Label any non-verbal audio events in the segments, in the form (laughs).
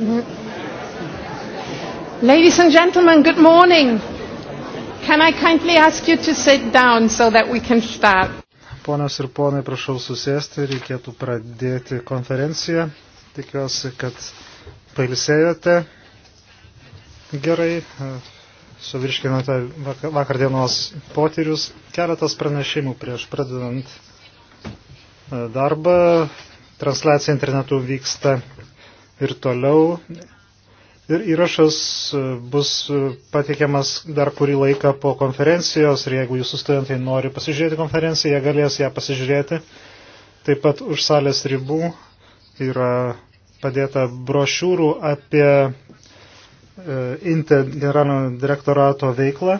Mhm. Ladies and gentlemen, good morning. Can I kindly ask you to sit down so that we can start? Ponios ir ponai, prašau susėsti, reikėtų pradėti konferenciją. Tikiuosi, kad pailsėjote gerai, suvirškinote vakardienos potyrius. Keletas pranešimų prieš pradedant e, darbą. Transliacija internetu vyksta ir toliau. Ir įrašas e, bus e, pateikiamas dar kurį laiką po konferencijos ir jeigu jūsų studentai nori pasižiūrėti konferenciją, jie galės ją pasižiūrėti. Taip pat už salės ribų yra padėta brošiūrų apie e, INTE generalinio direktorato veiklą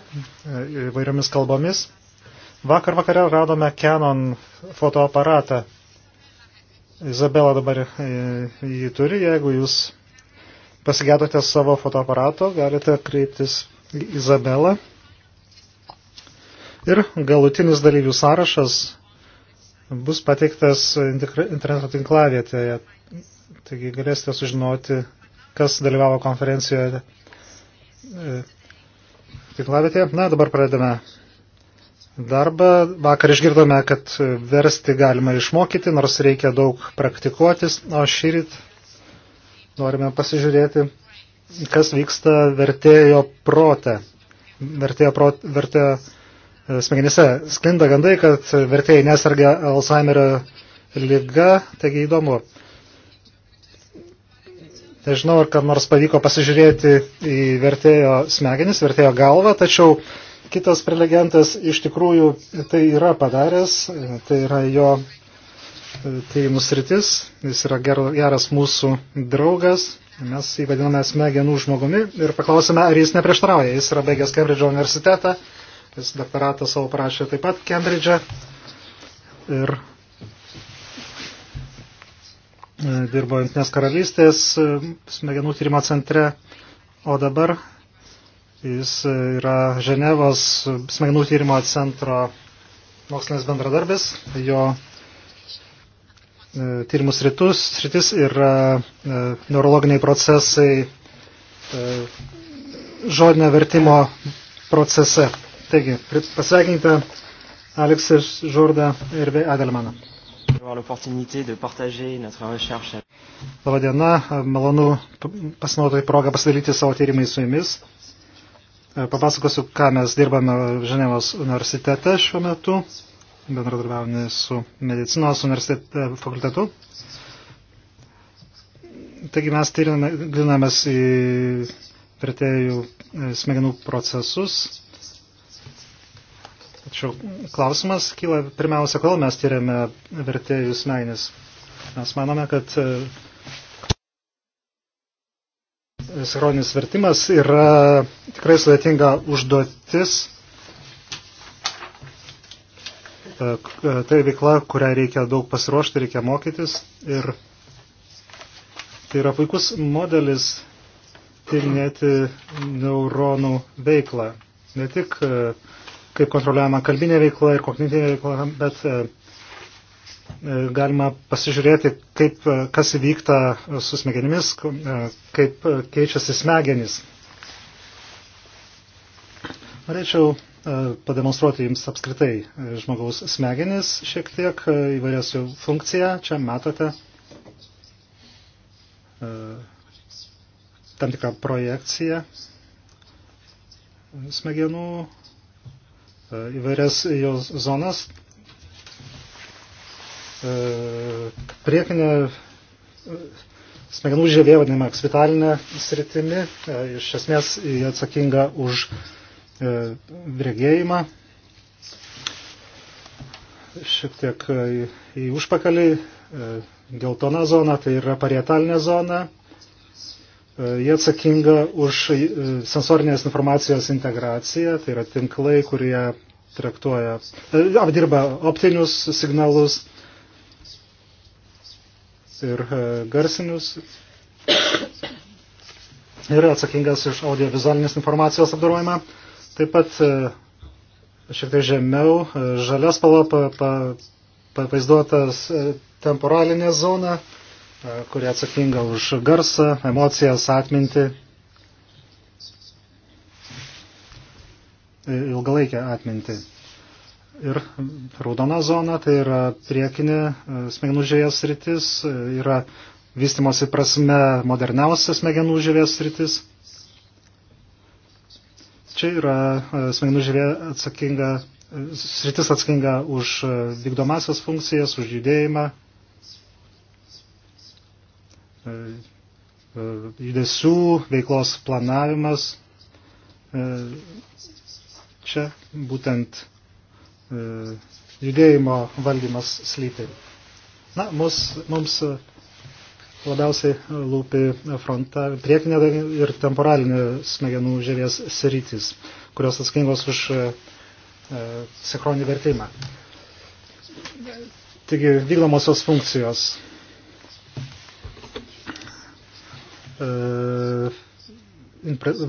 įvairiomis kalbomis. Vakar vakare radome Canon fotoaparatą Izabela dabar e, jį turi. Jeigu jūs pasigėdote savo fotoaparato, galite kreiptis į Izabelą. Ir galutinis dalyvių sąrašas bus pateiktas interneto tinklavietėje. Taigi galėsite sužinoti, kas dalyvavo konferencijoje e, tinklavietėje. Na, dabar pradedame darbą. Vakar išgirdome, kad versti galima išmokyti, nors reikia daug praktikuotis, o šyrit norime pasižiūrėti, kas vyksta vertėjo prote. Vertėjo, pro, vertėjo e, smegenyse sklinda gandai, kad vertėjai nesargia Alzheimerio lyga, taigi įdomu. Nežinau, ar kam nors pavyko pasižiūrėti į vertėjo smegenis, vertėjo galvą, tačiau kitas prelegentas iš tikrųjų tai yra padaręs, tai yra jo e, tyrimų sritis, jis yra geras mūsų draugas, mes jį vadiname smegenų žmogumi ir paklausime, ar jis neprieštarauja. Jis yra baigęs Cambridge universitetą, jis doktoratą savo prašė taip pat Cambridge ir e, dirbo Jungtinės karalystės e, smegenų tyrimo centre, o dabar Jis e, yra Ženevos smegenų tyrimo centro mokslinis bendradarbis. Jo e, tyrimus rytus, sritis yra e, neurologiniai procesai žodinio vertimo procese. Taigi, pasveikinkite Aleksą Žurdą ir Adelmaną. Labadiena, malonu pasinaudoti progą pasidalyti savo tyrimais su jumis. E, papasakosiu, ką mes dirbame Ženevos universitete šiuo metu, bendradarbiavome su medicinos fakultetu. Taigi mes gilinamės į vertėjų e, smegenų procesus. Tačiau klausimas kyla pirmiausia, kodėl mes tyriame vertėjų smegenis. Mes manome, kad e, sinchroninis vertimas yra tikrai sudėtinga užduotis. E, e, tai veikla, kurią reikia daug pasiruošti, reikia mokytis. Ir tai yra puikus modelis tyrinėti neuronų veiklą. Ne tik e, kaip kontroliuojama kalbinė veikla ir kognityvinė veikla, bet E, galima pasižiūrėti, kaip, e, kas vyksta e, su smegenimis, kaip keičiasi smegenys. Norėčiau pademonstruoti jums apskritai žmogaus smegenis šiek tiek įvairias jų funkciją. Čia matote tam tikrą projekciją smegenų įvairias jos zonas, E, priekinė e, smegenų žievė vadinama akvitalinė sritimi, e, iš esmės jie atsakinga už regėjimą, šiek tiek į, į užpakalį, geltona zona, tai yra parietalinė zona, jie atsakinga už sensorinės informacijos integraciją, tai yra tinklai, kurie traktuoja, apdirba optinius signalus, ir e, garsinius. Ir atsakingas už audiovizualinės informacijos apdarojimą. Taip pat e, šiek tiek žemiau e, žalia spalva pa, pa, pavaizduotas temporalinė zona, kuri atsakinga už garsą, emocijas, atmintį, ilgalaikę atmintį ir raudona zona, tai yra priekinė e, smegenų žievės rytis, e, yra vystimosi prasme moderniausia smegenų žievės rytis. Čia yra e, smegenų žievė atsakinga, sritis atsakinga už vykdomasias funkcijas, už judėjimą, judesių, veiklos planavimas. Čia būtent E, judėjimo valdymas slypi. Na, mus, mums labiausiai lūpi fronta, priekinė ir temporalinė smegenų žievės sritys, kurios atskingos už e, e, sinchroninį vertimą. Taigi, vykdomosios funkcijos. E,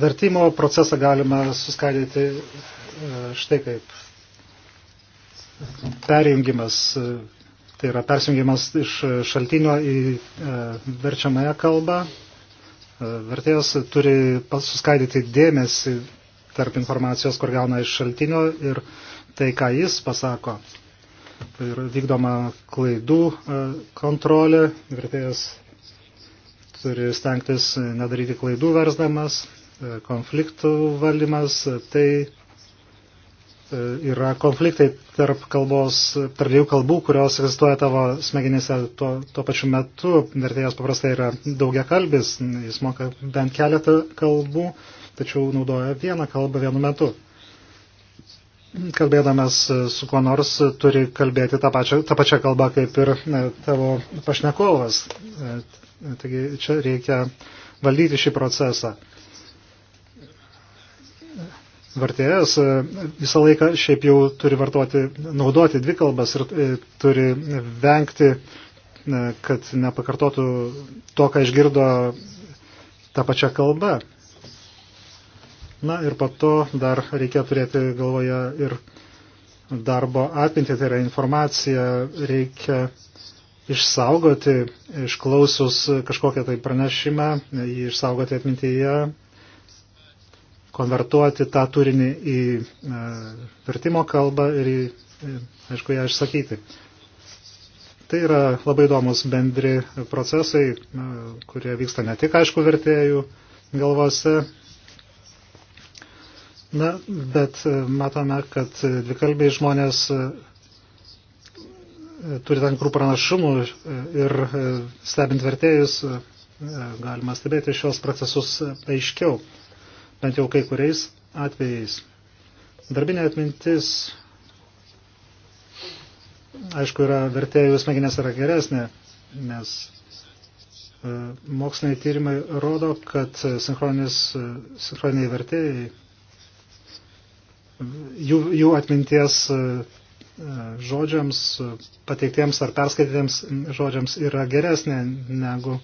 vertimo procesą galima suskaidyti e, štai kaip perjungimas, e, tai yra persijungimas iš šaltinio į e, verčiamąją kalbą. E, vertėjas turi suskaidyti dėmesį tarp informacijos, kur gauna iš šaltinio ir tai, ką jis pasako. Tai yra vykdoma klaidų kontrolė, vertėjas turi stengtis nedaryti klaidų versdamas, konfliktų valdymas, tai E, yra konfliktai tarp kalbos, tarp dviejų kalbų, kurios egzistuoja tavo smegenyse tuo, tuo pačiu metu. Vertėjas paprastai yra daugia kalbis, jis moka bent keletą kalbų, tačiau naudoja vieną kalbą vienu metu. Kalbėdamas su kuo nors turi kalbėti tą pačią, tą pačią kalbą kaip ir e, tavo pašnekovas. E, taigi čia reikia valdyti šį procesą vartėjas e, visą laiką šiaip jau turi vartoti, naudoti dvi kalbas ir e, turi vengti, e, kad nepakartotų to, ką išgirdo tą pačią kalbą. Na ir po to dar reikia turėti galvoje ir darbo atmintį, tai yra informacija, reikia išsaugoti, išklausus kažkokią tai pranešimą, jį išsaugoti atmintyje, konvertuoti tą turinį į e, vertimo kalbą ir, į, e, aišku, ją išsakyti. Tai yra labai įdomus bendri procesai, e, kurie vyksta ne tik, aišku, vertėjų galvose. Na, bet e, matome, kad dvikalbiai žmonės e, turi tam tikrų pranašumų ir stebint vertėjus galima stebėti šios procesus aiškiau bent jau kai kuriais atvejais. Darbinė atmintis, aišku, yra vertėjų smegenės yra geresnė, nes e, moksliniai tyrimai rodo, kad e, sinchroniniai vertėjai, jų, jų atminties e, žodžiams, pateiktiems ar perskaitytiems žodžiams yra geresnė negu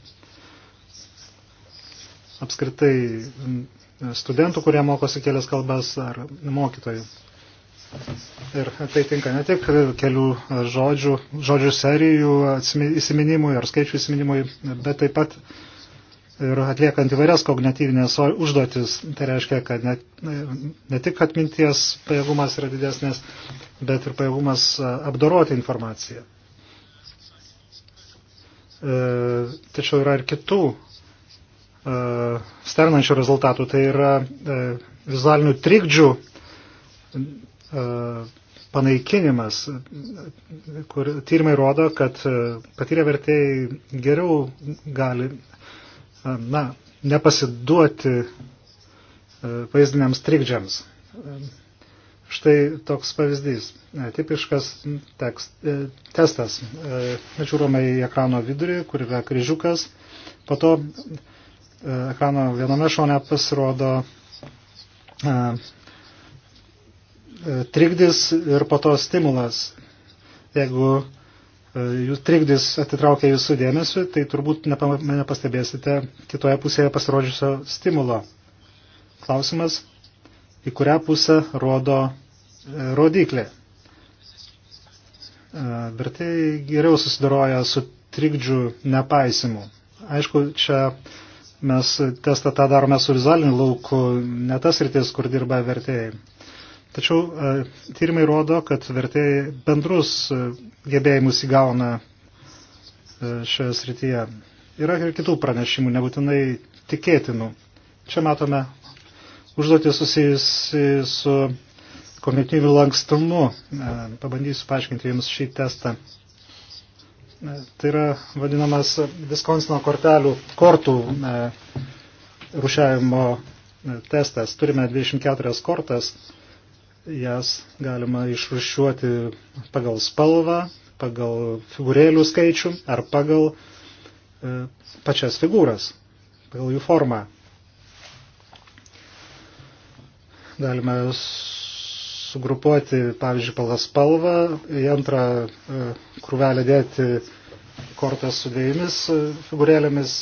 apskritai studentų, kurie mokosi kelias kalbas, ar mokytojų. Ir tai tinka ne tik kelių žodžių, žodžių serijų įsiminimui ar skaičių įsiminimui, bet taip pat ir atliekant įvairias kognityvinės užduotis. Tai reiškia, kad ne, ne tik atminties pajėgumas yra didesnės, bet ir pajėgumas apdoroti informaciją. E, tačiau yra ir kitų E, sternančių rezultatų, tai yra e, vizualinių trikdžių e, panaikinimas, kur tyrimai rodo, kad patyrę vertėjai geriau gali na, nepasiduoti vaizdiniams trikdžiams. Štai toks pavyzdys. Tipiškas tekst, testas. Ačiūrome į ekrano vidurį, kur yra kryžiukas. Po to E, ekrano viename šone pasirodo e, e, trikdis ir po to stimulas. Jeigu jūs trikdis atitraukia jūsų dėmesį, tai turbūt nepastebėsite kitoje pusėje pasirodžiusio stimulo. Klausimas, į kurią pusę rodo rodiklė. Vertėjai geriau susidaroja su trikdžių nepaisimu. Aišku, čia uh, mes testą tą darome su vizualiniu lauku, ne tas rytis, kur dirba vertėjai. Tačiau e, tyrimai rodo, kad vertėjai bendrus e, gebėjimus įgauna e, šioje srityje. Yra ir kitų pranešimų, nebūtinai tikėtinų. Čia matome užduotį susijusi su kognityviu lankstumu. Pabandysiu paaiškinti Jums šį testą. Tai yra vadinamas Viskonsino kortelių, kortų e, rušiavimo e, testas. Turime 24 kortas, jas galima išrušiuoti pagal spalvą, pagal figūrėlių skaičių ar pagal e, pačias figūras, pagal jų formą. Galime sugrupuoti, pavyzdžiui, pagal spalvą, į antrą e, krūvelę dėti kortas su dviejomis e, figūrėlėmis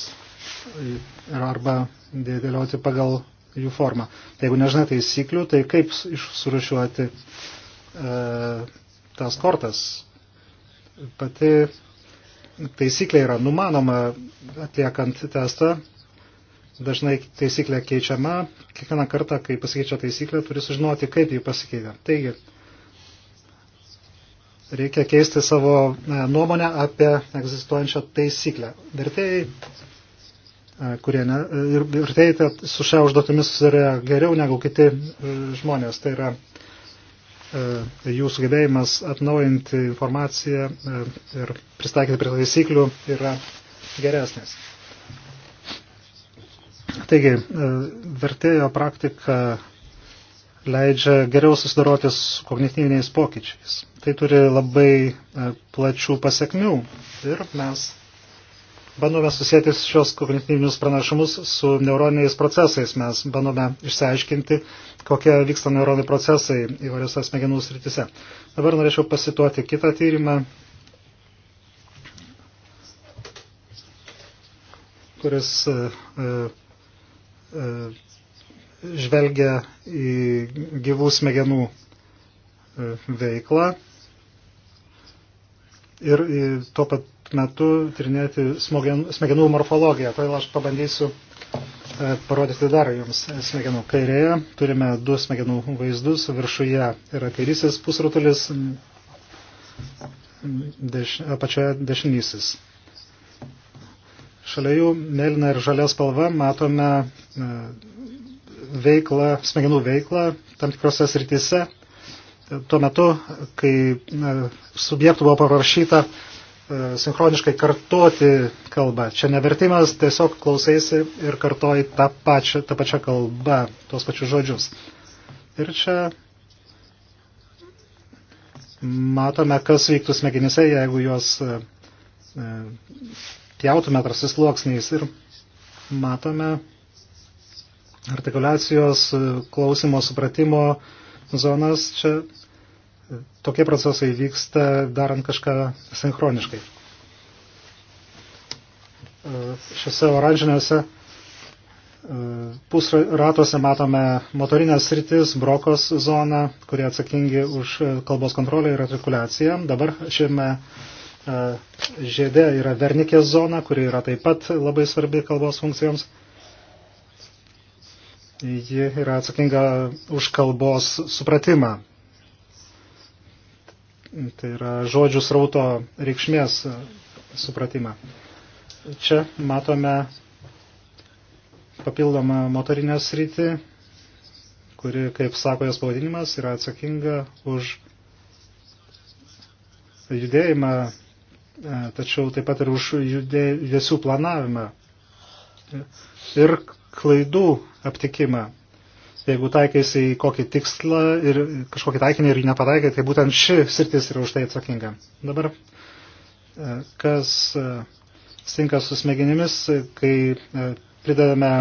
arba dėlioti pagal jų formą. Jeigu nežinai taisyklių, tai kaip surušiuoti e, tas kortas? Pati taisyklė yra numanoma atliekant testą, dažnai taisyklė keičiama, kiekvieną kartą, kai pasikeičia taisyklė, turi sužinoti, kaip jį pasikeitė. Taigi, reikia keisti savo e, nuomonę apie egzistuojančią taisyklę. Vertėjai, e, kurie ne, e, ir vertėjai su šia užduotimis susiduria geriau negu kiti žmonės. Tai yra jų sugebėjimas atnaujinti informaciją ir pristaikyti prie taisyklių yra geresnis. Taigi, e, vertėjo praktika leidžia geriau susidoroti su kognityviniais pokyčiais. Tai turi labai e, plačių pasiekmių ir mes bandome susijęti šios kognityvinius pranašumus su neuroniniais procesais. Mes bandome išsiaiškinti, kokie vyksta neuronai procesai įvairiose smegenų srityse. Dabar norėčiau pasituoti kitą tyrimą, kuris e, E, žvelgia į gyvų smegenų e, veiklą ir tuo pat metu tyrinėti smegenų morfologiją. Todėl aš pabandysiu e, parodyti dar jums smegenų. Kairėje turime du smegenų vaizdus, viršuje yra kairysis pusrutulis, deš, apačioje dešinysis. Šalia jų mėlyna ir žalia spalva matome e, veiklą, smegenų veiklą tam tikrose srityse. E, tuo metu, kai e, subjektų buvo paprašyta sinchroniškai kartoti kalbą. Čia nevertimas, tiesiog klausaisi ir kartoji tą pačią, tą pačią kalbą, tuos pačius žodžius. Ir čia matome, kas vyktų smegenyse, jeigu juos pjautume prasisluoksniais ir matome artikulacijos, klausimo, supratimo zonas. Čia tokie procesai vyksta darant kažką sinchroniškai. Šiuose oranžinėse e, pusratuose matome motorinės sritis, brokos zoną, kurie atsakingi už kalbos kontrolę ir artikulaciją. Dabar šiame Žiede yra vernikės zona, kuri yra taip pat labai svarbi kalbos funkcijoms. Ji yra atsakinga už kalbos supratimą. Tai yra žodžių srauto reikšmės supratimą. Čia matome papildomą motorinę sritį, kuri, kaip sako jos pavadinimas, yra atsakinga už judėjimą E, tačiau taip pat ir už judesių planavimą ir klaidų aptikimą. Jeigu taikaisi į kokį tikslą ir kažkokį taikinį ir jį nepataikai, tai būtent ši sritis yra už tai atsakinga. Dabar, e, kas e, stinka su smegenimis, kai pridedame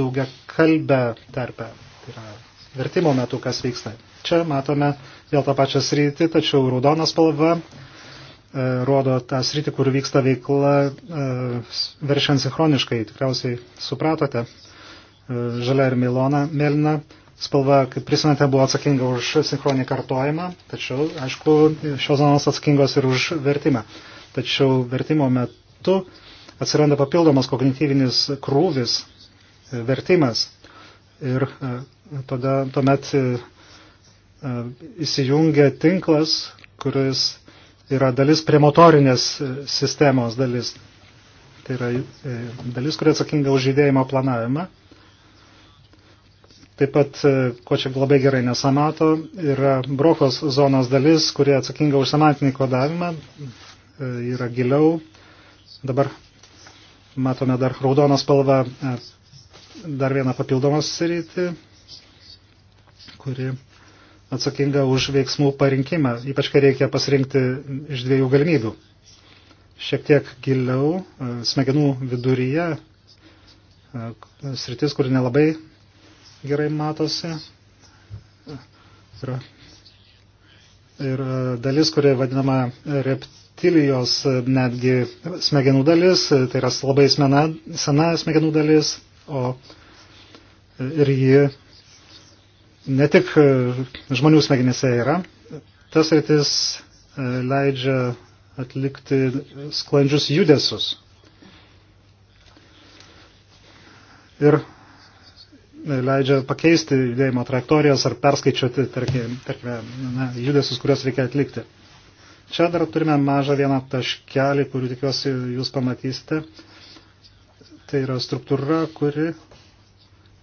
daugia kalbę tarpę, tai yra vertimo metu, kas vyksta. Čia matome vėl tą pačią sritį, tačiau raudonas spalva E, rodo tą sritį, kur vyksta veikla e, veršiant sinchroniškai. Tikriausiai supratote, e, žalia ir milona, mėlyna spalva, kaip prisimenate, buvo atsakinga už sinchroninį kartojimą, tačiau, aišku, šios zonos atsakingos ir už vertimą. Tačiau vertimo metu atsiranda papildomas kognityvinis krūvis, vertimas. Ir tada, tuomet įsijungia tinklas, kuris yra dalis premotorinės e, sistemos dalis. Tai yra e, dalis, kuri atsakinga už judėjimo planavimą. Taip pat, e, ko čia labai gerai nesamato, yra brokos zonos dalis, kuri atsakinga už semantinį kodavimą, yra giliau. Dabar matome dar raudoną spalvą, dar vieną papildomą sritį, kuri atsakinga už veiksmų parinkimą, ypač kai reikia pasirinkti iš dviejų galimybių. Šiek tiek giliau, e, smegenų viduryje, e, sritis, kur nelabai gerai matosi, yra ir e, dalis, kuri vadinama reptilijos netgi smegenų dalis, tai yra labai smena, sena smegenų dalis, o ir ji ne tik e, žmonių smegenyse yra, tas rytis e, leidžia atlikti sklandžius judesius. Ir e, leidžia pakeisti judėjimo trajektorijas ar perskaičiuoti, tarkime, judesius, kuriuos reikia atlikti. Čia dar turime mažą vieną taškelį, kurį tikiuosi jūs pamatysite. Tai yra struktūra, kuri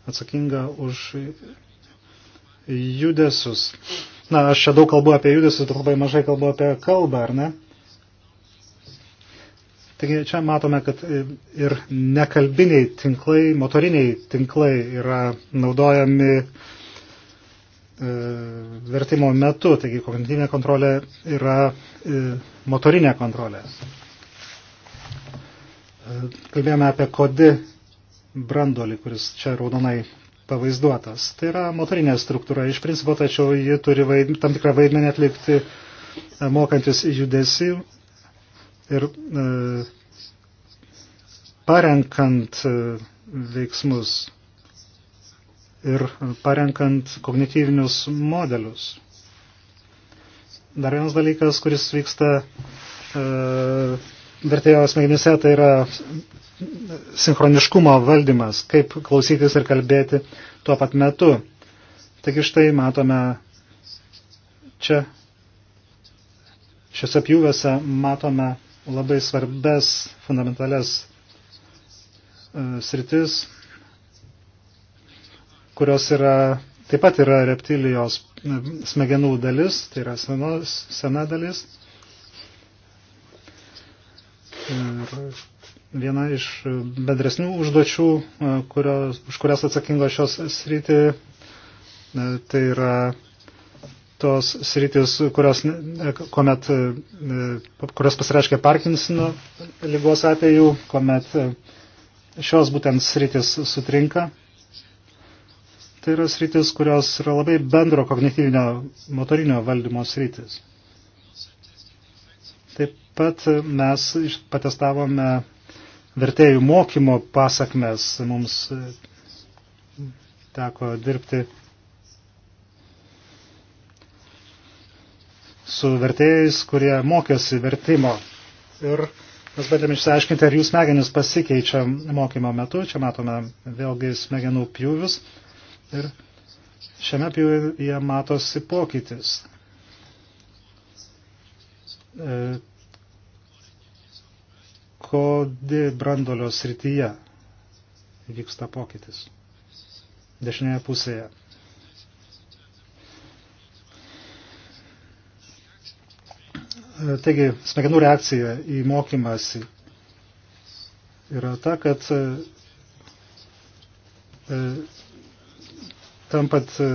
atsakinga už judesius. Na, aš čia daug kalbu apie judesius, bet labai mažai kalbu apie kalbą, ar ne? Taigi čia matome, kad ir nekalbiniai tinklai, motoriniai tinklai yra naudojami e, vertimo metu, taigi kognityvinė kontrolė yra e, motorinė kontrolė. E, kalbėjome apie kodį brandolį, kuris čia raudonai pavaizduotas. Tai yra motorinė struktūra iš principo, tačiau ji turi vaid, tam tikrą vaidmenį atlikti e, mokantis judesi ir e, parenkant e, veiksmus ir parenkant kognityvinius modelius. Dar vienas dalykas, kuris vyksta e, vertėjo smegenyse, tai yra sinchroniškumo valdymas, kaip klausytis ir kalbėti tuo pat metu. Taigi štai matome čia, šiuose pjūvėse matome labai svarbes fundamentales e, sritis, kurios yra, taip pat yra reptilijos e, smegenų dalis, tai yra senos, sena dalis. Ir viena iš bedresnių užduočių, e, kurios, už kurias atsakingo šios sritį, e, tai yra tos sritis, kurios, e, kuomet, kurios pasireiškia Parkinsono lygos atveju, kuomet šios būtent sritis sutrinka. Tai yra sritis, kurios yra labai bendro kognityvinio motorinio valdymo sritis. Taip pat mes patestavome vertėjų mokymo pasakmes. Mums e, teko dirbti su vertėjais, kurie mokėsi vertimo. Ir mes bandėme išsiaiškinti, ar jų smegenis pasikeičia mokymo metu. Čia matome vėlgi smegenų pjūvius. Ir šiame pjūvyje matosi pokytis. E, kodė brandolio srityje vyksta pokytis. Dešinėje pusėje. Taigi, smegenų reakcija į mokymąsi yra ta, kad e, tampat e,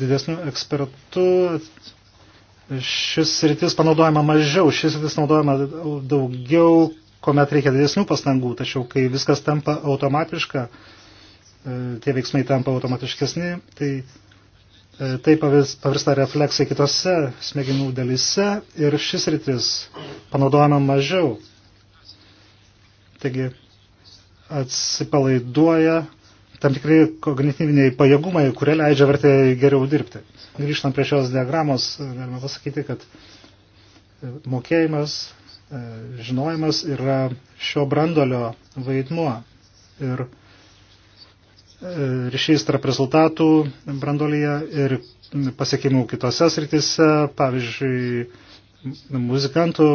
didesnių ekspertų šis sritis panaudojama mažiau, šis sritis naudojama daugiau, kuomet reikia didesnių pastangų, tačiau kai viskas tampa automatiška, e, tie veiksmai tampa automatiškesni, tai e, tai pavirsta refleksai kitose smegenų dalise ir šis rytis panaudojama mažiau. Taigi atsipalaiduoja tam tikri kognityviniai pajėgumai, kurie leidžia vertėjai geriau dirbti. Grįžtant prie šios diagramos, galima pasakyti, kad e, mokėjimas, e, žinojimas yra šio brandolio vaidmuo ir e, ryšys tarp rezultatų brandolyje ir pasiekimų kitose sritise, pavyzdžiui, muzikantų,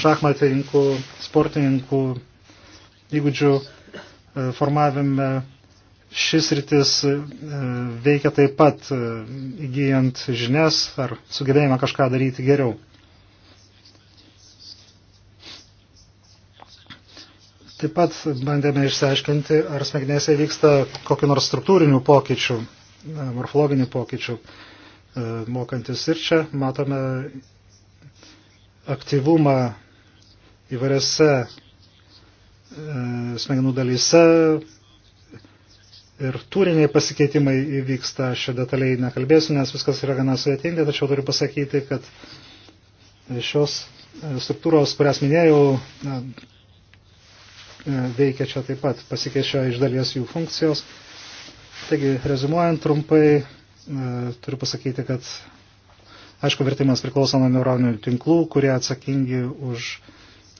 šachmatininkų, sportininkų įgūdžių formavime šis rytis e, veikia taip pat e, įgyjant žinias ar sugebėjimą kažką daryti geriau. Taip pat bandėme išsiaiškinti, ar smegenėse vyksta kokiu nors struktūrinių pokyčių, e, morfologinių pokyčių mokantis. Ir čia matome aktyvumą įvairiose smegenų dalyse, ir turiniai pasikeitimai įvyksta. Aš čia detaliai nekalbėsiu, nes viskas yra gana sudėtinga, tačiau turiu pasakyti, kad šios e, struktūros, kurias minėjau, na, e, veikia čia taip pat, pasikeičia iš dalies jų funkcijos. Taigi, rezumuojant trumpai, e, turiu pasakyti, kad aišku, vertimas priklauso nuo neuroninių tinklų, kurie atsakingi už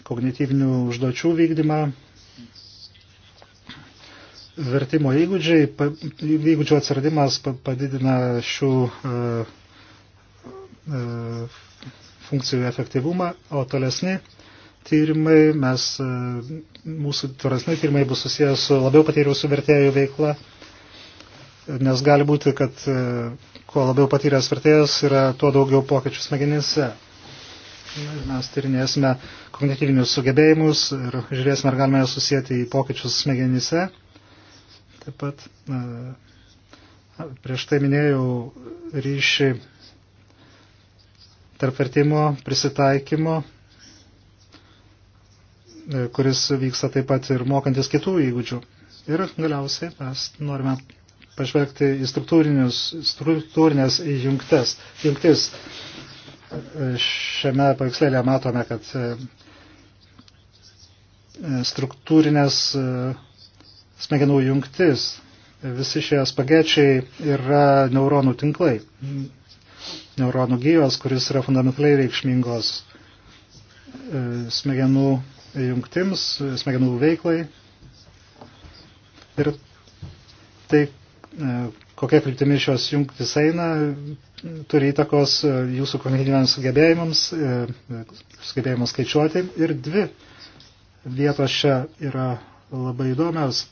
kognityvinių užduočių vykdymą, vertimo įgūdžiai, įgūdžių atsiradimas padidina šių e, e, funkcijų efektyvumą, o tolesni tyrimai, mes, e, mūsų tolesni tyrimai bus susijęs su labiau patyrusių vertėjų veikla, nes gali būti, kad kuo labiau patyręs vertėjas yra, tuo daugiau pokyčių smegenyse. Mes tyrinėsime kognityvinius sugebėjimus ir žiūrėsime, ar galime susijęti į pokyčius smegenyse Taip pat prieš tai minėjau ryšį tarp vertimo prisitaikymo, e, kuris vyksta taip pat ir mokantis kitų įgūdžių. Ir galiausiai mes norime pažvelgti į struktūrinės jungtes. jungtis. E, šiame paveikslėlėje matome, kad e, struktūrinės smegenų jungtis. Visi šie spagečiai yra neuronų tinklai, neuronų gyjos, kuris yra fundamentaliai reikšmingos e, smegenų jungtims, e, smegenų veiklai. Ir tai, e, kokia kryptimi šios jungtis eina, turi įtakos jūsų kognityviams sugebėjimams, sugebėjimams skaičiuoti. Ir dvi vietos čia yra labai įdomios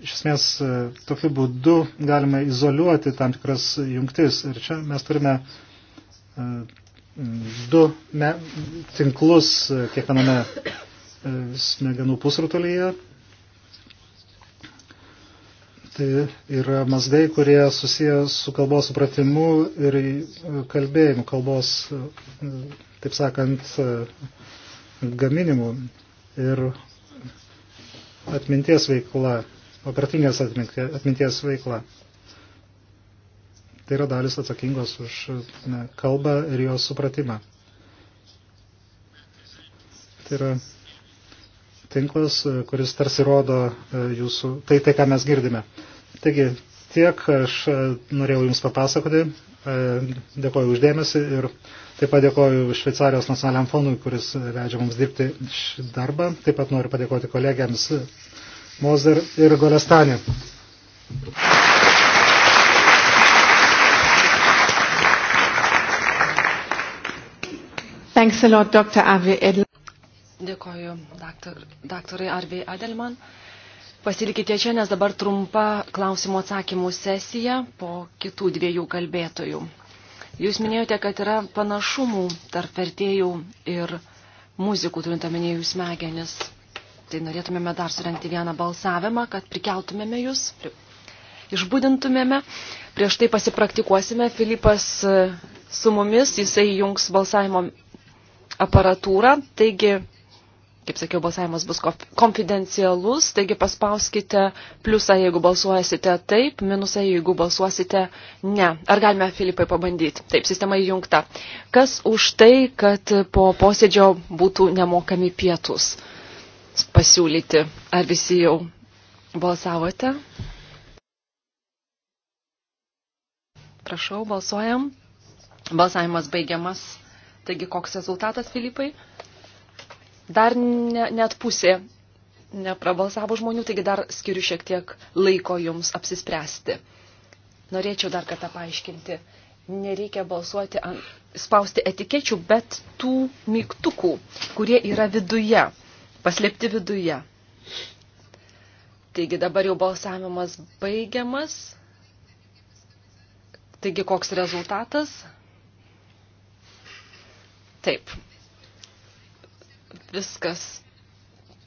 iš esmės e, tokiu būdu galime izoliuoti tam tikras jungtis. Ir čia mes turime e, du me, tinklus e, kiekviename smegenų pusrutulyje. Tai yra mazgai, kurie susiję su kalbos supratimu ir kalbėjimu, kalbos, taip sakant, gaminimu. Ir atminties veikla, operatinės atminties veikla. Tai yra dalis atsakingos už ne, kalbą ir jos supratimą. Tai yra tinklas, kuris tarsi rodo e, jūsų, tai tai, ką mes girdime. Taigi, tiek aš e, norėjau Jums papasakoti. E, dėkoju uždėmesi ir taip pat dėkoju Šveicarijos nacionaliam fondui, kuris leidžia mums dirbti šį darbą. Taip pat noriu padėkoti kolegiams Mozer ir Golestanė. Thanks a lot, Dr. Avi Edelman. Dėkoju, daktarai Arvi Adelman. Pasilikite čia, nes dabar trumpa klausimų atsakymų sesija po kitų dviejų kalbėtojų. Jūs minėjote, kad yra panašumų tarp vertėjų ir muzikų, turint omenyje jų smegenis. Tai norėtumėme dar surenkti vieną balsavimą, kad prikeltumėme jūs, išbūdintumėme. Prieš tai pasipraktikuosime. Filipas e, su mumis, jisai jungs balsavimo aparatūrą. Taigi Kaip sakiau, balsavimas bus konfidencialus, taigi paspauskite pliusą, jeigu balsuosite taip, minusą, jeigu balsuosite ne. Ar galime, Filipai, pabandyti? Taip, sistema įjungta. Kas už tai, kad po posėdžio būtų nemokami pietus pasiūlyti? Ar visi jau balsavote? Prašau, balsuojam. Balsavimas baigiamas. Taigi, koks rezultatas, Filipai? Dar ne, net pusė neprabalsavo žmonių, taigi dar skiriu šiek tiek laiko jums apsispręsti. Norėčiau dar kartą paaiškinti. Nereikia balsuoti, ant, spausti etikečių, bet tų mygtukų, kurie yra viduje, paslėpti viduje. Taigi dabar jau balsavimas baigiamas. Taigi koks rezultatas? Taip, viskas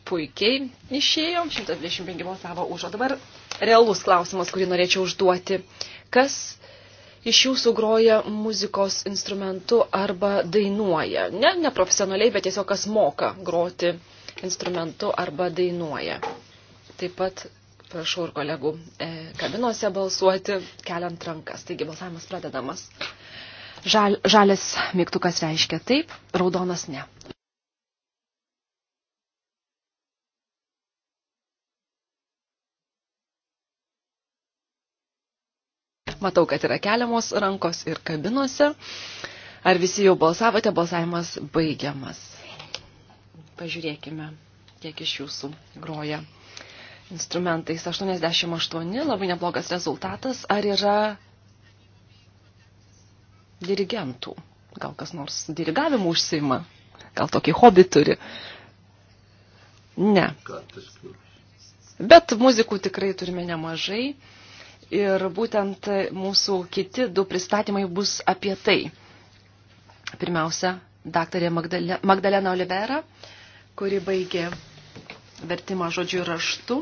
puikiai išėjo, 125 balsavo už. O dabar realus klausimas, kurį norėčiau užduoti. Kas iš jūsų groja muzikos instrumentu arba dainuoja? Ne, ne profesionaliai, bet tiesiog kas moka groti instrumentu arba dainuoja. Taip pat prašau ir kolegų e, kabinose balsuoti, keliant rankas. Taigi balsavimas pradedamas. Žal, žalės mygtukas reiškia taip, raudonas ne. Matau, kad yra keliamos rankos ir kabinose. Ar visi jau balsavote, balsavimas baigiamas. Pažiūrėkime, kiek iš jūsų groja instrumentais. 88, labai neblogas rezultatas. Ar yra dirigentų? Gal kas nors dirigavimu užsima? Gal tokį hobį turi? Ne. Bet muzikų tikrai turime nemažai. Ir būtent mūsų kiti du pristatymai bus apie tai. Pirmiausia, daktarė Magdale, Magdalena Olivera, kuri baigė vertimą žodžių raštu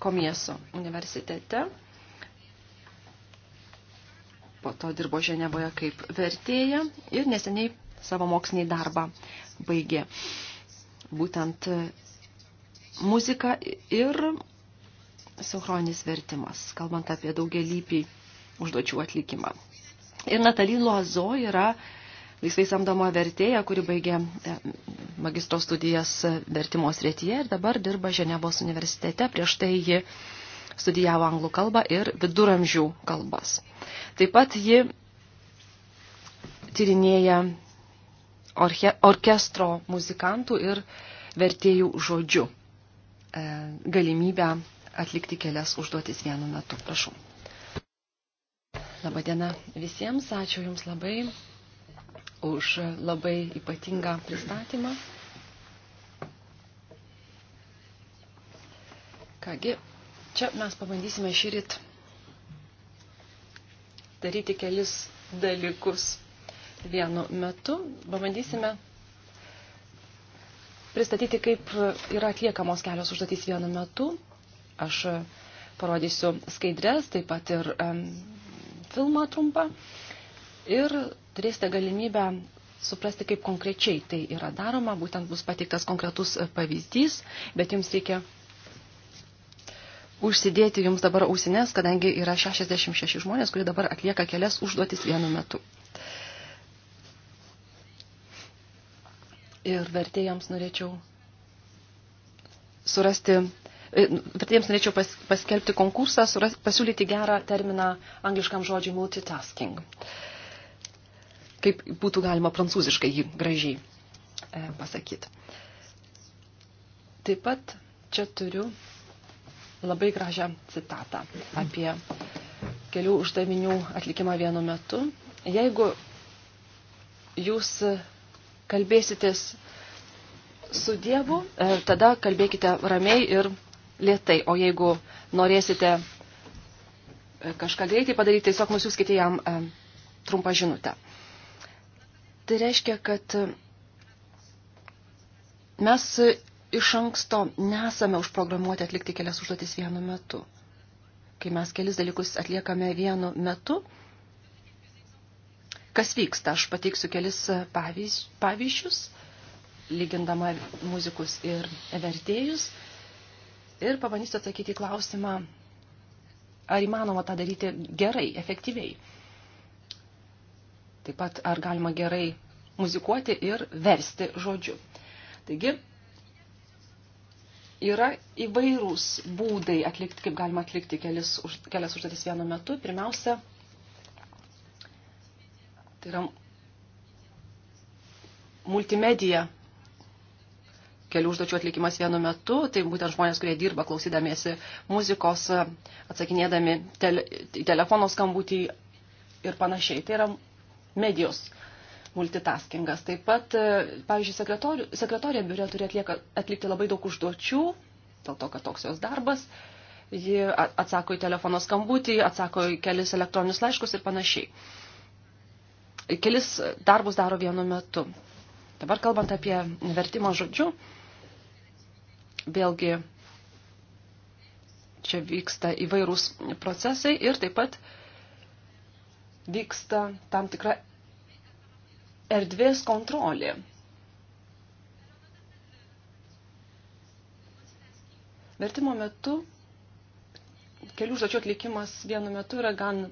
Komieso universitete. Po to dirbo Ženevoje kaip vertėja ir neseniai savo mokslinį darbą baigė. Būtent muzika ir sinchroninis vertimas, kalbant apie daugelįpį užduočių atlikimą. Ir Natalin Loazo yra laisvai samdoma vertėja, kuri baigė e, magistro studijas vertimos rėtyje ir dabar dirba Ženevos universitete. Prieš tai ji studijavo anglų kalbą ir viduramžių kalbas. Taip pat ji tyrinėja orke, orkestro muzikantų ir vertėjų žodžių e, galimybę atlikti kelias užduotis vienu metu. Prašau. Labadiena visiems, ačiū Jums labai už labai ypatingą pristatymą. Kągi, čia mes pabandysime šįryt daryti kelis dalykus vienu metu. Pabandysime pristatyti, kaip yra atliekamos kelios užduotys vienu metu Aš e, parodysiu skaidrės, taip pat ir um, filmą trumpą. Ir turėsite galimybę suprasti, kaip konkrečiai tai yra daroma. Būtent bus pateiktas konkretus e, pavyzdys, bet jums reikia užsidėti jums dabar ausinės, kadangi yra 66 žmonės, kurie dabar atlieka kelias užduotis vienu metu. Ir vertėjams norėčiau surasti vertėjams norėčiau pas, paskelbti konkursą, suras, pasiūlyti gerą terminą angliškam žodžiui multitasking. Kaip būtų galima prancūziškai jį gražiai e, pasakyti. Taip pat čia turiu labai gražią citatą apie kelių uždavinių atlikimą vienu metu. Jeigu jūs kalbėsitės su Dievu, e, tada kalbėkite ramiai ir lietai, o jeigu norėsite e, kažką greitai padaryti, tiesiog nusiųskite jam e, trumpą žinutę. Tai reiškia, kad e, mes iš anksto nesame užprogramuoti atlikti kelias užduotis vienu metu. Kai mes kelis dalykus atliekame vienu metu, kas vyksta? Aš pateiksiu kelis pavyzdžius, lygindama muzikus ir vertėjus ir pabandysiu atsakyti į klausimą, ar įmanoma tą daryti gerai, efektyviai. Taip pat, ar galima gerai muzikuoti ir versti žodžiu. Taigi, yra įvairūs būdai atlikti, kaip galima atlikti kelias, už, kelias užduotis vienu metu. Pirmiausia, tai yra multimedija kelių užduočių atlikimas vienu metu, tai būtent žmonės, kurie dirba klausydamiesi muzikos, atsakinėdami tele, telefono skambutį ir panašiai. Tai yra medijos multitaskingas. Taip pat, pavyzdžiui, sekretorija biure turi atlieka, atlikti labai daug užduočių, dėl to, kad toks jos darbas. Ji atsako į telefono skambutį, atsako į kelis elektroninius laiškus ir panašiai. Kelis darbus daro vienu metu. Dabar kalbant apie vertimą žodžiu, Vėlgi čia vyksta įvairūs procesai ir taip pat vyksta tam tikra erdvės kontrolė. Vertimo metu kelių žodžių atlikimas vienu metu yra gan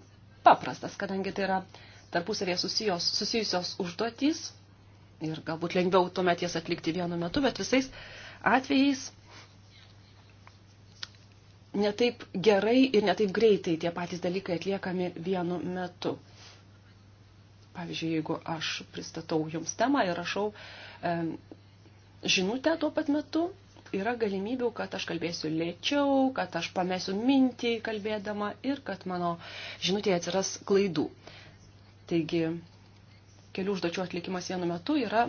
paprastas, kadangi tai yra tarpusavėje susijos, susijusios užduotys ir galbūt lengviau tuomet jas atlikti vienu metu, bet visais atvejais netaip gerai ir netaip greitai tie patys dalykai atliekami vienu metu. Pavyzdžiui, jeigu aš pristatau jums temą ir rašau e, žinutę tuo pat metu, yra galimybių, kad aš kalbėsiu lėčiau, kad aš pamėsiu mintį kalbėdama ir kad mano žinutėje atsiras klaidų. Taigi, kelių užduočių atlikimas vienu metu yra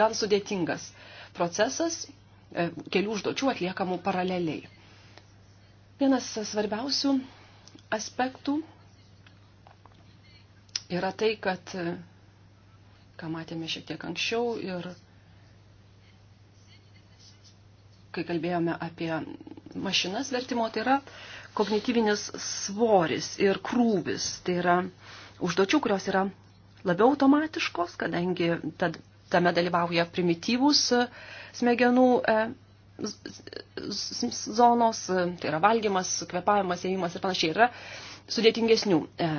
gan sudėtingas procesas e, kelių užduočių atliekamų paraleliai. Vienas svarbiausių aspektų yra tai, kad, ką matėme šiek tiek anksčiau ir kai kalbėjome apie mašinas vertimo, tai yra kognityvinis svoris ir krūvis. Tai yra užduočių, kurios yra labiau automatiškos, kadangi tad, tame dalyvauja primityvūs smegenų e, zonos, e, tai yra valgymas, kvepavimas, ėjimas ir panašiai, yra sudėtingesnių e,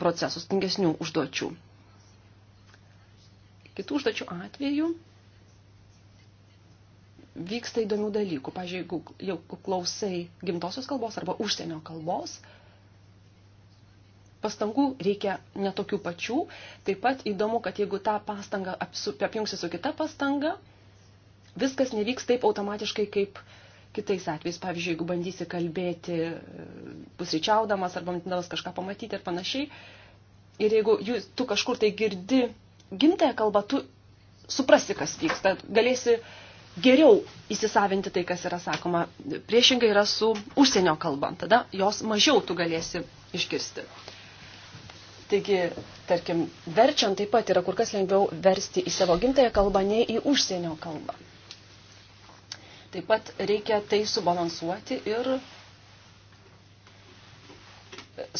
procesų, sudėtingesnių užduočių. Kitų užduočių atveju vyksta įdomių dalykų. Pavyzdžiui, jeigu jau klausai gimtosios kalbos arba užsienio kalbos, pastangų reikia netokių pačių. Taip pat įdomu, kad jeigu tą pastangą apjungsi su kita pastanga, viskas nevyks taip automatiškai kaip kitais atvejais. Pavyzdžiui, jeigu bandysi kalbėti e, pusryčiaudamas arba bandydamas kažką pamatyti ir panašiai. Ir jeigu jūs, tu kažkur tai girdi gimtąją kalbą, tu suprasi, kas vyksta. Galėsi geriau įsisavinti tai, kas yra sakoma. Priešingai yra su užsienio kalba. Tada jos mažiau tu galėsi išgirsti. Taigi, tarkim, verčiant taip pat yra kur kas lengviau versti į savo gimtąją kalbą, nei į užsienio kalbą. Taip pat reikia tai subalansuoti ir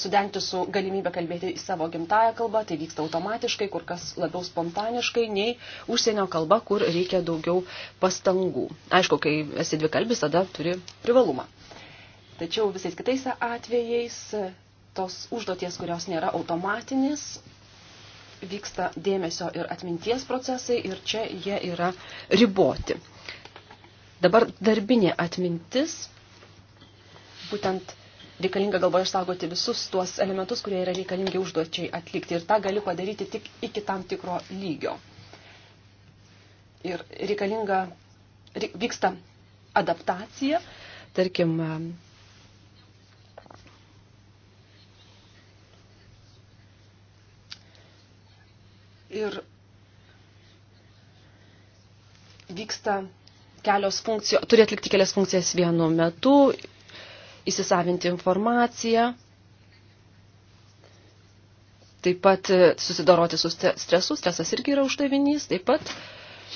sudengti su galimybė kalbėti į savo gimtają kalbą, tai vyksta automatiškai, kur kas labiau spontaniškai, nei užsienio kalba, kur reikia daugiau pastangų. Aišku, kai esi dvikalbis, tada turi privalumą. Tačiau visais kitais atvejais tos užduoties, kurios nėra automatinės, vyksta dėmesio ir atminties procesai ir čia jie yra riboti. Dabar darbinė atmintis, būtent reikalinga galvoje išsaugoti visus tuos elementus, kurie yra reikalingi užduočiai atlikti. Ir tą gali padaryti tik iki tam tikro lygio. Ir reikalinga, reik, vyksta adaptacija, tarkim, ehm, ir vyksta kelios funkcijos, turi atlikti kelias funkcijas vienu metu, įsisavinti informaciją, taip pat susidoroti su stresu, stresas irgi yra uždavinys, taip pat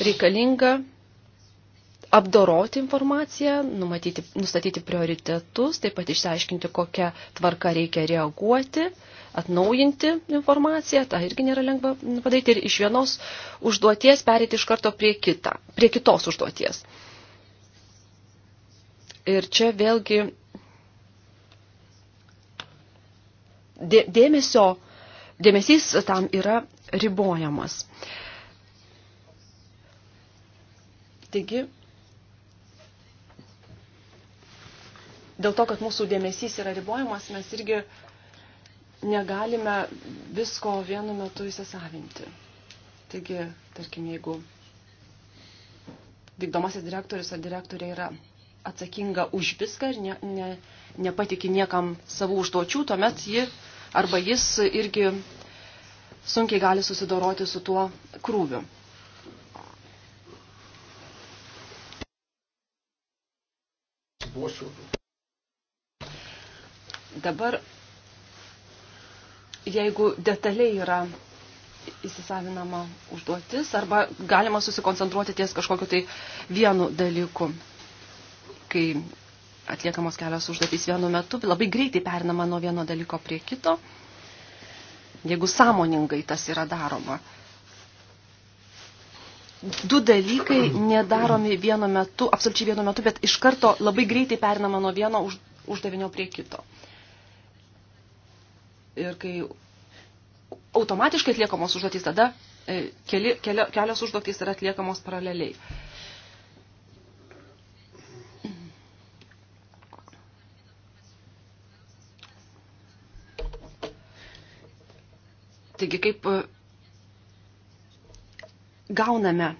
reikalinga apdoroti informaciją, numatyti, nustatyti prioritetus, taip pat išsiaiškinti, kokią tvarką reikia reaguoti, atnaujinti informaciją, tą irgi nėra lengva padaryti ir iš vienos užduoties perėti iš karto prie, kita, prie kitos užduoties. Ir čia vėlgi dėmesio, dėmesys tam yra ribojamas. Taigi, dėl to, kad mūsų dėmesys yra ribojamas, mes irgi negalime visko vienu metu įsisavinti. Taigi, tarkim, jeigu vykdomasis direktorius ar direktorė yra atsakinga už viską ir ne, ne, nepatiki niekam savų užduočių, tuomet ji arba jis irgi sunkiai gali susidoroti su tuo krūviu. Buvo siūlų. Dabar, jeigu detaliai yra įsisavinama užduotis arba galima susikoncentruoti ties kažkokiu tai vienu dalyku, kai atliekamos kelios užduotys vienu metu, labai greitai perinama nuo vieno dalyko prie kito, jeigu sąmoningai tas yra daroma. Du dalykai nedaromi vienu metu, absoliučiai vienu metu, bet iš karto labai greitai perinama nuo vieno už, uždavinio prie kito ir kai automatiškai atliekamos užduotys, tada e, keli, kelio, kelios užduotys yra atliekamos paraleliai. Taigi, kaip e, gauname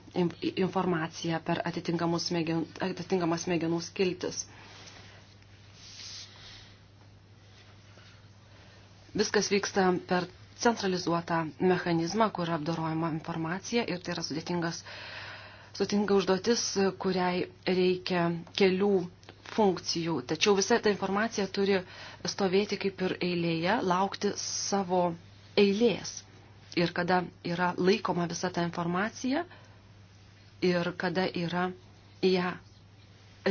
informaciją per atitinkamus smegenų, atitinkamas smegenų skiltis. Viskas vyksta per centralizuotą mechanizmą, kur apdorojama informacija ir tai yra sudėtingas, sudėtinga užduotis, kuriai reikia kelių funkcijų. Tačiau visa ta informacija turi stovėti kaip ir eilėje, laukti savo eilės. Ir kada yra laikoma visa ta informacija ir kada yra į ją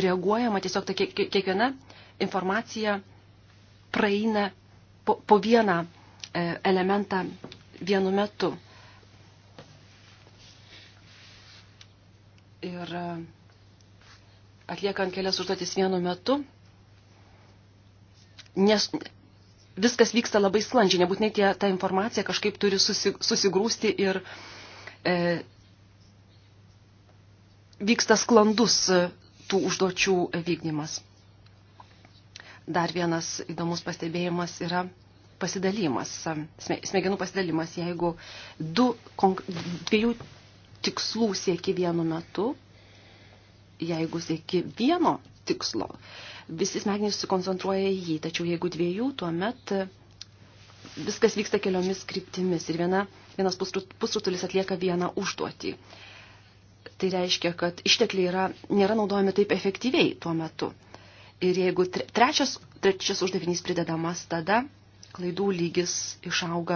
reaguojama, tiesiog ta kiekviena informacija praeina po, po vieną e, elementą vienu metu. Ir e, atliekant kelias užduotis vienu metu, nes viskas vyksta labai sklandžiai, nebūtinai tie, ta informacija kažkaip turi susi, susigrūsti ir e, vyksta sklandus e, tų užduočių vykdymas. Dar vienas įdomus pastebėjimas yra pasidalymas, smegenų pasidalymas. Jeigu du, dviejų tikslų sieki vienu metu, jeigu sieki vieno tikslo, visi smegenys susikoncentruoja į jį, tačiau jeigu dviejų, tuomet viskas vyksta keliomis kryptimis ir viena, vienas pusrutulis atlieka vieną užduotį. Tai reiškia, kad ištekliai yra, nėra naudojami taip efektyviai tuo metu. Ir jeigu trečias, trečias uždavinys pridedamas, tada klaidų lygis išauga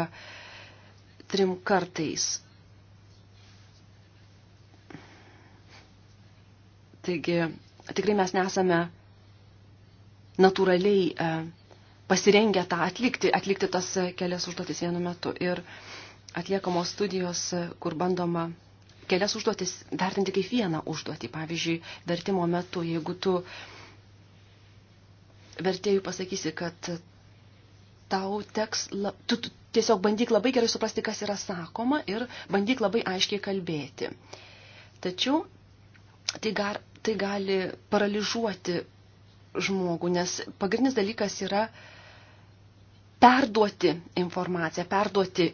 trim kartais. Taigi, tikrai mes nesame natūraliai e, pasirengę tą atlikti, atlikti tas kelias užduotis vienu metu. Ir atliekamos studijos, e, kur bandoma kelias užduotis vertinti kaip vieną užduotį. Pavyzdžiui, vertimo metu, jeigu tu uh, vertėjų pasakysi, kad tau teks, la, tu, tu tiesiog bandyk labai gerai suprasti, kas yra sakoma ir bandyk labai aiškiai kalbėti. Tačiau tai, gar, tai gali paralyžuoti žmogų, nes pagrindinis dalykas yra perduoti informaciją, perduoti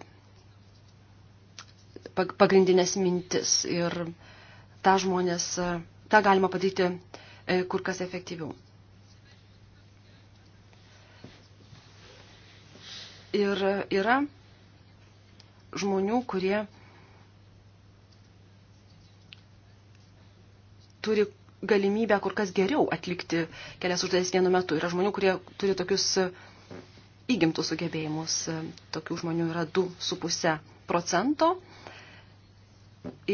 pagrindinės mintis ir tą žmonės, tą galima padaryti e, kur kas efektyviau. Ir yra žmonių, kurie turi galimybę kur kas geriau atlikti kelias užduotis vienu metu. Yra žmonių, kurie turi tokius įgimtus sugebėjimus. Tokių žmonių yra 2,5 procento.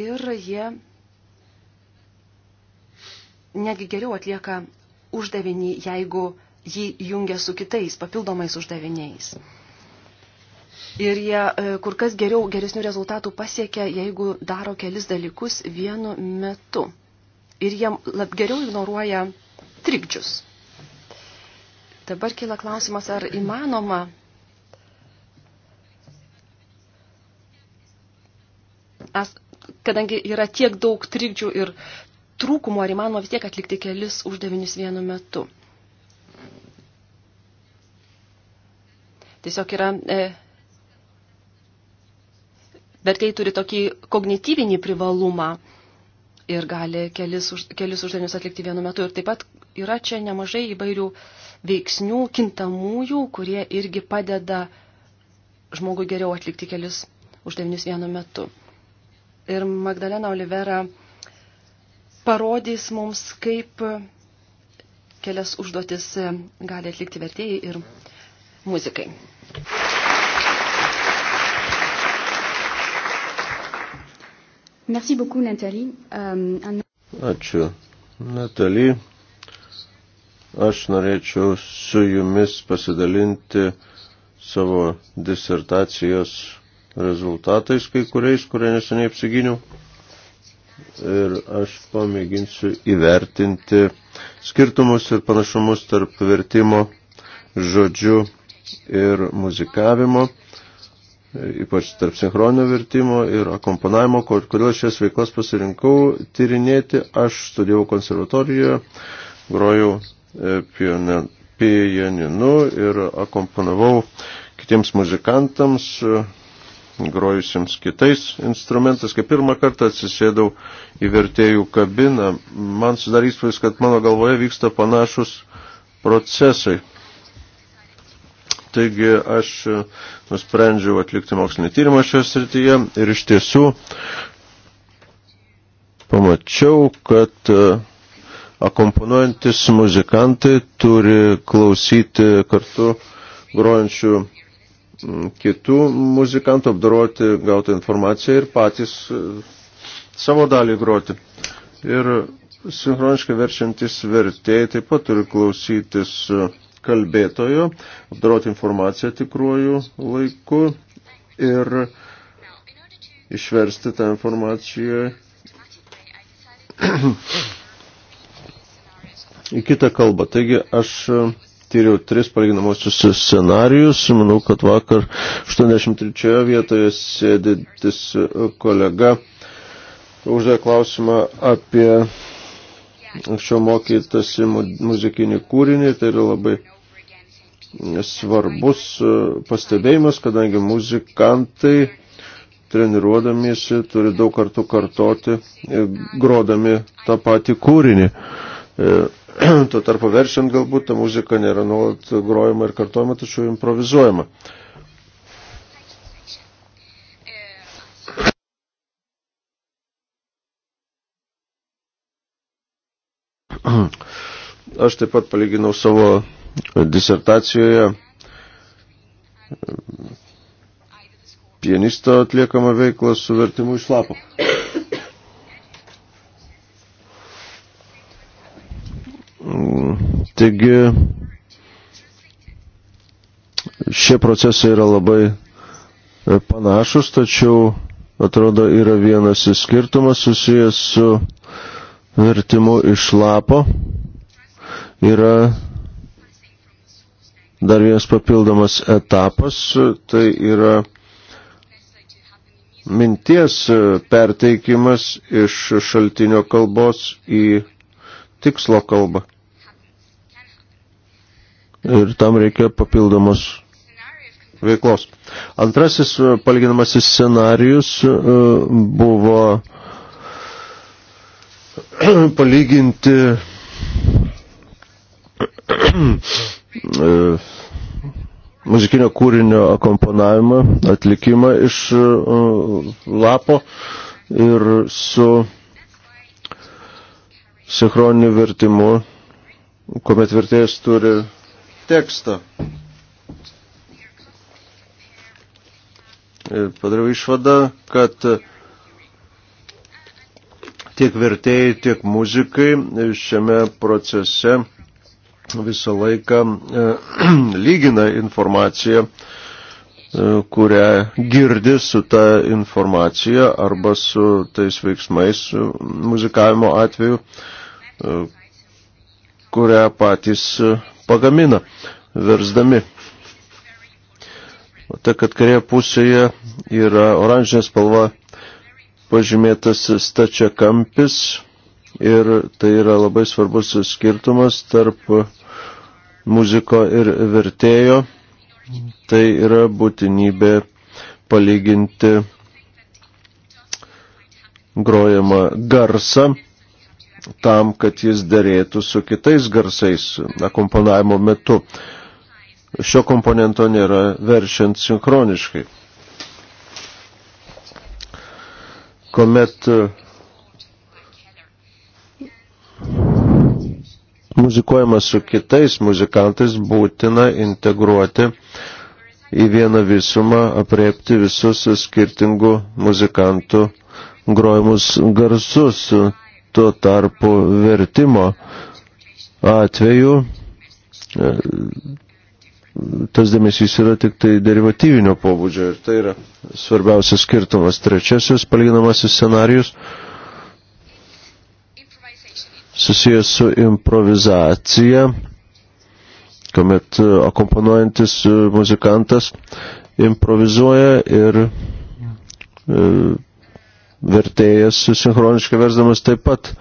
Ir jie netgi geriau atlieka uždavinį, jeigu jį jungia su kitais papildomais uždaviniais ir jie e, kur kas geriau, geresnių rezultatų pasiekia, jeigu daro kelis dalykus vienu metu. Ir jie lab, geriau ignoruoja trikdžius. Dabar kyla klausimas, ar įmanoma As, kadangi yra tiek daug trikdžių ir trūkumų, ar įmanoma vis tiek atlikti kelis uždavinius vienu metu. Tiesiog yra e, bet tai turi tokį kognityvinį privalumą ir gali kelis, už, kelis uždavinius atlikti vienu metu. Ir taip pat yra čia nemažai įvairių veiksnių, kintamųjų, kurie irgi padeda žmogui geriau atlikti kelis uždavinius vienu metu. Ir Magdalena Olivera parodys mums, kaip kelias užduotis gali atlikti vertėjai ir muzikai. Merci beaucoup, Nathalie. Um, euh, an... Ačiū, Nathalie. Aš norėčiau su jumis pasidalinti savo disertacijos rezultatais, kai kuriais, kurie neseniai apsiginiau. Ir aš pamėginsiu įvertinti skirtumus ir panašumus tarp vertimo žodžių ir muzikavimo ypač tarp sinchroninio vertimo ir akomponavimo, kodėl šias veiklas pasirinkau tyrinėti. Aš studijavau konservatorijoje, grojau e, pianinu ir akomponavau kitiems muzikantams, e, grojusiems kitais instrumentais. Kai pirmą kartą atsisėdau į vertėjų kabiną, man sudarys įspūdis, kad mano galvoje vyksta panašus procesai. Taigi aš nusprendžiau atlikti mokslinį tyrimą šios srityje ir iš tiesų pamačiau, kad e, akomponuojantis muzikantai turi klausyti kartu grojančių kitų muzikantų, apdaroti gautą informaciją ir patys e, savo dalį groti. Ir sinchroniškai verčiantis vertėjai taip pat turi klausytis uh, kalbėtojo, apdaroti informaciją tikruoju laiku ir išversti tą informaciją į kitą kalbą. Taigi aš tyriau tris palyginamosius scenarius. Manau, kad vakar 83 vietoje sėdintis kolega uždavė klausimą apie anksčiau mokytasi muzikinį kūrinį, tai yra labai svarbus e, pastebėjimas, kadangi muzikantai treniruodamiesi turi daug kartų kartoti, grodami tą patį kūrinį. E, (clears throat) tuo tarpu verčiant galbūt ta muzika nėra nuolat grojama ir kartojama, tačiau improvizuojama. Aš taip pat palyginau savo disertacijoje pianisto atliekamą veiklą su vertimu iš lapo. Taigi šie procesai yra labai panašus, tačiau atrodo yra vienas skirtumas susijęs su vertimu iš lapo yra dar vienas papildomas etapas, tai yra minties perteikimas iš šaltinio kalbos į tikslo kalbą. Ir tam reikia papildomos veiklos. Antrasis palyginamasis scenarius e, buvo (clears throat) palyginti (clears throat) E, muzikinio kūrinio akomponavimą, atlikimą iš e, lapo ir su sinchroniniu vertimu, kuomet vertėjas turi tekstą. Ir padariau išvadą, kad tiek vertėjai, tiek muzikai šiame procese visą laiką e, (clears throat) lygina informaciją, e, kurią girdi su ta informacija arba su tais veiksmais muzikavimo atveju, e, kurią patys pagamina, versdami. O ta, kad kairėje pusėje yra oranžinė spalva pažymėtas stačiakampis ir tai yra labai svarbus skirtumas tarp muziko ir vertėjo. Tai yra būtinybė palyginti grojamą garsą tam, kad jis dėrėtų su kitais garsais akomponavimo metu. Šio komponento nėra veršiant sinchroniškai. Komet muzikuojama su kitais muzikantais, būtina integruoti į vieną visumą, apriepti visus skirtingų muzikantų grojimus garsus. Tuo tarpu vertimo atveju e, tas dėmesys yra tik tai derivatyvinio pobūdžio ir tai yra svarbiausias skirtumas. Trečiasis palyginamasis scenarius susijęs su improvizacija, kuomet e, akompanuojantis e, muzikantas improvizuoja ir e, vertėjas sinchroniškai versdamas taip pat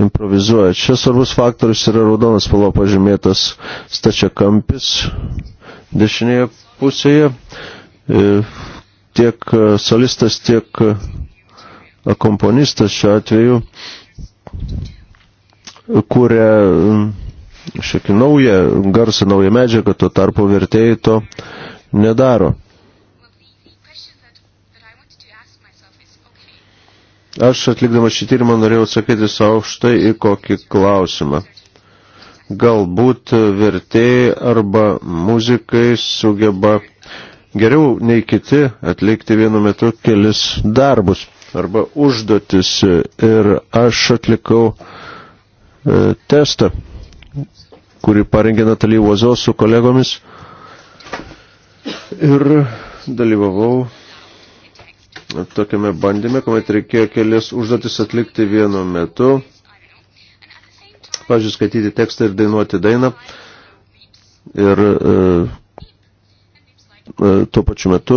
improvizuoja. Čia svarbus faktorius yra raudonas spalva pažymėtas stačiakampis dešinėje pusėje. Tiek solistas, tiek akomponistas šiuo atveju kūrė mm, šiek naują garsą, naują medžiagą, tuo tarpu vertėjai to nedaro. Aš atlikdamas šį tyrimą norėjau atsakyti savo štai į kokį klausimą. Galbūt vertėjai arba muzikai sugeba geriau nei kiti atlikti vienu metu kelis darbus arba užduotis ir aš atlikau e, testą, kurį parengė Natalija Uozo su kolegomis ir dalyvavau e, tokiame bandyme, kuomet reikėjo kelias užduotis atlikti vienu metu, pažiūrėjau, skaityti tekstą ir dainuoti dainą ir e, E, tuo pačiu metu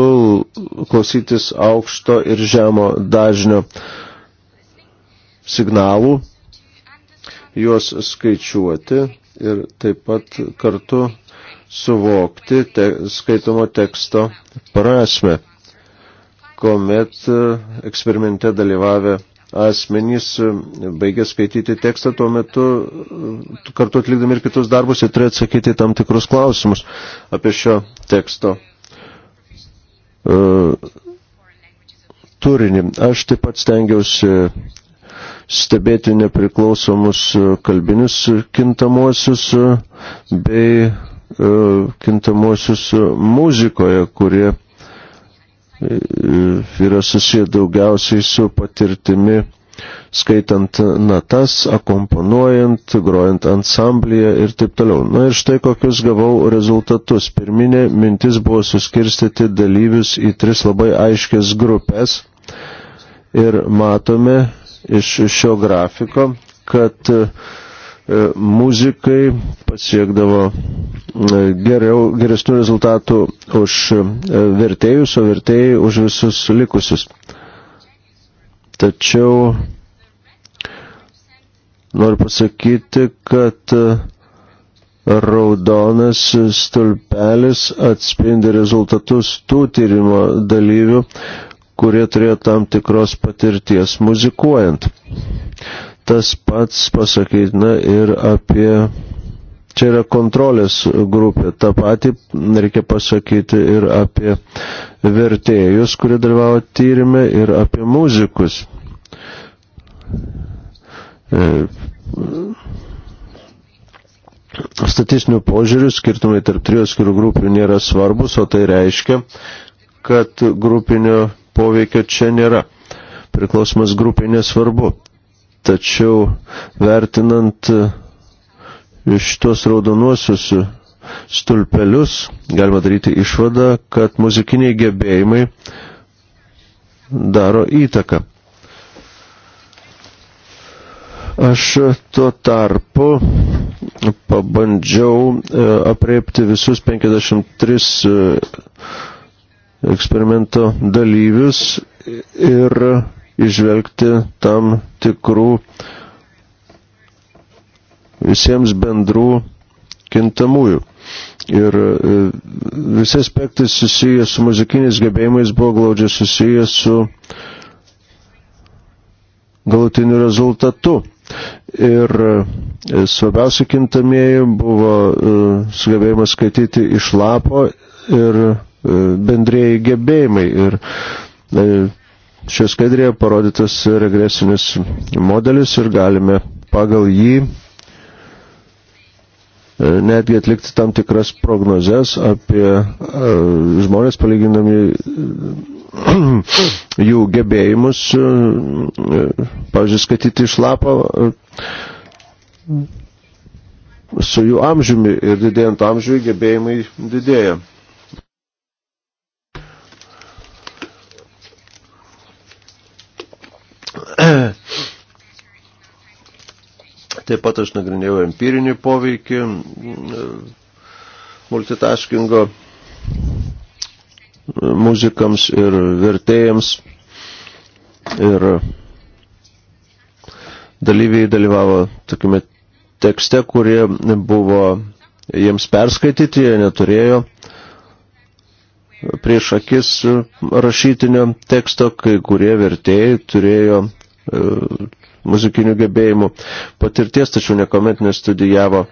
klausytis aukšto ir žemo dažnio signalų, juos skaičiuoti ir taip pat kartu suvokti te, skaitomo teksto prasme, kuomet e, eksperimente dalyvavę asmenys e, baigė skaityti tekstą tuo metu, kartu atlikdami ir kitus darbus, jie turi atsakyti tam tikrus klausimus apie šio teksto E, turinį. Aš taip pat stengiausi stebėti nepriklausomus kalbinius kintamuosius bei e, kintamuosius muzikoje, kurie e, yra susiję daugiausiai su patirtimi skaitant natas, akompanuojant, grojant ansamblyje ir taip toliau. Na ir štai kokius gavau rezultatus. Pirminė mintis buvo suskirstyti dalyvius į tris labai aiškias grupės. Ir matome iš šio grafiko, kad e, muzikai pasiekdavo e, geriau, geresnių rezultatų už e, vertėjus, o vertėjai už visus likusius. Tačiau noriu pasakyti, kad raudonas stulpelis atspindi rezultatus tų tyrimo dalyvių, kurie turėjo tam tikros patirties muzikuojant. Tas pats pasakytina ir apie Čia yra kontrolės grupė. Ta pati reikia pasakyti ir apie vertėjus, kurie dalyvavo tyrimė, ir apie muzikus. E, statistinių požiūrių skirtumai tarp trijų skirų grupių nėra svarbus, o tai reiškia, kad grupinio poveikio čia nėra. Priklausimas grupė nesvarbu. Tačiau vertinant šitos raudonuosius stulpelius, galima daryti išvadą, kad muzikiniai gebėjimai daro įtaką. Aš tuo tarpu pabandžiau e, apreipti visus 53 e, eksperimento dalyvius ir e, išvelgti tam tikrų uh, visiems bendrų kintamųjų. Ir e, visi aspektai susijęs su muzikiniais gebėjimais buvo glaudžiai susijęs su galutiniu rezultatu. Ir e, svarbiausia kintamieji buvo e, sugebėjimas skaityti iš lapo ir bendrėjai gebėjimai. Ir šioje skaidrėje parodytas regresinis modelis ir galime pagal jį E, netgi atlikti tam tikras prognozes apie e, žmonės palygindami e, (clears throat) jų gebėjimus, pavyzdžiui, skaityti iš lapo su jų amžiumi ir didėjant amžiui gebėjimai didėja. (clears throat) Taip pat aš nagrinėjau empirinį poveikį e, multitaskingo e, muzikams ir vertėjams. Ir dalyviai dalyvavo tokiame tekste, kurie buvo jiems perskaityti, jie neturėjo prieš akis rašytinio teksto, kai kurie vertėjai turėjo e, muzikinių gebėjimų patirties, tačiau niekuomet nestudijavo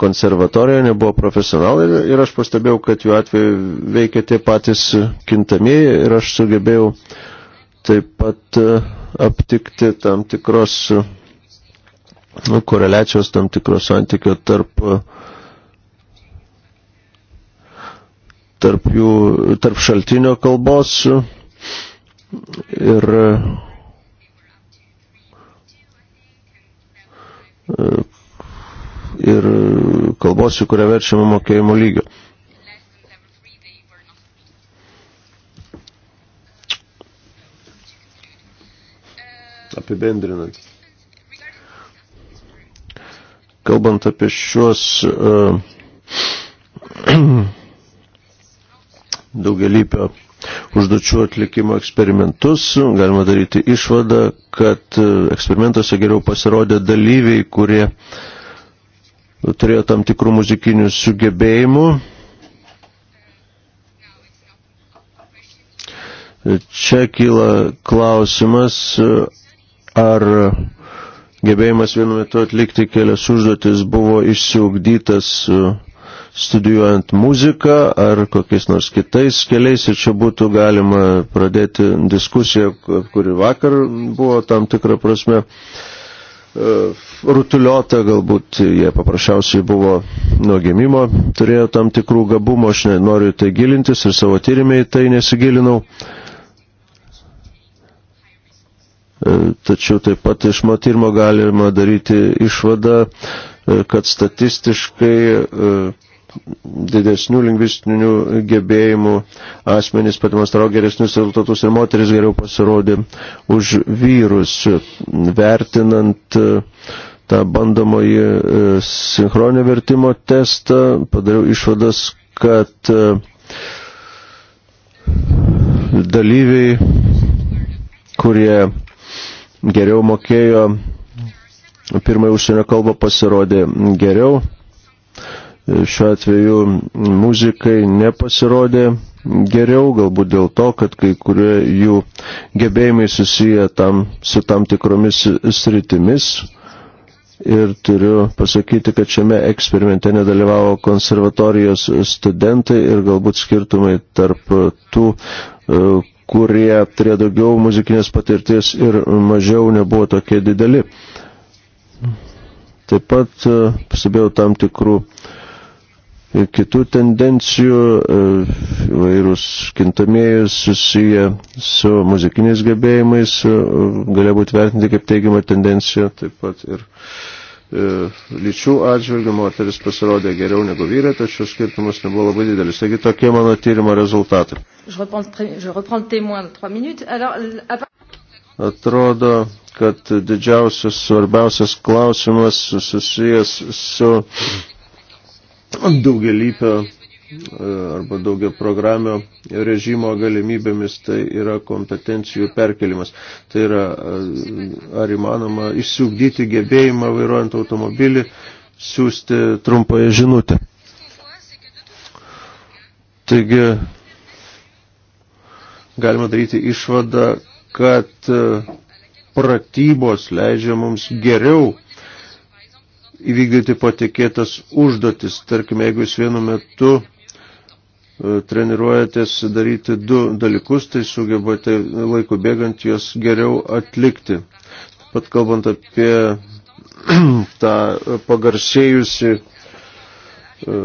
konservatorijoje, nebuvo profesionalai ir aš pastebėjau, kad jų atveju veikia tie patys kintamieji ir aš sugebėjau taip pat e, aptikti tam tikros nu, koreliacijos, tam tikros santykio tarp tarp, jų, tarp šaltinio kalbos ir E, ir kalbos, į kurią verčiame mokėjimo lygio. Apibendrinant. Kalbant apie šiuos uh, e, (clears throat) daugelįpio užduočių atlikimo eksperimentus. Galima daryti išvadą, kad e, eksperimentuose geriau pasirodė dalyviai, kurie turėjo tam tikrų muzikinių sugebėjimų. Čia kyla klausimas, ar gebėjimas vienu metu atlikti kelias užduotis buvo išsiugdytas uh, studijuojant muziką ar kokiais nors kitais keliais ir čia būtų galima pradėti diskusiją, kuri vakar buvo tam tikrą prasme e, rutuliota, galbūt jie paprasčiausiai buvo nuo gimimo, turėjo tam tikrų gabumų, aš nenoriu tai gilintis ir savo tyrimai tai nesigilinau. E, tačiau taip pat iš mano tyrimo galima daryti išvadą, e, kad statistiškai didesnių lingvistinių gebėjimų asmenys pademonstravo geresnius rezultatus ir moteris geriau pasirodė už vyrus, vertinant e, tą bandomąjį e, sinchroninio vertimo testą, padariau išvadas, kad e, dalyviai, kurie geriau mokėjo pirmąją užsienio kalbą pasirodė geriau šiuo atveju muzikai nepasirodė geriau, galbūt dėl to, kad kai kurie jų gebėjimai susiję tam, su tam tikromis sritimis. Ir turiu pasakyti, kad šiame eksperimente nedalyvavo konservatorijos studentai ir galbūt skirtumai tarp tų, e, kurie turėjo daugiau muzikinės patirties ir mažiau nebuvo tokie dideli. Taip pat e, pastebėjau tam tikrų uh, kitų tendencijų, e, vairūs kintamieji susiję su muzikiniais gebėjimais, e, galia būti vertinti kaip teigiama tendencija, taip pat ir e, lyčių atžvilgių moteris pasirodė geriau negu vyrai, tačiau skirtumas nebuvo labai didelis. Taigi tokie mano tyrimo rezultatai. Atrodo, kad didžiausias, svarbiausias klausimas susijęs su daugelįpio e, arba daugia programio režimo galimybėmis, tai yra kompetencijų perkelimas. Tai yra, e, ar įmanoma išsiugdyti gebėjimą vairuojant automobilį, siūsti trumpąją žinutę. Taigi, galima daryti išvadą, kad e, pratybos leidžia mums geriau įvykdyti patikėtas užduotis. Tarkime, jeigu jūs vienu metu e, treniruojatės daryti du dalykus, tai sugebate laiko bėgant juos geriau atlikti. Pat kalbant apie (clears throat) tą pagarsėjusi e,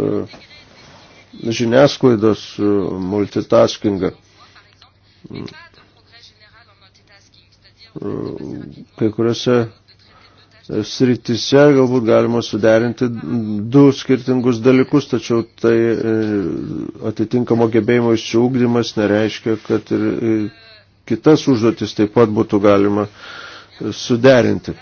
žiniasklaidos e, multitaskingą. Kai kuriuose sritise galbūt galima suderinti du skirtingus dalykus, tačiau tai e, atitinkamo gebėjimo išsiugdymas nereiškia, kad ir e, kitas užduotis taip pat būtų galima e, suderinti.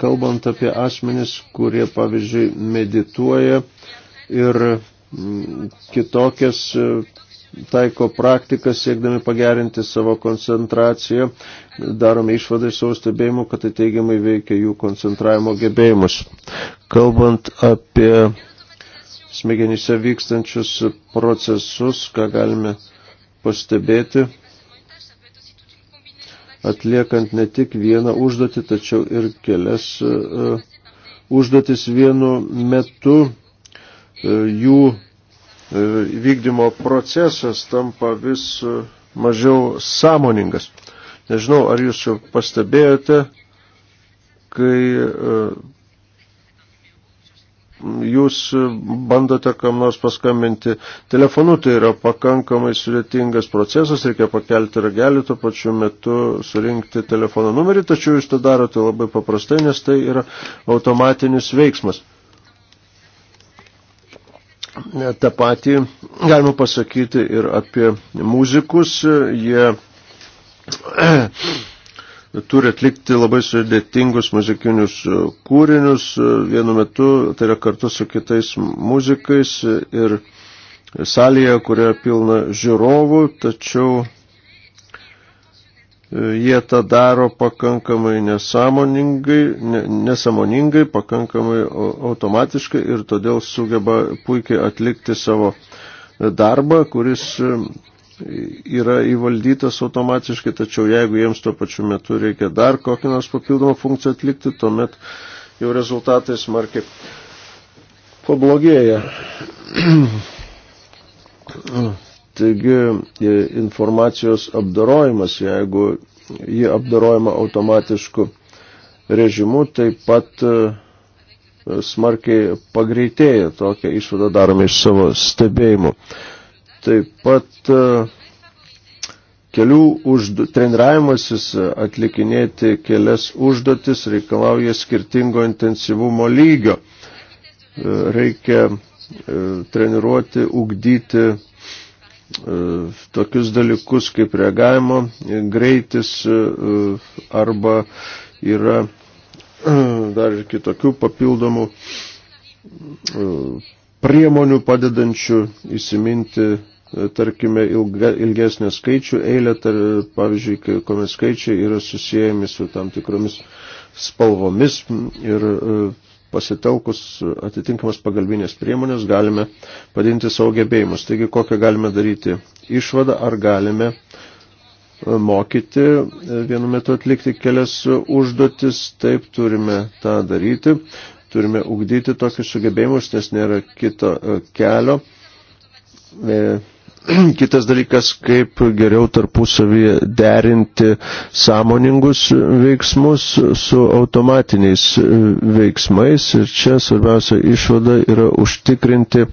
Kalbant apie asmenis, kurie, pavyzdžiui, medituoja ir kitokias taiko praktiką siekdami pagerinti savo koncentraciją, darome išvadai savo stebėjimu, kad tai teigiamai veikia jų koncentravimo gebėjimus. Kalbant apie smegenyse vykstančius procesus, ką galime pastebėti, atliekant ne tik vieną užduotį, tačiau ir kelias e, užduotis vienu metu, e, jų E, vykdymo procesas tampa vis e, mažiau sąmoningas. Nežinau, ar jūs jau pastebėjote, kai e, jūs bandote kam nors paskambinti telefonu, tai yra pakankamai sudėtingas procesas, reikia pakelti ragelį, tuo pačiu metu surinkti telefono numerį, tačiau jūs tą darote labai paprastai, nes tai yra automatinis veiksmas tą patį galima pasakyti ir apie muzikus. Jie (clears throat) turi atlikti labai sudėtingus muzikinius kūrinius vienu metu, tai yra kartu su kitais muzikais ir salėje, kurioje pilna žiūrovų, tačiau E, jie tą daro pakankamai nesąmoningai, nesąmoningai, pakankamai automatiškai ir todėl sugeba puikiai atlikti savo darbą, kuris e, yra įvaldytas automatiškai, tačiau jeigu jiems tuo pačiu metu reikia dar kokią nors papildomą funkciją atlikti, tuomet jau rezultatai smarkiai pablogėja. (clears throat) Mm. Taigi e, informacijos apdarojimas, jeigu jį apdarojama automatišku režimu, taip pat e, smarkiai pagreitėja. Tokią išvadą darome iš savo stebėjimų. Taip pat e, kelių uždu, treniravimasis atlikinėti kelias užduotis reikalauja skirtingo intensyvumo lygio. Reikia treniruoti, ugdyti E, tokius dalykus kaip reagavimo greitis e, arba yra e, dar ir kitokių papildomų priemonių padedančių įsiminti, tarkime, ilga, ilgesnę skaičių eilę, tar, pavyzdžiui, kuomet skaičiai yra susijęmi su tam tikromis spalvomis ir pasitelkus atitinkamas pagalbinės priemonės galime padinti savo gebėjimus. Taigi, kokią galime daryti išvadą, ar galime e, mokyti e, vienu metu atlikti kelias užduotis, taip turime tą daryti, turime ugdyti tokius sugebėjimus, nes nėra kito e, kelio. E, (clears throat) Kitas dalykas, kaip geriau tarpusavyje derinti sąmoningus veiksmus su automatiniais veiksmais. Ir čia svarbiausia išvada yra užtikrinti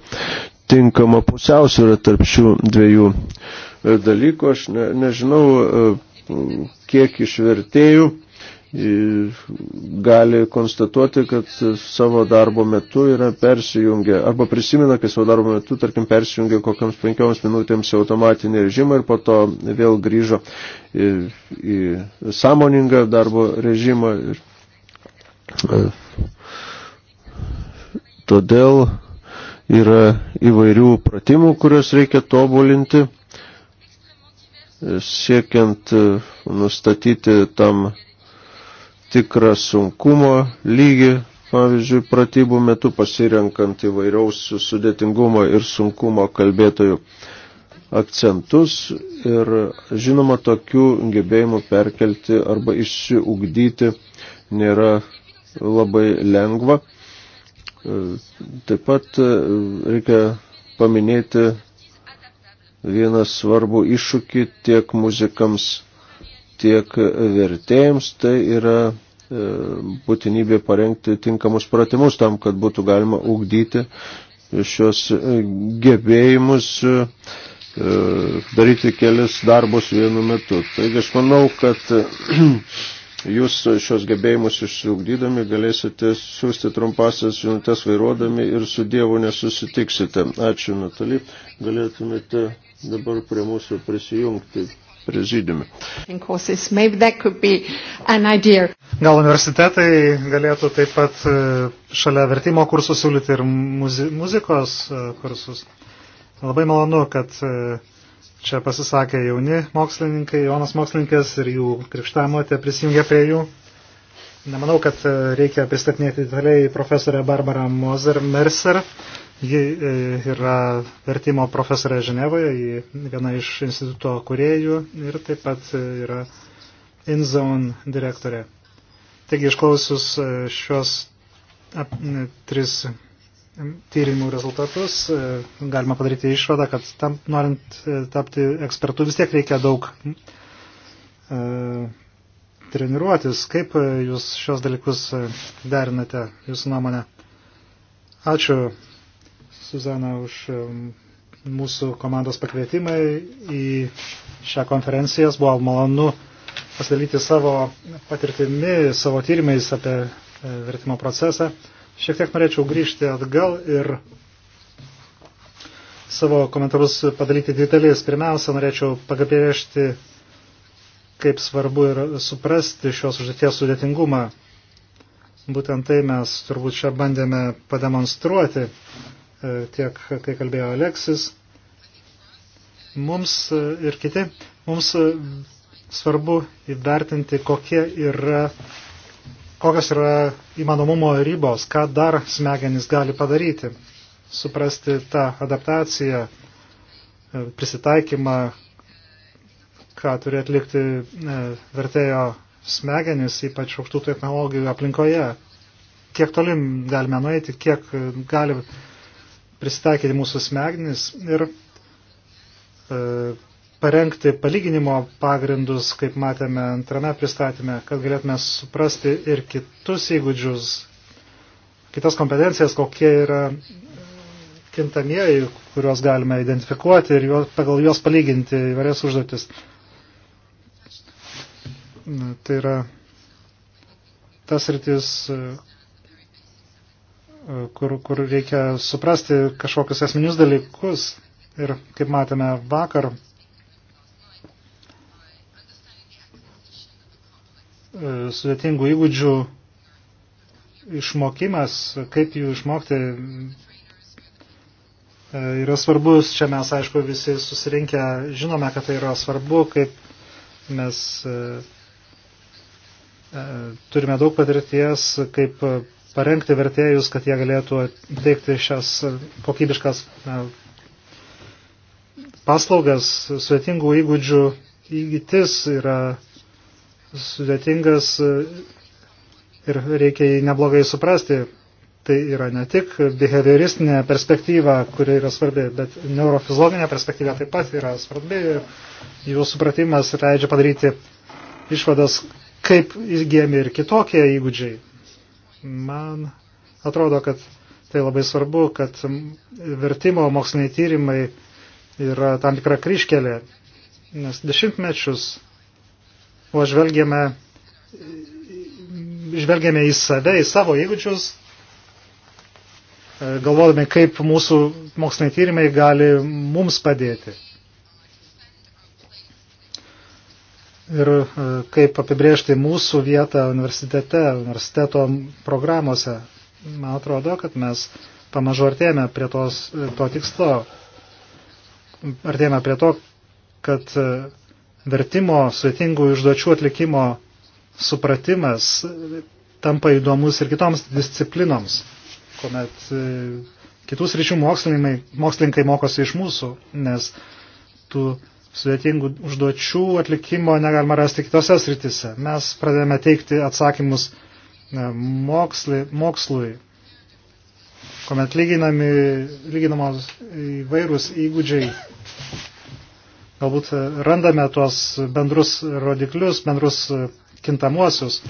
tinkamą pusiausvyrą tarp šių dviejų e, dalykų. Aš ne, nežinau, e, kiek iš vertėjų gali konstatuoti, kad savo darbo metu yra persijungę, arba prisimena, kad savo darbo metu, tarkim, persijungė kokiams penkioms minutėms automatinį režimą ir po to vėl grįžo į, į sąmoningą darbo režimą. Ir, todėl yra įvairių pratimų, kuriuos reikia tobulinti, siekiant nustatyti tam tikrą sunkumo lygį, pavyzdžiui, pratybų metu pasirenkant įvairiaus sudėtingumo ir sunkumo kalbėtojų akcentus ir žinoma tokių gebėjimų perkelti arba išsiugdyti nėra labai lengva. Taip pat e, reikia paminėti vieną svarbų iššūkį tiek muzikams tiek vertėjams, tai yra e, būtinybė parengti tinkamus pratimus tam, kad būtų galima ugdyti šios e, gebėjimus e, daryti kelias darbus vienu metu. Taigi aš manau, kad (clears throat) jūs šios gebėjimus išsiugdydami galėsite siūsti trumpasias žinutės vairuodami ir su Dievu nesusitiksite. Ačiū, Natali. Galėtumėte dabar prie mūsų prisijungti prezidiumi. Gal universitetai galėtų taip pat e, šalia vertimo kursų siūlyti ir muzi muzikos e, kursus. Labai malonu, kad e, čia pasisakė jauni mokslininkai, jaunas mokslininkas ir jų krikštamotė prisijungė prie jų. Nemanau, kad reikia pristatinėti detaliai profesorę Barbarą Mozer Mercer. Ji e, yra vertimo profesorė Ženevoje, ji viena iš instituto kuriejų ir taip pat e, yra InZone direktorė. Taigi išklausius e, šios ap, tris tyrimų rezultatus, galima padaryti išvadą, kad tam, norint tapti ekspertu vis tiek reikia daug treniruotis. Kaip jūs šios dalykus derinate, jūsų nuomonė? Ačiū Suzana, už mūsų komandos pakvietimą į šią konferenciją. Buvo malonu pasidalyti savo patirtimi, savo tyrimais apie e, vertimo procesą. Šiek tiek norėčiau grįžti atgal ir savo komentarus padaryti dvi dalis. Pirmiausia, norėčiau pagabrėžti, kaip svarbu ir suprasti šios užduoties sudėtingumą. Būtent tai mes turbūt čia bandėme pademonstruoti E, tiek, kai kalbėjo Aleksis, mums e, ir kiti, mums e, svarbu įvertinti, kokie yra, kokios yra įmanomumo ribos, ką dar smegenys gali padaryti, suprasti tą adaptaciją, prisitaikymą, ką turi atlikti vertėjo smegenys, ypač aukštų technologijų aplinkoje. Kiek tolim galime nueiti, kiek gali pristaikyti mūsų smegenis ir e, parengti palyginimo pagrindus, kaip matėme antrame pristatyme, kad galėtume suprasti ir kitus įgūdžius, kitas kompetencijas, kokie yra kintamieji, kuriuos galime identifikuoti ir juos, pagal juos palyginti įvairias užduotis. Tai yra tas rytis, kur, kur reikia suprasti kažkokius esminius dalykus. Ir kaip matėme vakar, e, sudėtingų įgūdžių išmokimas, kaip jų išmokti, e, yra svarbus. Čia mes, aišku, visi susirinkę žinome, kad tai yra svarbu, kaip mes e, turime daug patirties, kaip parengti vertėjus, kad jie galėtų teikti šias kokybiškas paslaugas. Svetingų įgūdžių įgytis yra sudėtingas ir reikia jį neblogai suprasti. Tai yra ne tik behavioristinė perspektyva, kuri yra svarbi, bet neurofiziologinė perspektyva taip pat yra svarbi ir jų supratimas leidžia padaryti išvadas, kaip įgėmi ir kitokie įgūdžiai. Man atrodo, kad tai labai svarbu, kad vertimo moksliniai tyrimai yra tam tikra kryškelė, nes dešimtmečius o žvelgėme, žvelgėme į save, į savo įgūdžius, galvodami, kaip mūsų moksliniai tyrimai gali mums padėti. ir e, kaip apibriežti mūsų vietą universitete, universiteto programuose. Man atrodo, kad mes pamažu artėjame prie tos, e, to tikslo, artėjame prie to, kad e, vertimo svetingų užduočių atlikimo supratimas tampa įdomus ir kitoms disciplinoms, kuomet kitus ryšių mokslininkai mokosi iš mūsų, nes tu sudėtingų užduočių atlikimo negalima rasti kitose sritise. Mes pradėjome teikti atsakymus e, moksli, mokslui, kuomet lyginami, lyginamos įvairūs įgūdžiai. Galbūt e, randame tuos bendrus rodiklius, bendrus e, kintamuosius,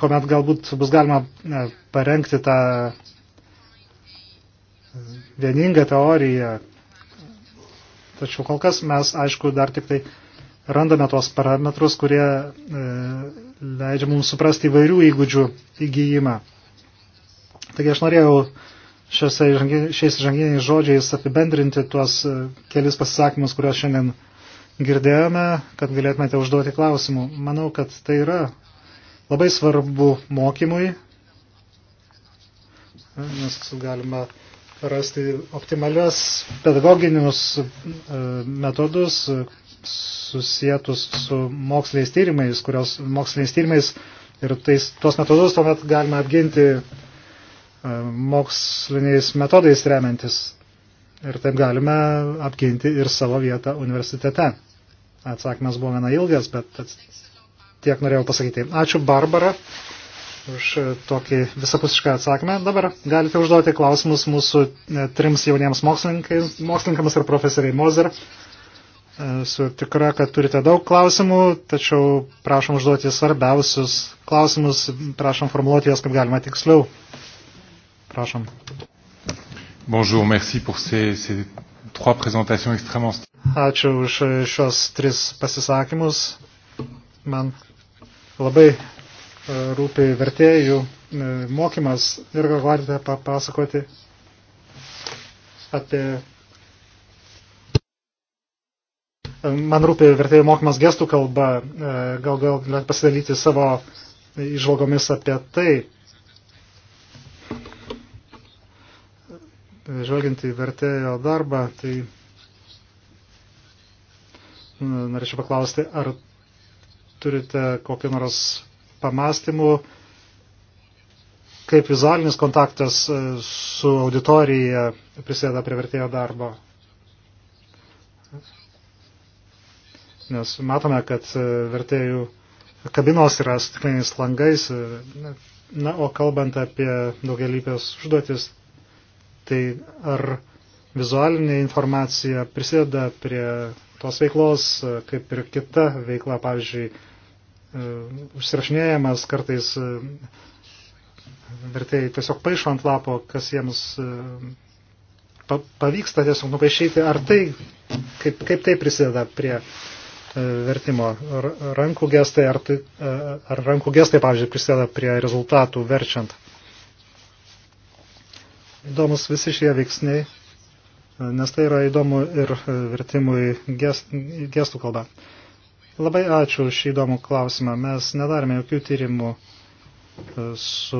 kuomet galbūt bus galima parengti tą vieningą teoriją, Tačiau kol kas mes, aišku, dar tik tai randame tuos parametrus, kurie e, leidžia mums suprasti įvairių įgūdžių įgyjimą. Taigi aš norėjau šiais, šiais žanginiais žodžiais apibendrinti tuos e, kelis pasisakymus, kuriuos šiandien girdėjome, kad galėtumėte užduoti klausimų. Manau, kad tai yra labai svarbu mokymui, nes galima rasti optimalias pedagoginius e, metodus e, susijętus su moksliniais tyrimais, kurios moksliniais tyrimais ir tais, tuos metodus tuomet galima apginti e, moksliniais metodais remiantis. Ir taip galime apginti ir savo vietą universitete. Atsakymas buvo gana ilgas, bet tiek norėjau pasakyti. Ačiū Barbara už tokį visapusišką atsakymą. Dabar galite užduoti klausimus mūsų e, trims jauniems mokslininkams ir profesoriai Mozer. E, esu tikra, kad turite daug klausimų, tačiau prašom užduoti svarbiausius klausimus, prašom formuluoti jas kaip galima tiksliau. Prašom. Bonjour, merci pour ces, ces trois présentations extrêmement. Ačiū už šios tris pasisakymus. Man labai rūpi vertėjų e, mokymas ir galite papasakoti apie. E, man rūpi vertėjų mokymas gestų kalba, e, gal gal pasidalyti savo išvalgomis apie tai. Žvelgiant į vertėjo darbą, tai norėčiau paklausti, ar turite kokį nors pamastymų, kaip vizualinis kontaktas e, su auditorija prisėda prie vertėjo darbo. Nes matome, kad e, vertėjų kabinos yra stikliniais langais. E, na, o kalbant apie daugelįpės užduotis, tai ar vizualinė informacija prisideda prie tos veiklos, kaip ir kita veikla, pavyzdžiui, E, užsirašinėjamas kartais e, vertėjai tiesiog paišo ant lapo, kas jiems e, pavyksta tiesiog nupaišyti, ar tai, kaip, kaip tai prisideda prie vertimo rankų gestai, ar, tai, ar rankų gestai, pavyzdžiui, prisideda prie rezultatų verčiant. Įdomus visi šie veiksniai, nes tai yra įdomu ir vertimui gest, gestų kalba. Labai ačiū už šį įdomų klausimą. Mes nedarėme jokių tyrimų e, su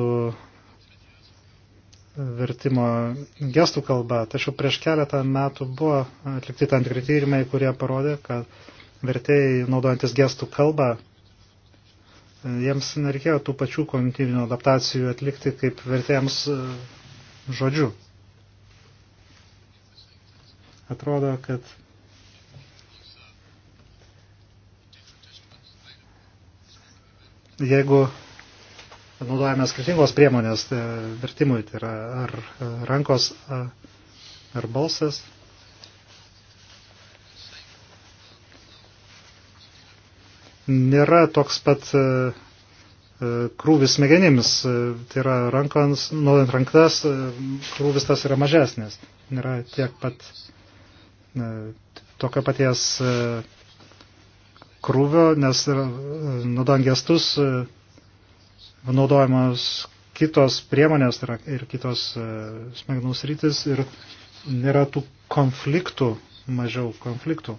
vertimo gestų kalba, tačiau prieš keletą metų buvo atlikti tam tikri tyrimai, kurie parodė, kad vertėjai naudojantis gestų kalbą, e, jiems nereikėjo tų pačių kognityvinių adaptacijų atlikti kaip vertėjams e, žodžiu. Atrodo, kad jeigu naudojame skirtingos priemonės tai vertimui, tai yra ar e, rankos, ar balsas. Nėra toks pat e, e, krūvis smegenimis, tai yra rankons, naudojant rankas, krūvis tas yra mažesnis. Nėra tiek pat tokio paties krūvio, nes e, naudojant gestus e, naudojamos kitos priemonės tai yra, ir kitos e, smegenų sritis ir nėra tų konfliktų, mažiau konfliktų.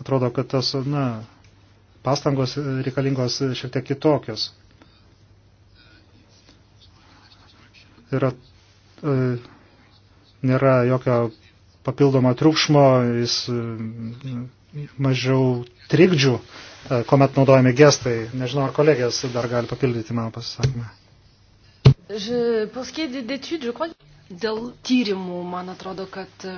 Atrodo, kad tas, na, pastangos reikalingos šiek tiek kitokios. Yra e, nėra jokio papildomo triukšmo, jis mm, mažiau trikdžių, e, kuomet naudojami gestai. Nežinau, ar kolegės dar gali papildyti mano pasisakymą. Dėl tyrimų, man atrodo, kad e,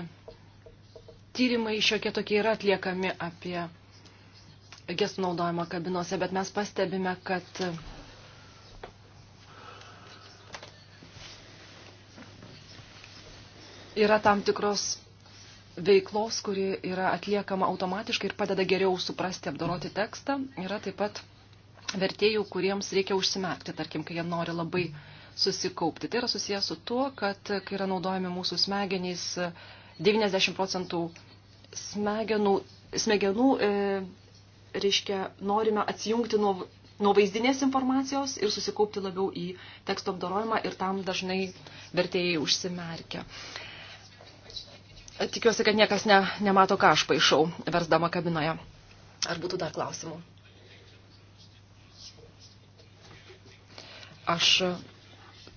tyrimai šiokie tokie yra atliekami apie gestų naudojimą kabinose, bet mes pastebime, kad e, yra tam tikros veiklos, kuri yra atliekama automatiškai ir padeda geriau suprasti, apdoroti tekstą. Yra taip pat vertėjų, kuriems reikia užsimerkti, tarkim, kai jie nori labai susikaupti. Tai yra susijęs su tuo, kad kai yra naudojami mūsų smegenys, 90 procentų smegenų, smegenų e, reiškia, norime atsijungti nuo, nuo vaizdinės informacijos ir susikaupti labiau į teksto apdorojimą ir tam dažnai vertėjai užsimerkia. E, Tikiuosi, kad niekas ne, nemato, ką aš paaišau, versdama kabinoje. Ar būtų dar klausimų? Aš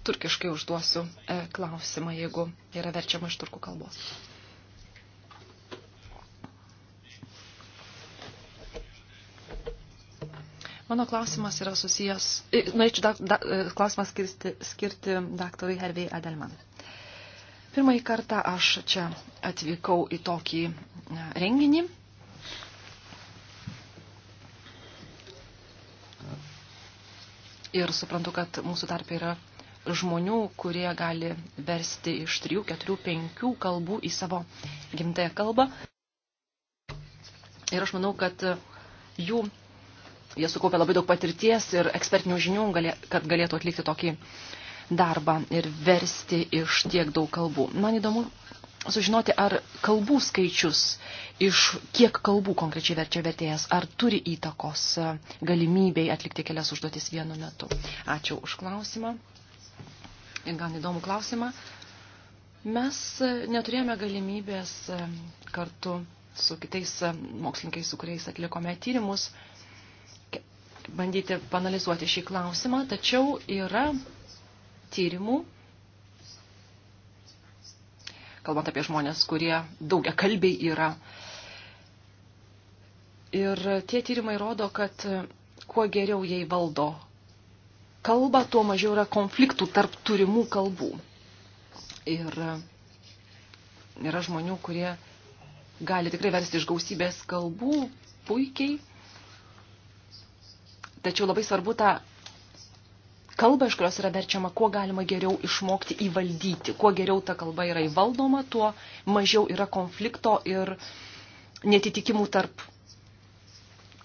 turkiškai užduosiu e, klausimą, jeigu yra verčiama iš turkų kalbos. Mano klausimas yra susijęs, e, norėčiau nu, klausimą skirti, skirti daktarui Hervėjai Adelmanui. Pirmąjį kartą aš čia atvykau į tokį e, renginį. Ir suprantu, kad mūsų tarp yra žmonių, kurie gali versti iš 3, 4, 5 kalbų į savo gimtąją kalbą. Ir aš manau, kad jų, jie sukaupė labai daug patirties ir ekspertinių žinių, kad galėtų atlikti tokį uh, darbą ir versti iš tiek daug kalbų. Man įdomu sužinoti, ar kalbų skaičius, iš kiek kalbų konkrečiai verčia vertėjas, ar turi įtakos e, galimybei atlikti kelias užduotis vienu metu. Ačiū už klausimą. Ir gan įdomų klausimą. Mes e, neturėjome galimybės e, kartu su kitais mokslininkais, su kuriais atlikome tyrimus, bandyti panalizuoti šį klausimą, tačiau yra tyrimų, kalbant apie žmonės, kurie daugia kalbiai yra. Ir tie tyrimai rodo, kad kuo geriau jai valdo kalbą, tuo mažiau yra konfliktų tarp turimų kalbų. Ir yra žmonių, kurie gali tikrai versti iš gausybės kalbų puikiai, tačiau labai svarbu tą kalbą, iš kurios yra verčiama, kuo galima geriau išmokti įvaldyti. Kuo geriau ta kalba yra įvaldoma, tuo mažiau yra konflikto ir netitikimų tarp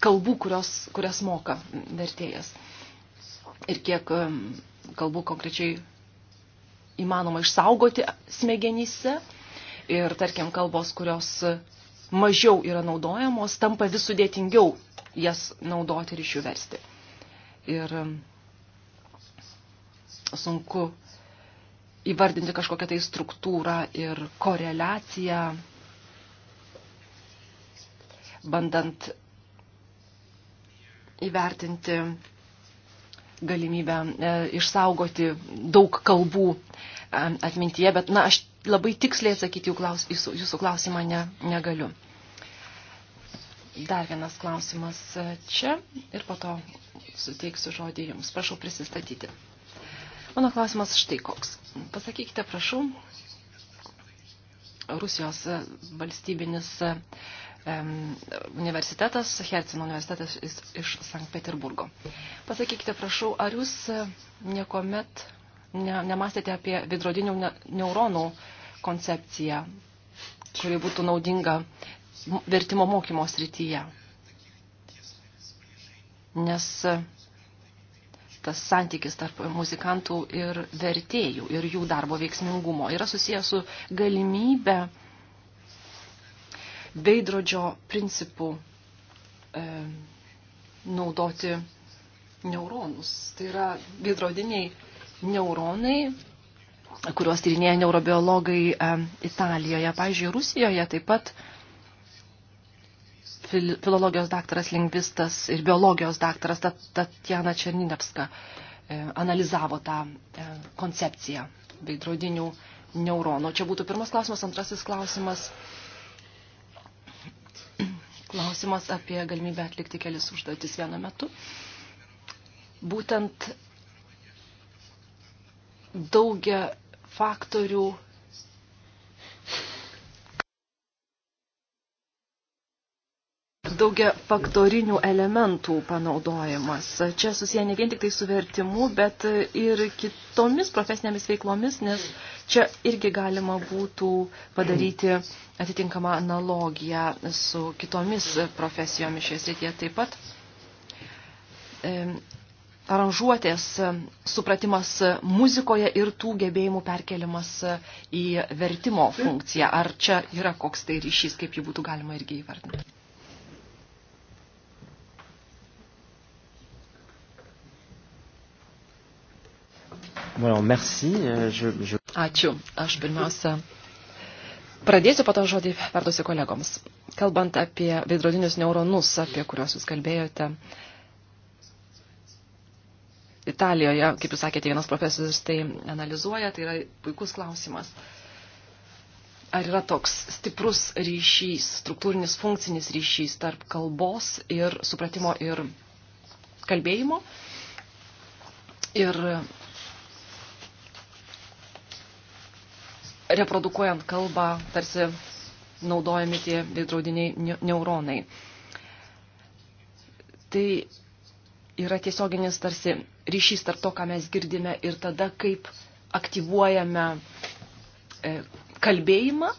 kalbų, kurios, kurias moka vertėjas. Ir kiek kalbų konkrečiai įmanoma išsaugoti smegenyse. Ir tarkim, kalbos, kurios mažiau yra naudojamos, tampa vis sudėtingiau jas naudoti ir iš jų versti. Ir sunku įvardinti kažkokią tai struktūrą ir koreliaciją, bandant įvertinti galimybę e, išsaugoti daug kalbų e, atmintyje, bet na, aš labai tiksliai atsakyti klaus, jūsų, jūsų klausimą ne, negaliu. Dar vienas klausimas e, čia ir po to suteiksiu žodį jums. Prašau prisistatyti. Mano klausimas štai koks. Pasakykite, prašau, Rusijos e, valstybinis e, universitetas, Hercino universitetas iš Sankt Peterburgo. Pasakykite, prašau, ar jūs e, niekuomet ne, nemastėte apie vidrodinių ne, neuronų koncepciją, kuri būtų naudinga vertimo mokymo srityje? Nes tas santykis tarp muzikantų ir vertėjų ir jų darbo veiksmingumo yra susijęs su galimybė veidrodžio principų e, naudoti neuronus. Tai yra veidrodiniai neuronai, kuriuos tyrinėja neurobiologai e, Italijoje. Pavyzdžiui, Rusijoje taip pat e, fil filologijos daktaras, lingvistas ir biologijos daktaras Tatjana Černinevska e, analizavo tą e, koncepciją veidrodinių neuronų. Čia būtų pirmas klausimas, antrasis klausimas. Klausimas apie galimybę atlikti kelis užduotis vienu metu. Būtent daugia faktorių daugia faktorinių elementų panaudojimas. Čia susiję ne vien tik tai su vertimu, bet ir kitomis profesinėmis veiklomis, nes čia irgi galima būtų padaryti atitinkamą analogiją su kitomis profesijomis šioje srityje taip pat. Aranžuotės supratimas muzikoje ir tų gebėjimų perkelimas į vertimo funkciją. Ar čia yra koks tai ryšys, kaip jį būtų galima irgi įvardinti? Bueno, merci. Uh, je, je... Ačiū. Aš pirmiausia pradėsiu, po to žodį perduosiu kolegoms. Kalbant apie veidrodinius neuronus, apie kuriuos jūs kalbėjote, Italijoje, kaip jūs sakėte, vienas profesorius tai analizuoja, tai yra puikus klausimas. Ar yra toks stiprus ryšys, struktūrinis funkcinis ryšys tarp kalbos ir supratimo ir kalbėjimo? Ir reprodukuojant kalbą, tarsi naudojami tie veidrodiniai neuronai. Tai yra tiesioginis tarsi ryšys tarp to, ką mes girdime ir tada, kaip aktyvuojame e, kalbėjimą.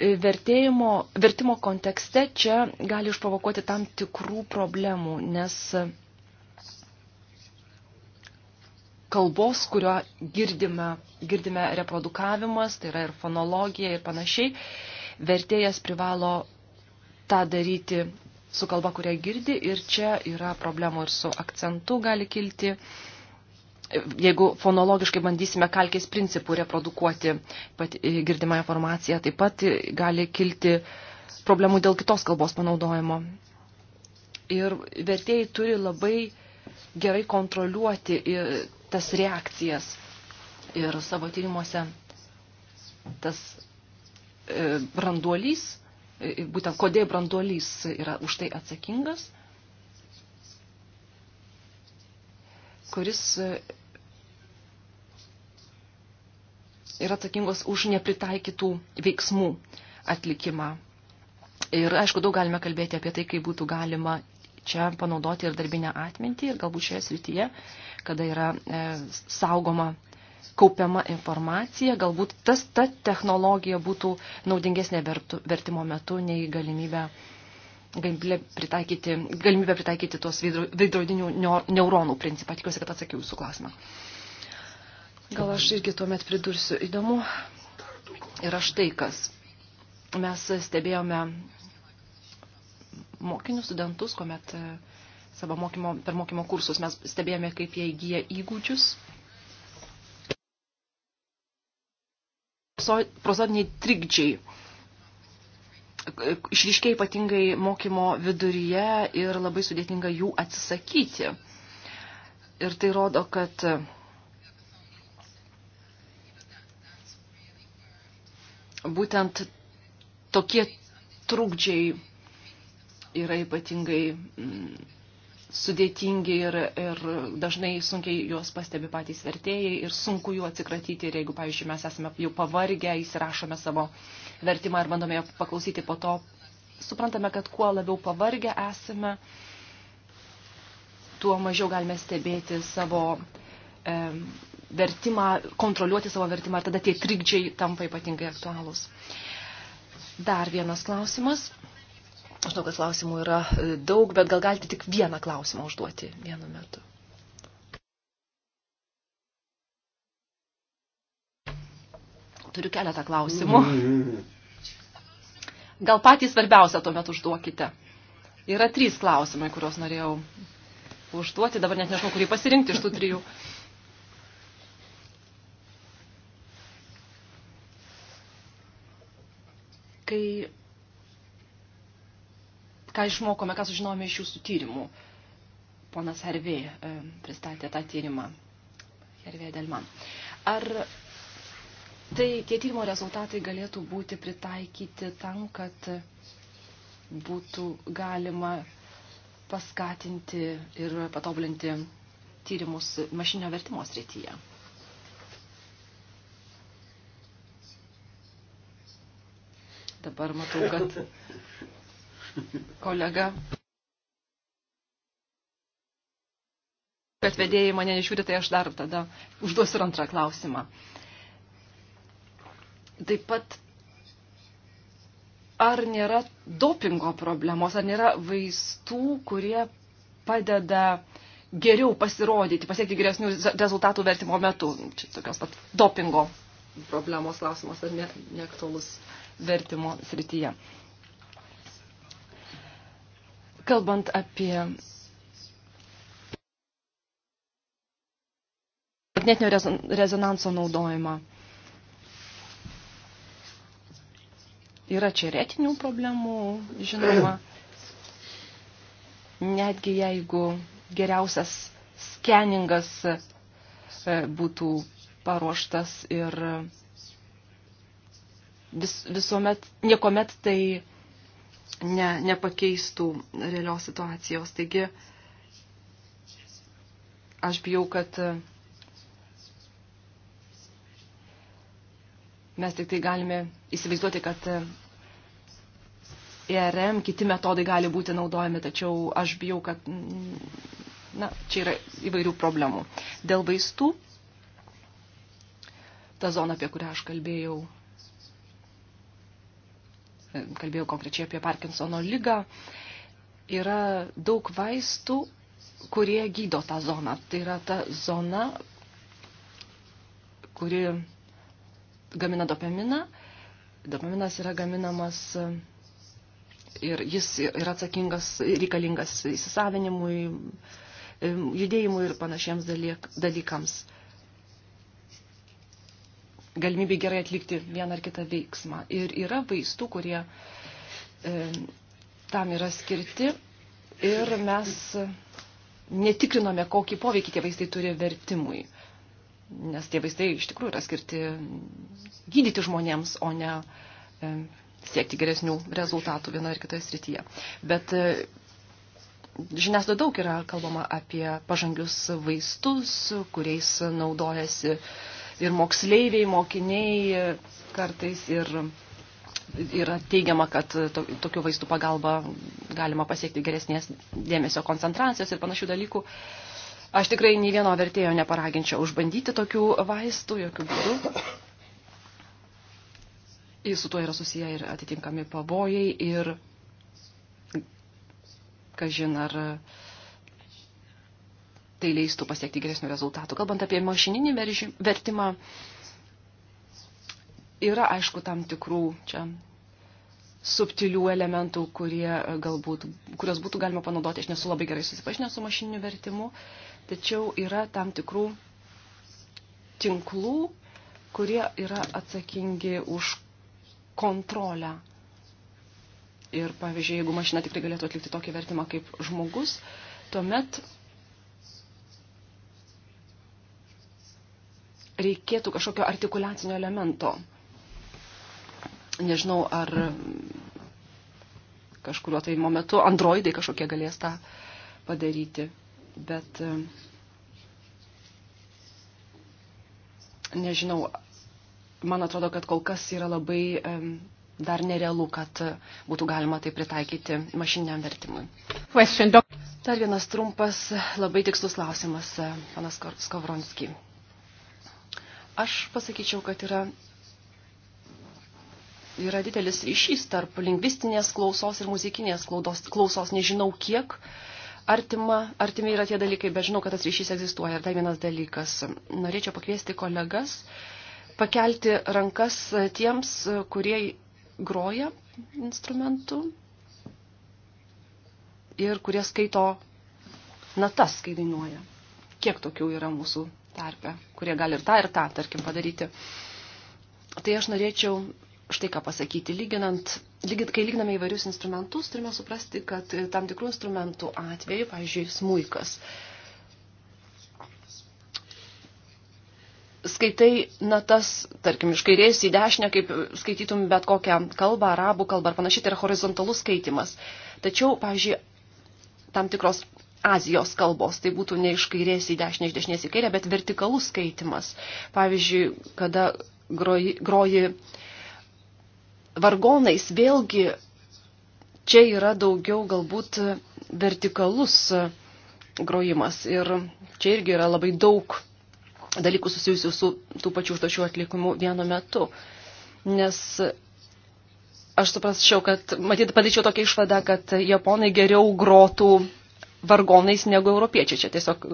E, vertėjimo, vertimo kontekste čia gali išprovokuoti tam tikrų problemų, nes kalbos, kurio girdime, girdime reprodukavimas, tai yra ir fonologija ir panašiai, vertėjas privalo tą daryti su kalba, kurią girdi ir čia yra problemų ir su akcentu gali kilti. Jeigu fonologiškai bandysime kalkės principų reprodukuoti pat, e, girdimą informaciją, taip pat gali kilti problemų dėl kitos kalbos panaudojimo. Ir vertėjai turi labai gerai kontroliuoti e, tas reakcijas. Ir savo tyrimuose tas e, branduolys, e, būtent kodėl branduolys yra už tai atsakingas, kuris e, yra atsakingos už nepritaikytų veiksmų atlikimą. Ir aišku, daug galime kalbėti apie tai, kaip būtų galima čia panaudoti ir darbinę atmintį, ir galbūt šioje srityje, kada yra e, saugoma, kaupiama informacija, galbūt tas ta technologija būtų naudingesnė vertu, vertimo metu nei galimybė, galimybė, pritaikyti, galimybė pritaikyti tuos veidrodinių neuronų principą. Tikiuosi, kad atsakiau jūsų klausimą. Gal aš irgi tuomet pridursiu įdomu. Yra štai kas. Mes stebėjome mokinius, studentus, kuomet e, savo mokymo, per mokymo kursus mes stebėjome, kaip jie įgyja įgūdžius. Prozodiniai trikdžiai išryškiai ypatingai mokymo viduryje ir labai sudėtinga jų atsisakyti. Ir tai rodo, kad e, būtent tokie trukdžiai yra ypatingai mm, sudėtingi ir, ir dažnai sunkiai juos pastebi patys vertėjai ir sunku jų atsikratyti. Ir jeigu, pavyzdžiui, mes esame jau pavargę, įsirašome savo vertimą ir bandome paklausyti po to, suprantame, kad kuo labiau pavargę esame, tuo mažiau galime stebėti savo e, vertimą, kontroliuoti savo vertimą ir tada tie trikdžiai tampa ypatingai aktualūs. Dar vienas klausimas. Aš žinau, kad klausimų yra e, daug, bet gal galite tik vieną klausimą užduoti vienu metu. Turiu keletą klausimų. Mm-hmm. Gal patį svarbiausią tuomet užduokite. Yra trys klausimai, kuriuos norėjau užduoti. Dabar net nežinau, kurį pasirinkti iš tų trijų. Kai ką išmokome, ką sužinome iš jūsų tyrimų. Ponas Hervė e, pristatė tą tyrimą. Hervė Delman. Ar tai tie tyrimo rezultatai galėtų būti pritaikyti tam, kad būtų galima paskatinti ir patobulinti tyrimus mašinio vertimo srityje? Dabar matau, kad (laughs) kolega. kad vedėjai mane nežiūri, tai aš dar tada užduosiu ir antrą klausimą. Taip pat, ar nėra dopingo problemos, ar nėra vaistų, kurie padeda geriau pasirodyti, pasiekti geresnių rezultatų vertimo metu. Čia tokios pat dopingo problemos klausimas, ar ne, neaktualus vertimo srityje. Kalbant apie magnetinio rezonanso naudojimą. Yra čia retinių problemų, žinoma, (clears throat) netgi jeigu geriausias skeningas e, būtų paruoštas ir vis, visuomet, niekuomet tai ne, nepakeistų realios situacijos. Taigi, aš bijau, kad e, mes tik tai galime įsivaizduoti, kad ERM, kiti metodai gali būti naudojami, tačiau aš bijau, kad mm, na, čia yra įvairių problemų. Dėl vaistų, ta zona, apie kurią aš kalbėjau, kalbėjau konkrečiai apie Parkinsono lygą, yra daug vaistų, kurie gydo tą zoną. Tai yra ta zona, kuri gamina dopaminą. Dopaminas yra gaminamas e, ir jis yra atsakingas, reikalingas įsisavinimui, e, judėjimui ir panašiems dalykams galimybė gerai atlikti vieną ar kitą veiksmą. Ir yra vaistų, kurie e, tam yra skirti ir mes netikrinome, kokį poveikį tie vaistai turi vertimui. Nes tie vaistai iš tikrųjų yra skirti gydyti žmonėms, o ne e, siekti geresnių rezultatų vienoje ar kitoje srityje. Bet e, žiniasklaida daug yra kalbama apie pažangius vaistus, kuriais naudojasi e, ir moksleiviai, mokiniai kartais ir yra teigiama, kad to, tokių vaistų pagalba galima pasiekti geresnės dėmesio koncentracijos ir panašių dalykų. Aš tikrai nei vieno vertėjo neparaginčiau užbandyti tokių vaistų, jokių būdų. Ir su tuo yra susiję ir atitinkami pavojai ir, kažin, ar uh, tai leistų pasiekti geresnių rezultatų. Kalbant apie mašininį vertimą, yra aišku tam tikrų čia subtilių elementų, kurie e, galbūt, kurios būtų galima panaudoti. Aš nesu labai gerai susipažinęs su mašininiu vertimu, tačiau yra tam tikrų tinklų, kurie yra atsakingi už kontrolę. Ir pavyzdžiui, jeigu mašina tikrai galėtų atlikti tokį vertimą kaip žmogus, tuomet reikėtų kažkokio artikulacinio elemento. Nežinau, ar kažkurio tai momentu androidai kažkokie galės tą padaryti, bet e, nežinau, man atrodo, kad kol kas yra labai e, dar nerealu, kad būtų galima tai pritaikyti mašiniam vertimui. Dar vienas trumpas, labai tikslus klausimas, e, panas Skovronski. Aš pasakyčiau, kad yra, yra didelis ryšys tarp lingvistinės klausos ir muzikinės klaudos, klausos. Nežinau kiek artima, artimi yra tie dalykai, bet žinau, kad tas ryšys egzistuoja. Ir dar tai vienas dalykas. Norėčiau pakviesti kolegas pakelti rankas tiems, kurie groja instrumentų ir kurie skaito natas, kai dainuoja. Kiek tokių yra mūsų tarpe, kurie gali ir tą, ir tą, tarkim, padaryti. Tai aš norėčiau štai ką pasakyti. Lyginant, lygit, kai lyginame įvairius instrumentus, turime suprasti, kad tam tikrų instrumentų atveju, pavyzdžiui, smūjkas. Skaitai natas, tarkim, iš kairės į dešinę, kaip skaitytum bet kokią kalbą, arabų kalbą ar panašiai, tai yra horizontalus skaitimas. Tačiau, pavyzdžiui, tam tikros Azijos kalbos, tai būtų ne iš kairės į dešinę, iš dešinės į kairę, bet vertikalus skaitimas. Pavyzdžiui, kada groji, groji vargonais, vėlgi čia yra daugiau galbūt vertikalus grojimas ir čia irgi yra labai daug dalykų susijusių su tų pačių užduočių atlikimu vienu metu. Nes aš suprasčiau, kad, matyt, padaryčiau tokią išvadą, kad japonai geriau grotų vargonais negu europiečiai. Čia tiesiog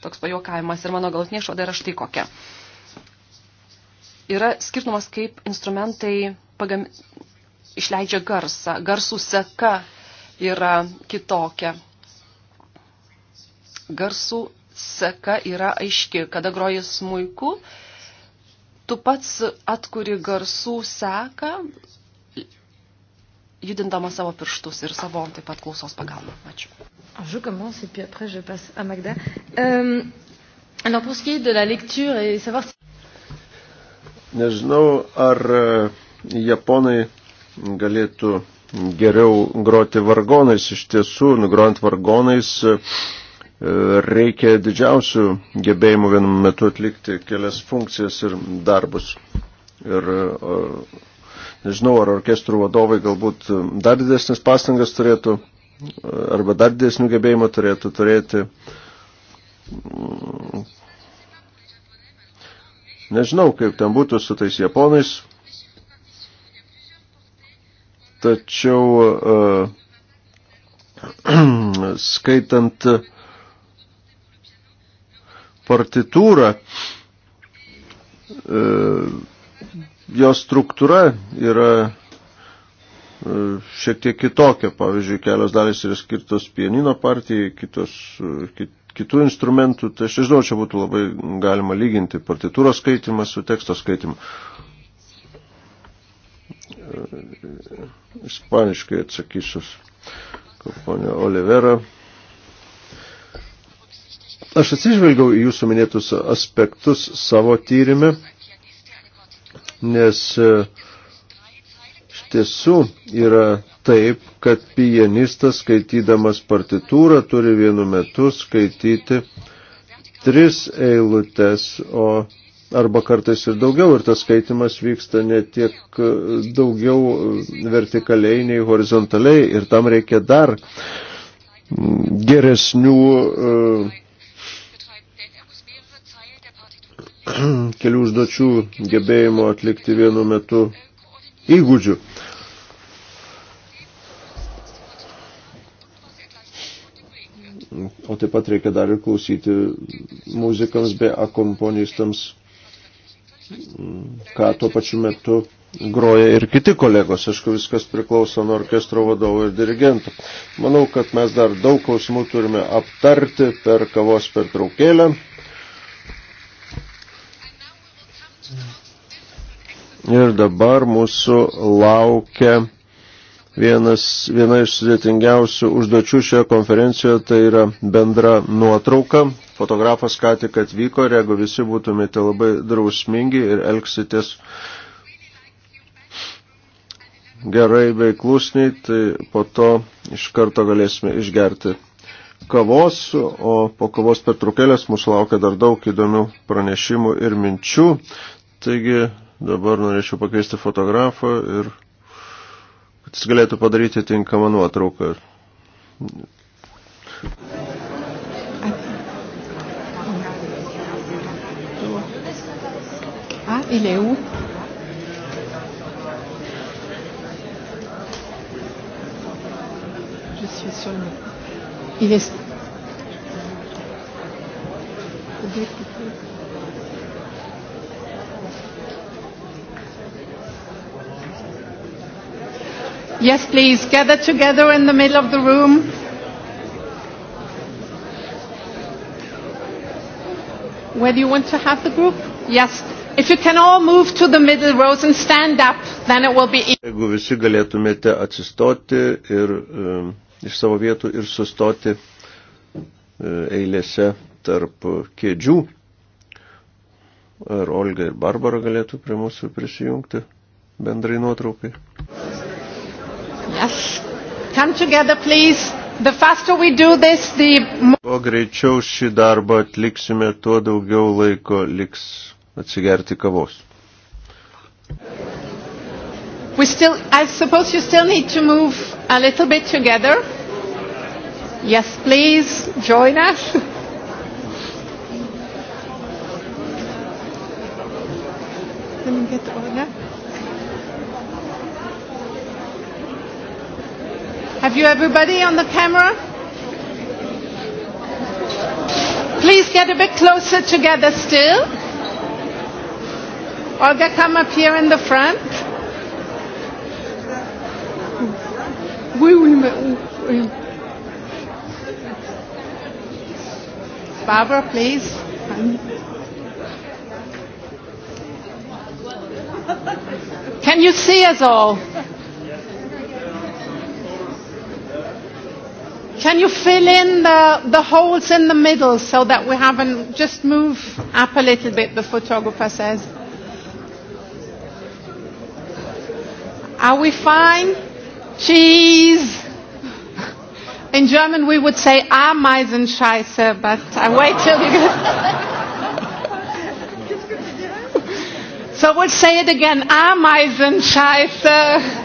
toks pajokavimas ir mano galutinė išvada yra štai kokia. Yra skirtumas, kaip instrumentai pagam... išleidžia garsą. Garsų seka yra kitokia. Garsų seka yra aiški. Kada groji smuiku, tu pats atkuri garsų seką, judindama savo pirštus ir savo taip pat klausos pagalba. Ačiū. Je commence et puis après je passe à Magda. Euh, alors pour ce qui est de la lecture et savoir si... Nežinau, ar e, japonai galėtų geriau groti vargonais. Iš tiesų, nugrojant vargonais e, reikia didžiausių gebėjimų vienu metu atlikti kelias funkcijas ir darbus. Ir e, Nežinau, ar orkestrų vadovai galbūt e, dar didesnis pastangas turėtų e, arba dar didesnių gebėjimų turėtų turėti. Mm. Nežinau, kaip ten būtų su tais japonais, tačiau uh, (clears throat) skaitant partitūrą uh, jos struktūra yra e, šiek tiek kitokia. Pavyzdžiui, kelios dalys yra skirtos pianino partijai, kitos, e, kit, kitų instrumentų. Tai aš nežinau, čia būtų labai galima lyginti partitūros skaitimą su teksto skaitimu. E, ispaniškai atsakysiu, ponė Olivera. Aš atsižvelgiau į jūsų minėtus aspektus savo tyrimę nes e, iš tiesų yra taip, kad pianistas skaitydamas partitūrą turi vienu metu skaityti tris eilutes, o arba kartais ir daugiau, ir tas skaitimas vyksta ne tiek e, daugiau e, vertikaliai nei horizontaliai, ir tam reikia dar geresnių uh, (clears throat) kelių užduočių gebėjimo atlikti vienu metu įgūdžių. O taip pat reikia dar ir klausyti muzikams bei akomponistams, ką tuo pačiu metu groja ir kiti kolegos. Aišku, viskas priklauso nuo orkestro vadovo ir dirigento. Manau, kad mes dar daug klausimų turime aptarti per kavos pertraukėlę. Ir dabar mūsų laukia vienas, viena iš sudėtingiausių užduočių šioje konferencijoje, tai yra bendra nuotrauka. Fotografas ką tik atvyko ir jeigu visi būtumėte labai drausmingi ir elgsitės gerai bei klusniai, tai po to iš karto galėsime išgerti kavos, o po kavos pertraukėlės mūsų laukia dar daug įdomių pranešimų ir minčių. Taigi dabar norėčiau pakeisti fotografą ir kad jis galėtų padaryti tinkamą nuotrauką. Ah, il est où Je suis sur le... Il est... Yes, please, gather together in the middle of the room. Where do you want to have the group? Yes. If you can all move to the middle rows and stand up, then it will be easy. Jeigu visi galėtumėte atsistoti ir um, iš savo vietų ir sustoti uh, eilėse tarp kėdžių. Ar Olga ir Barbara galėtų prie mūsų prisijungti bendrai nuotraukai? Yes. Come together, please. The faster we do this, the... Kuo greičiau šį darbą atliksime, tuo daugiau laiko liks atsigerti kavos. We still, I suppose you still need to move a little bit together. Yes, please, join us. (laughs) Let me get order. Have you everybody on the camera? Please get a bit closer together still. Olga, come up here in the front. Oui, oui, mais, oui. Barbara, please. Can you see us all? Can you fill in the, the holes in the middle so that we haven't just move up a little bit, the photographer says. Are we fine? Cheese. In German we would say Ameisenscheiße, but I wait till you get (laughs) So we'll say it again, Ameisenscheiße.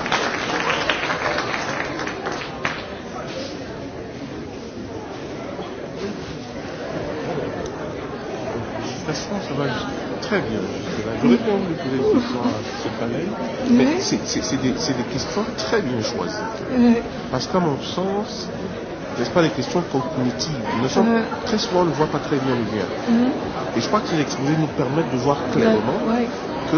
(laughs) va très bien. Je réponds aux questions à ce panel. Mais oui. c'est des, des questions très bien choisies. Oui. Euh. Parce qu'à mon sens, n'est-ce pas, les questions cognitives. Nous sommes, euh... Très souvent, on ne voit pas très bien le lien. Mm -hmm. Et je crois que ces exposés nous permettent de voir clairement ouais. que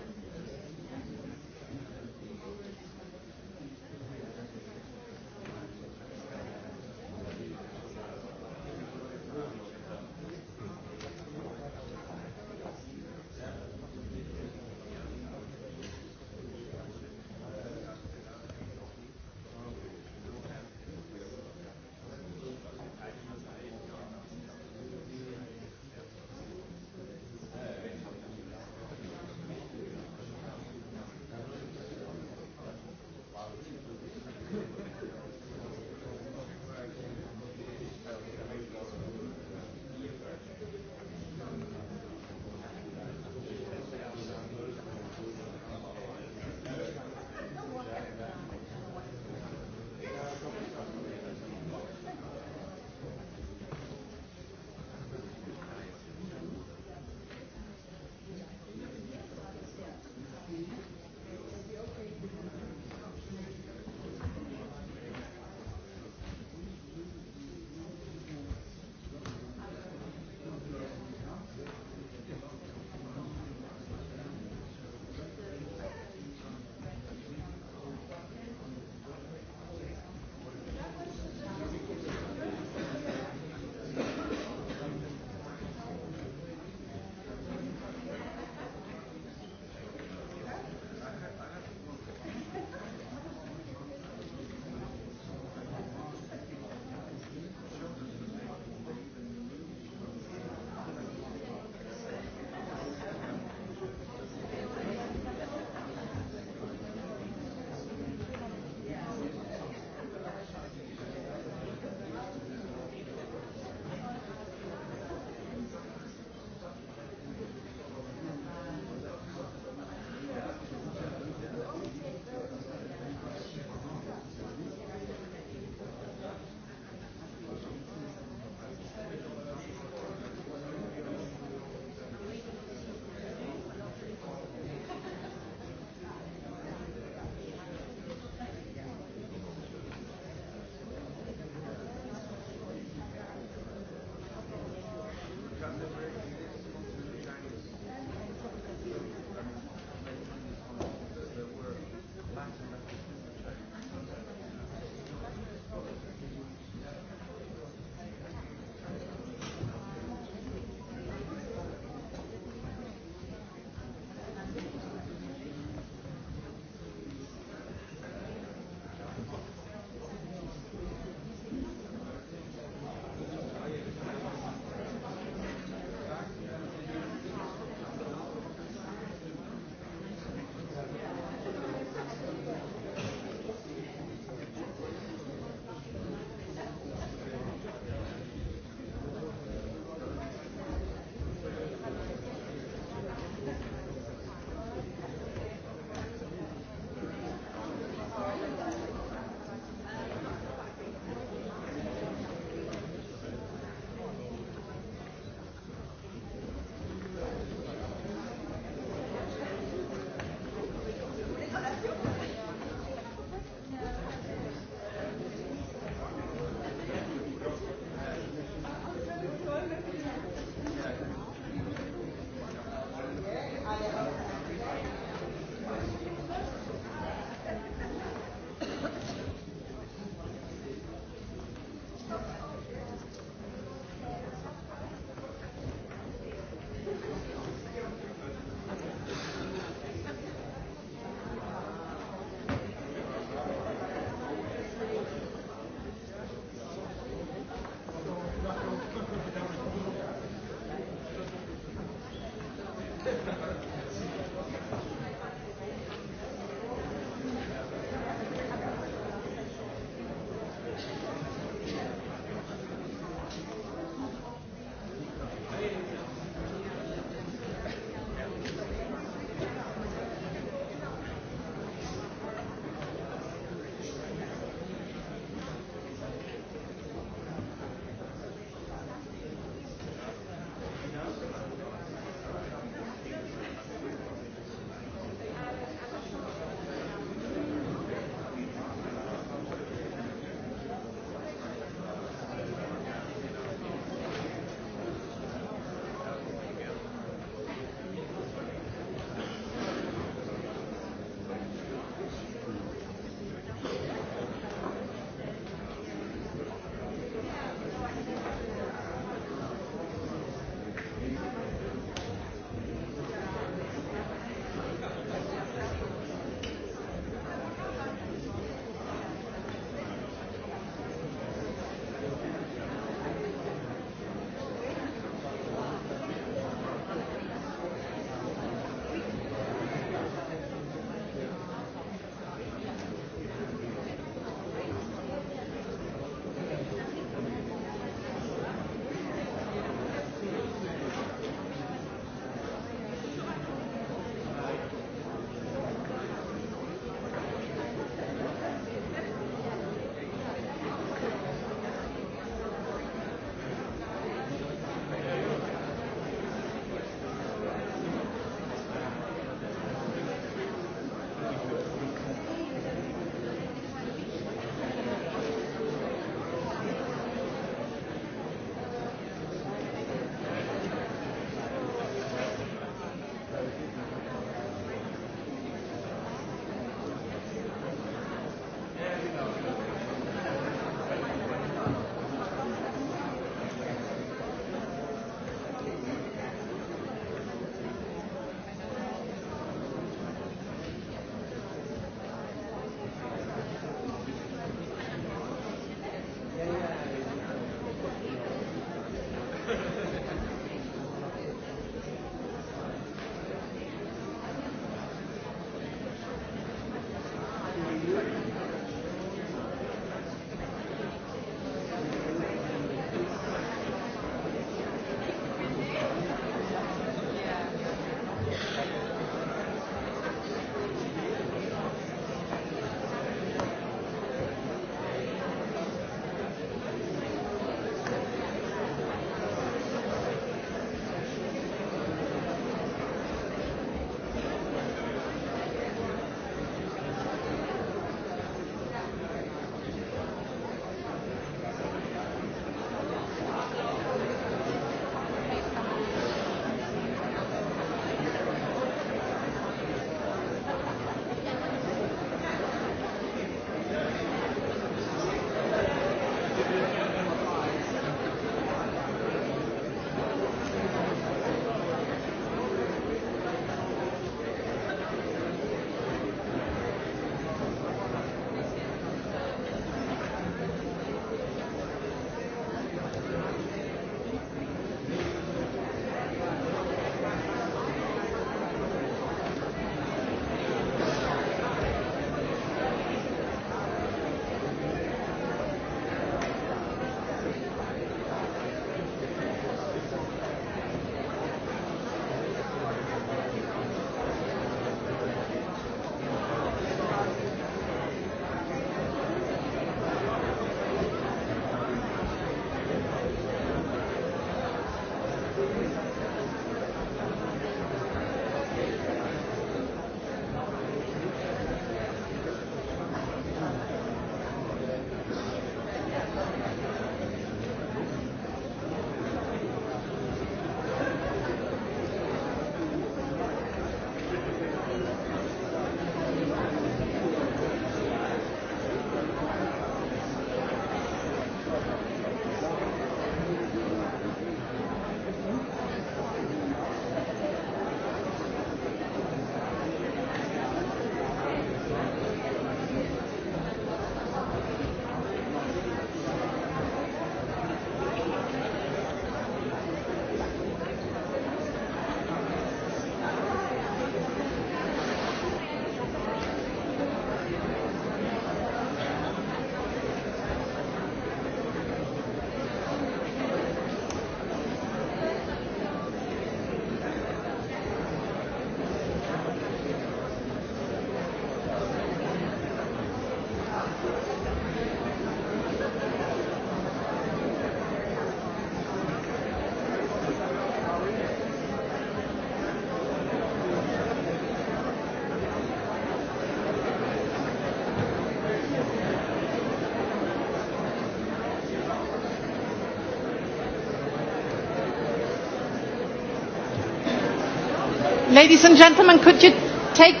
Ladies and gentlemen, could you take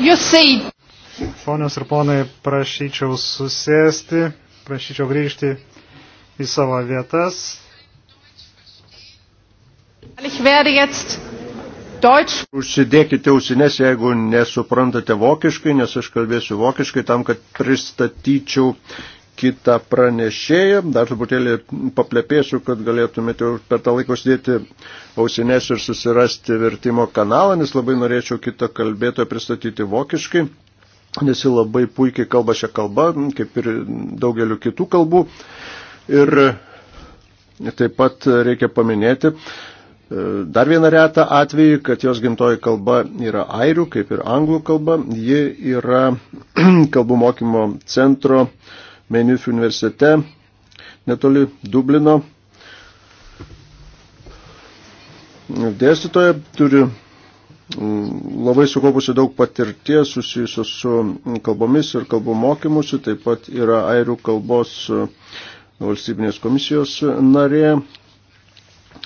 your seat? Ponios ir ponai, prašyčiau susėsti, prašyčiau grįžti į savo vietas. Ich werde jetzt Deutsch. Užsidėkite ausines, jeigu nesuprantate vokiškai, nes aš kalbėsiu vokiškai tam, kad pristatyčiau kitą pranešėją. Dar truputėlį paplepėsiu, kad galėtumėte per tą laiką uždėti ausinės ir susirasti vertimo kanalą, nes labai norėčiau kitą kalbėtoją pristatyti vokiškai, nes jis labai puikiai kalba šią kalbą, kaip ir daugeliu kitų kalbų. Ir taip pat reikia paminėti, e, Dar vieną retą atvejį, kad jos gimtoji kalba yra airių, kaip ir anglų kalba. Ji yra (clears throat) kalbų mokymo centro uh, Mainith universitete netoli Dublino. Dėstytoja turi mm, labai sukaupusi daug patirties susijusios su mm, kalbomis ir kalbų mokymusi, taip pat yra airių kalbos mm, valstybinės komisijos narė,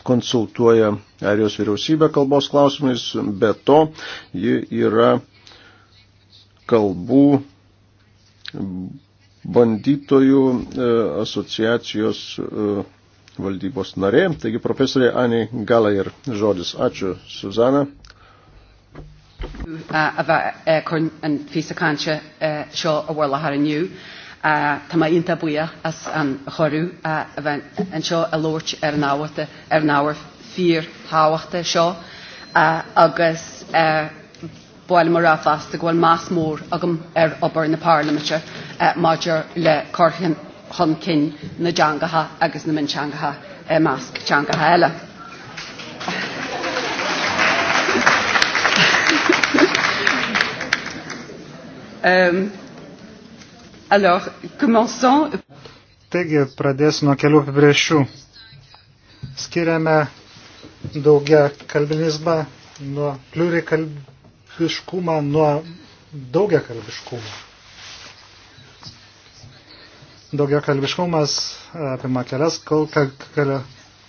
konsultuoja airijos vyriausybę kalbos klausimais, be to ji yra kalbų bandytojų e, asociacijos e, valdybos narė. Taigi profesorė Anė Gala ir žodis. Ačiū, Suzana. Tá mai inta buia as an chorú anseo uh, a lóirt ar náhata ar náhar fír háhaachta seo uh, agus uh, bháil mar rafas de ghfuil más mór agam ar er obair na Parliamente eh, maidir le corthin chun cin na deangatha agus na minseangatha eh, measc teangatha eile. (laughs) Um, alors, commençons. Taigi, pradėsiu nuo kelių apibrėžčių. Skiriame daugia kalbinizmą nuo plurikalbinizmą tarptautiškumą nuo daugiakalbiškumo. Daugiakalbiškumas e, apima kelias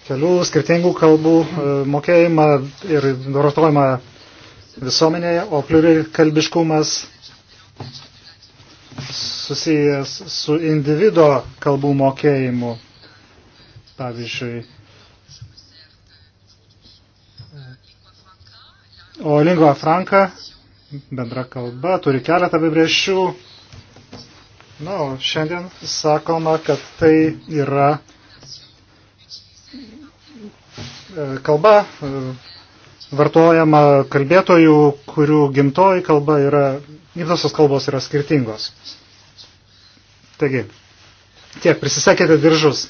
kelių skirtingų kalbų e, mokėjimą ir vartojimą visuomenėje, o plurikalbiškumas susijęs su individo kalbų mokėjimu. Pavyzdžiui, O lingua franca, bendra kalba, turi keletą apibrėžčių. Na, o šiandien sakoma, kad tai yra e, kalba e, vartojama kalbėtojų, kurių gimtoji kalba yra, gimtosios kalbos yra skirtingos. Taigi, tiek prisisekėte diržus.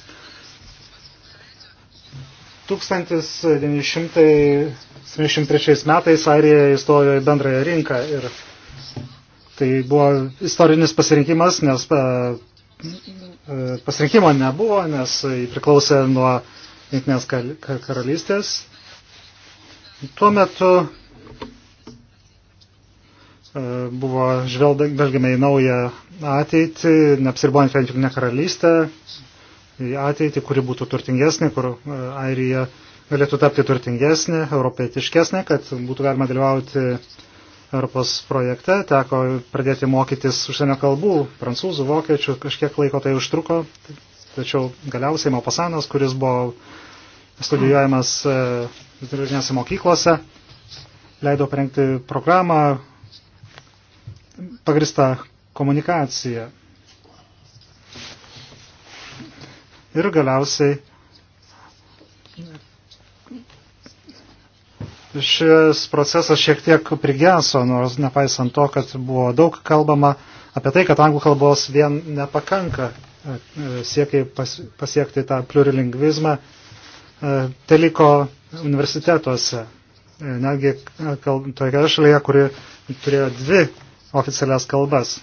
1973 metais Airija įstojo į bendrąją rinką ir tai buvo istorinis pasirinkimas, nes e, e, pasirinkimo nebuvo, nes jį priklausė nuo Jungtinės karalystės. Tuo metu e, buvo žvelgiama į naują ateitį, neapsirbuojant vien tik ne karalystę, į ateitį, kuri būtų turtingesnė, kur e, Airija galėtų tapti turtingesnė, europietiškesnė, kad būtų galima dalyvauti Europos projekte. Teko pradėti mokytis užsienio kalbų, prancūzų, vokiečių, kažkiek laiko tai užtruko. Tačiau galiausiai Mopasanas, kuris buvo studijuojamas e, vidurinėse mokyklose, leido parengti programą pagristą komunikaciją. ir galiausiai šis procesas šiek tiek prigeso, nors nepaisant to, kad buvo daug kalbama apie tai, kad anglų kalbos vien nepakanka e, e, siekiai pas, pasiekti tą plurilingvizmą, e, teliko universitetuose. Netgi kal, toje šalyje, kuri turėjo dvi oficialias kalbas.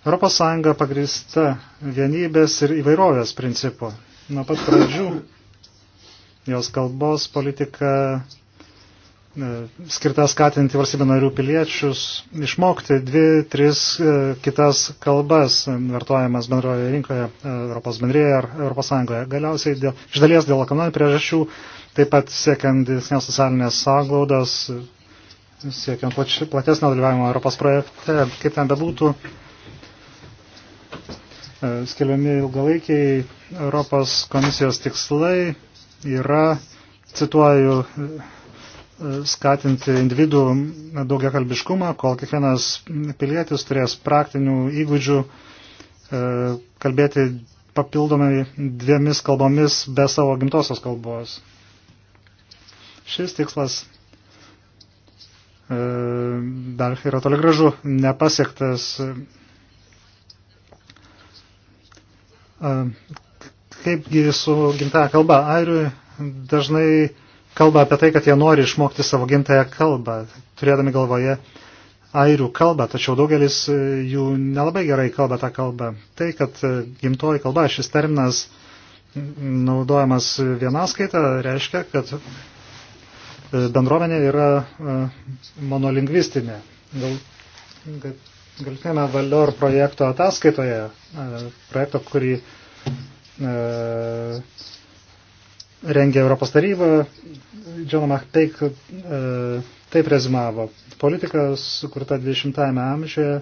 Europos Sąjunga pagrįsta vienybės ir įvairovės principu. Nuo pat pradžių jos kalbos politika e, skirta skatinti valstybė narių piliečius išmokti dvi, tris e, kitas kalbas vartojamas bendroje rinkoje e, Europos bendrėje ar Europos Sąjungoje. Galiausiai dėl, iš dalies dėl ekonominių priežasčių, taip pat siekiant didesnės socialinės sąglaudos, siekiant platesnio dalyvavimo Europos projekte, kaip ten bebūtų. būtų E, skelbiami ilgalaikiai Europos komisijos tikslai yra, cituoju, e, e, skatinti individų daugiakalbiškumą, kol kiekvienas pilietis turės praktinių įgūdžių kalbėti papildomai dviemis kalbomis be savo gimtosios kalbos. Šis tikslas dar yra toli gražu nepasiektas kaipgi su gimtaja kalba. Airių dažnai kalba apie tai, kad jie nori išmokti savo gimtają kalbą, turėdami galvoje airių kalbą, tačiau daugelis jų nelabai gerai kalba tą kalbą. Tai, kad gimtoji kalba, šis terminas naudojamas vienaskaita, reiškia, kad bendruomenė yra monolingvistinė. Gal, kad Galtinėme Valdor projekto ataskaitoje, e, projekto, kurį e, rengė Europos taryba, John McPeik e, taip rezumavo. Politika sukurta 20-ame amžiuje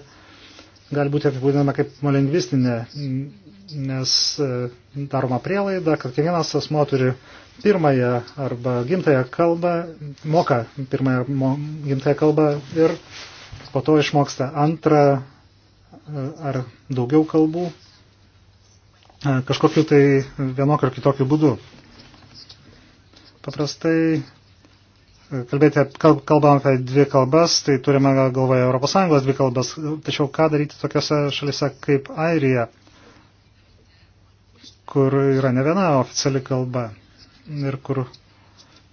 gali būti apibūdinama kaip lingvistinė, nes e, daroma prielaida, kad kiekvienas asmo turi pirmąją arba gimtąją kalbą, moka pirmąją mo, gimtąją kalbą ir po to išmoksta antrą e, ar daugiau kalbų e, kažkokiu tai vienokio ar kitokiu būdu. Paprastai e, kalbėti, kalbam apie dvi kalbas, tai turime galvoje ES dvi kalbas, tačiau ką daryti tokiose šalise kaip Airija, kur yra ne viena oficiali kalba ir kur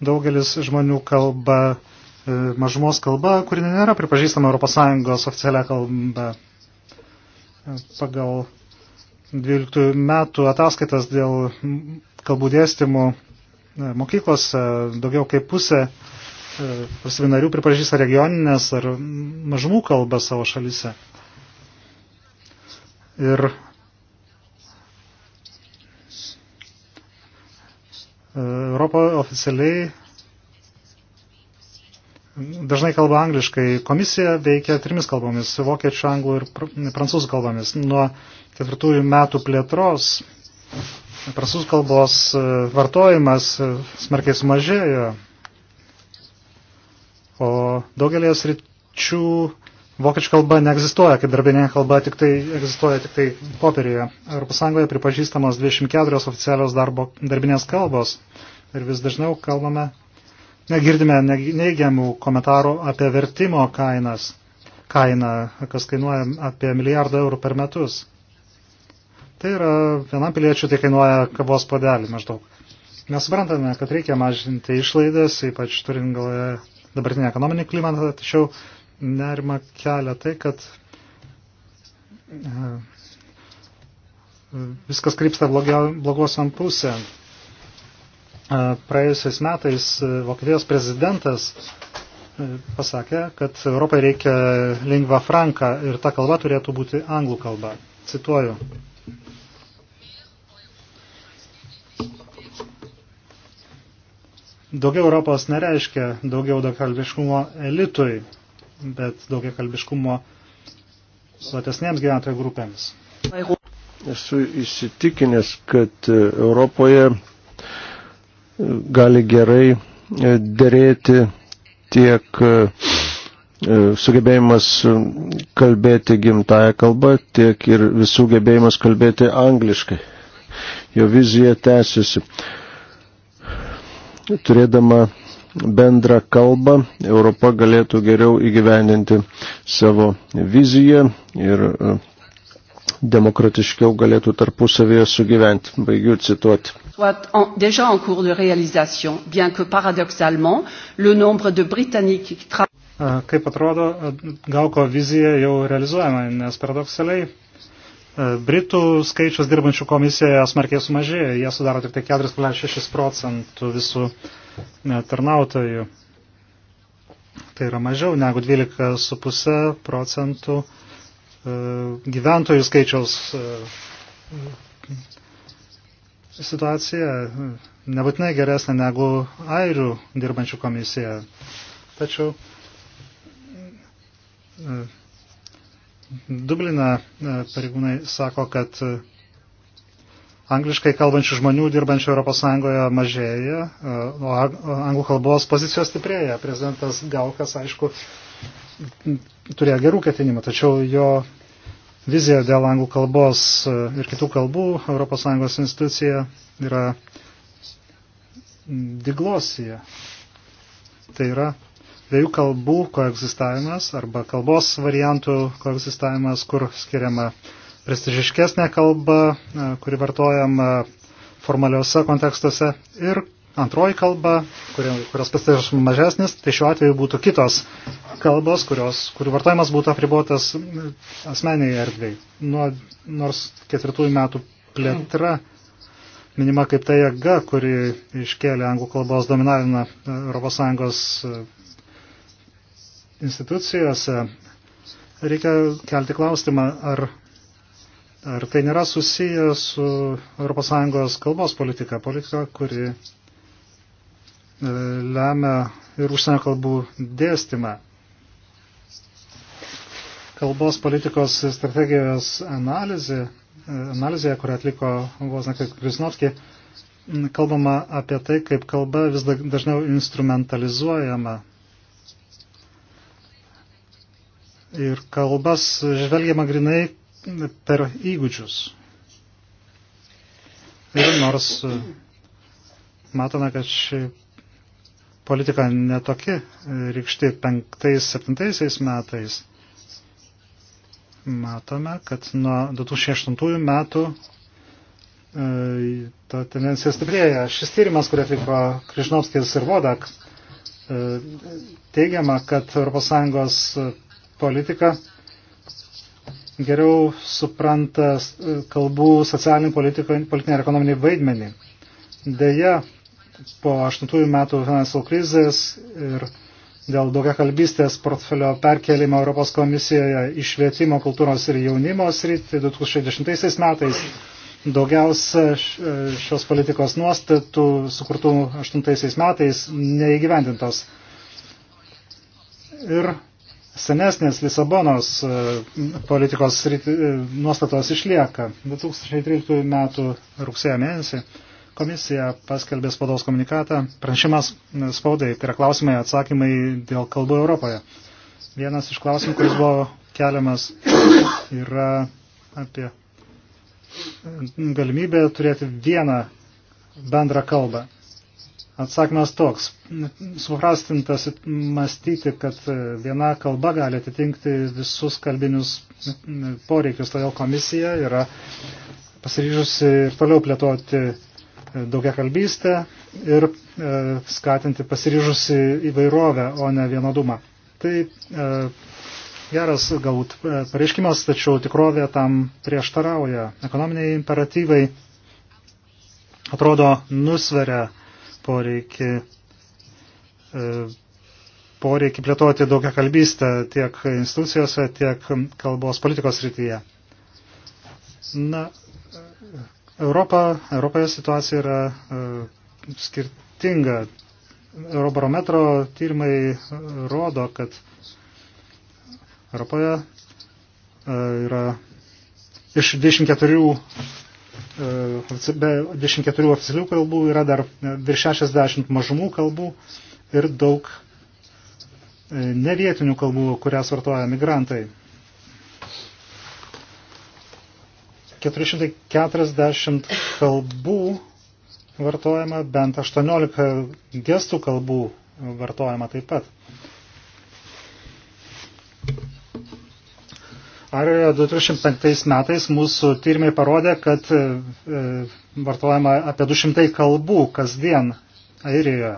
daugelis žmonių kalba E, mažumos kalba, kuri nėra pripažįstama ES oficialia kalba. E, pagal 12 metų ataskaitas dėl kalbų dėstymų e, mokyklos daugiau kaip pusė seminarių pripažįsta regioninės ar mažumų kalbą savo šalyse. Ir Europa oficialiai dažnai kalba angliškai. Komisija veikia trimis kalbomis - vokiečių, anglų ir pr prancūzų kalbomis. Nuo ketvirtųjų metų plėtros prancūzų kalbos e, vartojimas e, smarkiai sumažėjo, o daugelį sričių vokiečių kalba neegzistuoja, kaip darbinė kalba tik tai, egzistuoja tik tai popierioje. Europos Sąjungoje pripažįstamos 24 oficialios darbo, darbinės kalbos ir vis dažniau kalbame girdime neigiamų komentarų apie vertimo kainas, kainą, kas kainuoja apie milijardą eurų per metus. Tai yra, vienam piliečiui tai kainuoja kavos padelį maždaug. Mes suprantame, kad reikia mažinti išlaidas, ypač turint galvoje dabartinį ekonominį klimatą, tačiau nerima kelia tai, kad e, viskas krypsta blogosiam pusėn praėjusiais metais e, Vokietijos prezidentas e, pasakė, kad Europai reikia lingva franka ir ta kalba turėtų būti anglų kalba. Cituoju. Daugiau Europos nereiškia daugiau daugiakalbiškumo elitui, bet daugiakalbiškumo platesnėms gyventojų grupėms. Esu įsitikinęs, kad Europoje gali gerai e, dėrėti tiek e, e, sugebėjimas kalbėti gimtają kalbą, tiek ir visų gebėjimas kalbėti angliškai. Jo vizija tęsiasi. Turėdama bendrą kalbą, Europa galėtų geriau įgyvendinti savo viziją ir demokratiškiau galėtų tarpusavėje sugyventi. Baigiu cituoti soit en, déjà en cours de réalisation, bien que paradoxalement, le nombre de Britanniques qui travaillent. Kaip atrodo, Gauko vizija jau realizuojama, nes paradoksaliai Britų skaičius dirbančių komisijoje smarkiai sumažėjo, jie sudaro tik tai 4,6 procentų visų tarnautojų. Tai yra mažiau negu 12,5 procentų gyventojų skaičiaus situacija nebūtinai geresnė negu airių dirbančių komisija. Tačiau mm, Dublina e, pareigūnai sako, kad e, angliškai kalbančių žmonių dirbančių ES mažėja, e, o anglų kalbos pozicijos stiprėja. Prezidentas Gaukas, aišku, turėjo gerų ketinimų, tačiau jo vizija dėl anglų kalbos e, ir kitų kalbų ES institucija yra diglosija. Tai yra dviejų kalbų koegzistavimas arba kalbos variantų koegzistavimas, kur skiriama prestižiškesnė kalba, e, kuri vartojama formaliuose kontekstuose ir Antroji kalba, kurios pasitežas mažesnis, tai šiuo atveju būtų kitos kalbos, kurios, kurių vartojimas būtų apribotas asmeniai erdvėjai. Nuo, nors ketvirtųjų metų plėtra minima kaip ta jėga, kuri iškėlė anglų kalbos dominavimą ES e, institucijose, reikia kelti klausimą, ar, ar tai nėra susiję su ES kalbos politika, politika, kuri E, lemia ir užsienio kalbų dėstymą. Kalbos politikos strategijos analizė, e, analizėje, kurią atliko Vosnakai Krisnovski, kalbama apie tai, kaip kalba vis dažniau instrumentalizuojama. Ir kalbas žvelgiama grinai per įgūdžius. Ir nors e, matome, kad ši politika netokia rykšti penktais, septintaisiais metais, matome, kad nuo 2008 metų e, ta tendencija stiprėja. Šis tyrimas, kurį atliko Krišnovskis ir Vodak, e, teigiama, kad ES politika geriau supranta kalbų socialinį politiką, politinį ir ekonominį vaidmenį. Deja, po 8 metų finansų krizės ir dėl daugia kalbystės portfelio perkelimo Europos komisijoje iš švietimo, kultūros ir jaunimo sritį 2010 metais. Daugiausia e, šios politikos nuostatų sukurtų 8 metais neįgyvendintos. Ir senesnės Lisabonos e, politikos e, nuostatos išlieka. 2013 metų rugsėjo mėnesį Komisija paskelbė spaudos komunikatą, pranešimas spaudai, tai yra klausimai, atsakymai dėl kalbų Europoje. Vienas iš klausimų, kuris buvo keliamas, yra apie galimybę turėti vieną bendrą kalbą. Atsakymas toks. Suprastintas mąstyti, kad viena kalba gali atitinkti visus kalbinius poreikius, todėl komisija yra pasiryžusi ir toliau plėtoti daugia kalbystę ir e, skatinti pasiryžusi įvairovę, o ne vienodumą. Tai e, geras galbūt e, pareiškimas, tačiau tikrovė tam prieštarauja. Ekonominiai imperatyvai atrodo nusveria poreikį, poreikį plėtoti daugia kalbystę tiek institucijose, tiek kalbos politikos rytyje. Na, Europa, Europoje situacija yra uh, skirtinga. Eurobarometro tyrimai e, rodo, kad Europoje uh, yra iš 24, uh, 24 oficialių kalbų yra dar virš 60 mažumų kalbų ir daug nevietinių kalbų, kurias vartoja migrantai. 440 kalbų vartojama, bent 18 gestų kalbų vartojama taip pat. Arijoje 2005 metais mūsų tyrimai parodė, kad e, vartojama apie 200 kalbų kasdien Airijoje.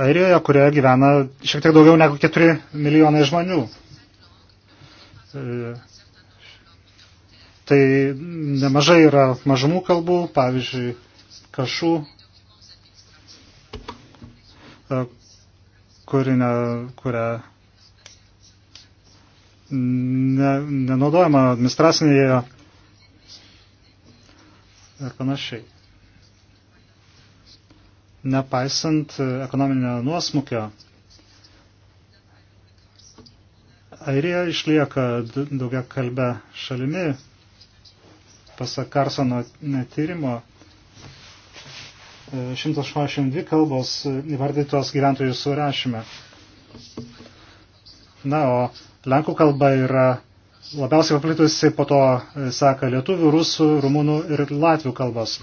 Airijoje, kurioje gyvena šiek tiek daugiau negu 4 milijonai žmonių. E, Tai nemažai yra mažumų kalbų, pavyzdžiui, kašų, e, kurinę, kurią ne, nenaudojama administracinėje ir panašiai. Nepaisant ekonominio nuosmukio, Airija išlieka daugia kalbę šalimi pasak Karsono tyrimo, 182 e, kalbos įvardytos gyventojų surašyme. Na, o lenkų kalba yra labiausiai paplitusi, po to e, seka lietuvių, rusų, rumunų ir latvių kalbos.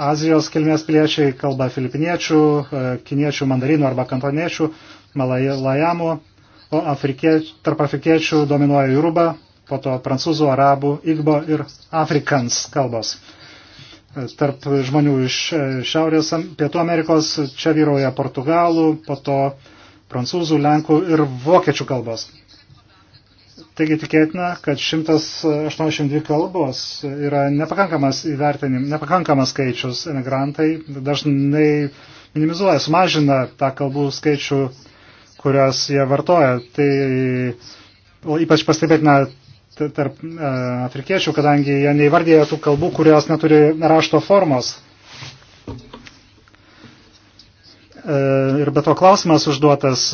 Azijos kilmės piliečiai kalba filipiniečių, e, kiniečių, mandarinų arba kantoniečių, malajamų, o afrikie, tarp afrikiečių dominuoja jūruba, po to prancūzų, arabų, igbo ir afrikans kalbos. Tarp žmonių iš e, Šiaurės Pietų Amerikos čia vyrauja portugalų, po to prancūzų, lenkų ir vokiečių kalbos. Taigi tikėtina, kad 182 kalbos yra nepakankamas įvertinim, nepakankamas skaičius emigrantai, dažnai minimizuoja, sumažina tą kalbų skaičių, kurias jie vartoja. Tai ypač pastebėtina tarp e, afrikiečių, kadangi jie neįvardėjo tų kalbų, kurios neturi rašto formos. E, ir be to klausimas užduotas,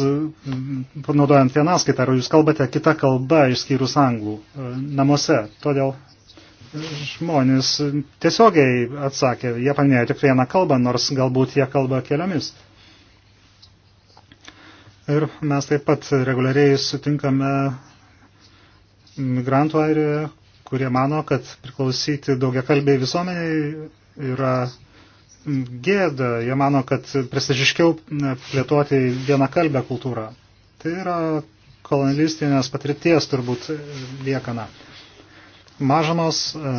panaudojant vieną skaitą, ar jūs kalbate kitą kalbą išskyrus anglų e, namuose. Todėl žmonės tiesiogiai atsakė, jie paminėjo tik vieną kalbą, nors galbūt jie kalba keliomis. Ir mes taip pat reguliariai sutinkame migrantų airijoje, kurie mano, kad priklausyti daugiakalbiai visuomeniai yra gėda. Jie mano, kad prestižiškiau plėtoti vienakalbę kultūrą. Tai yra kolonialistinės patirties turbūt liekana. Mažamos e,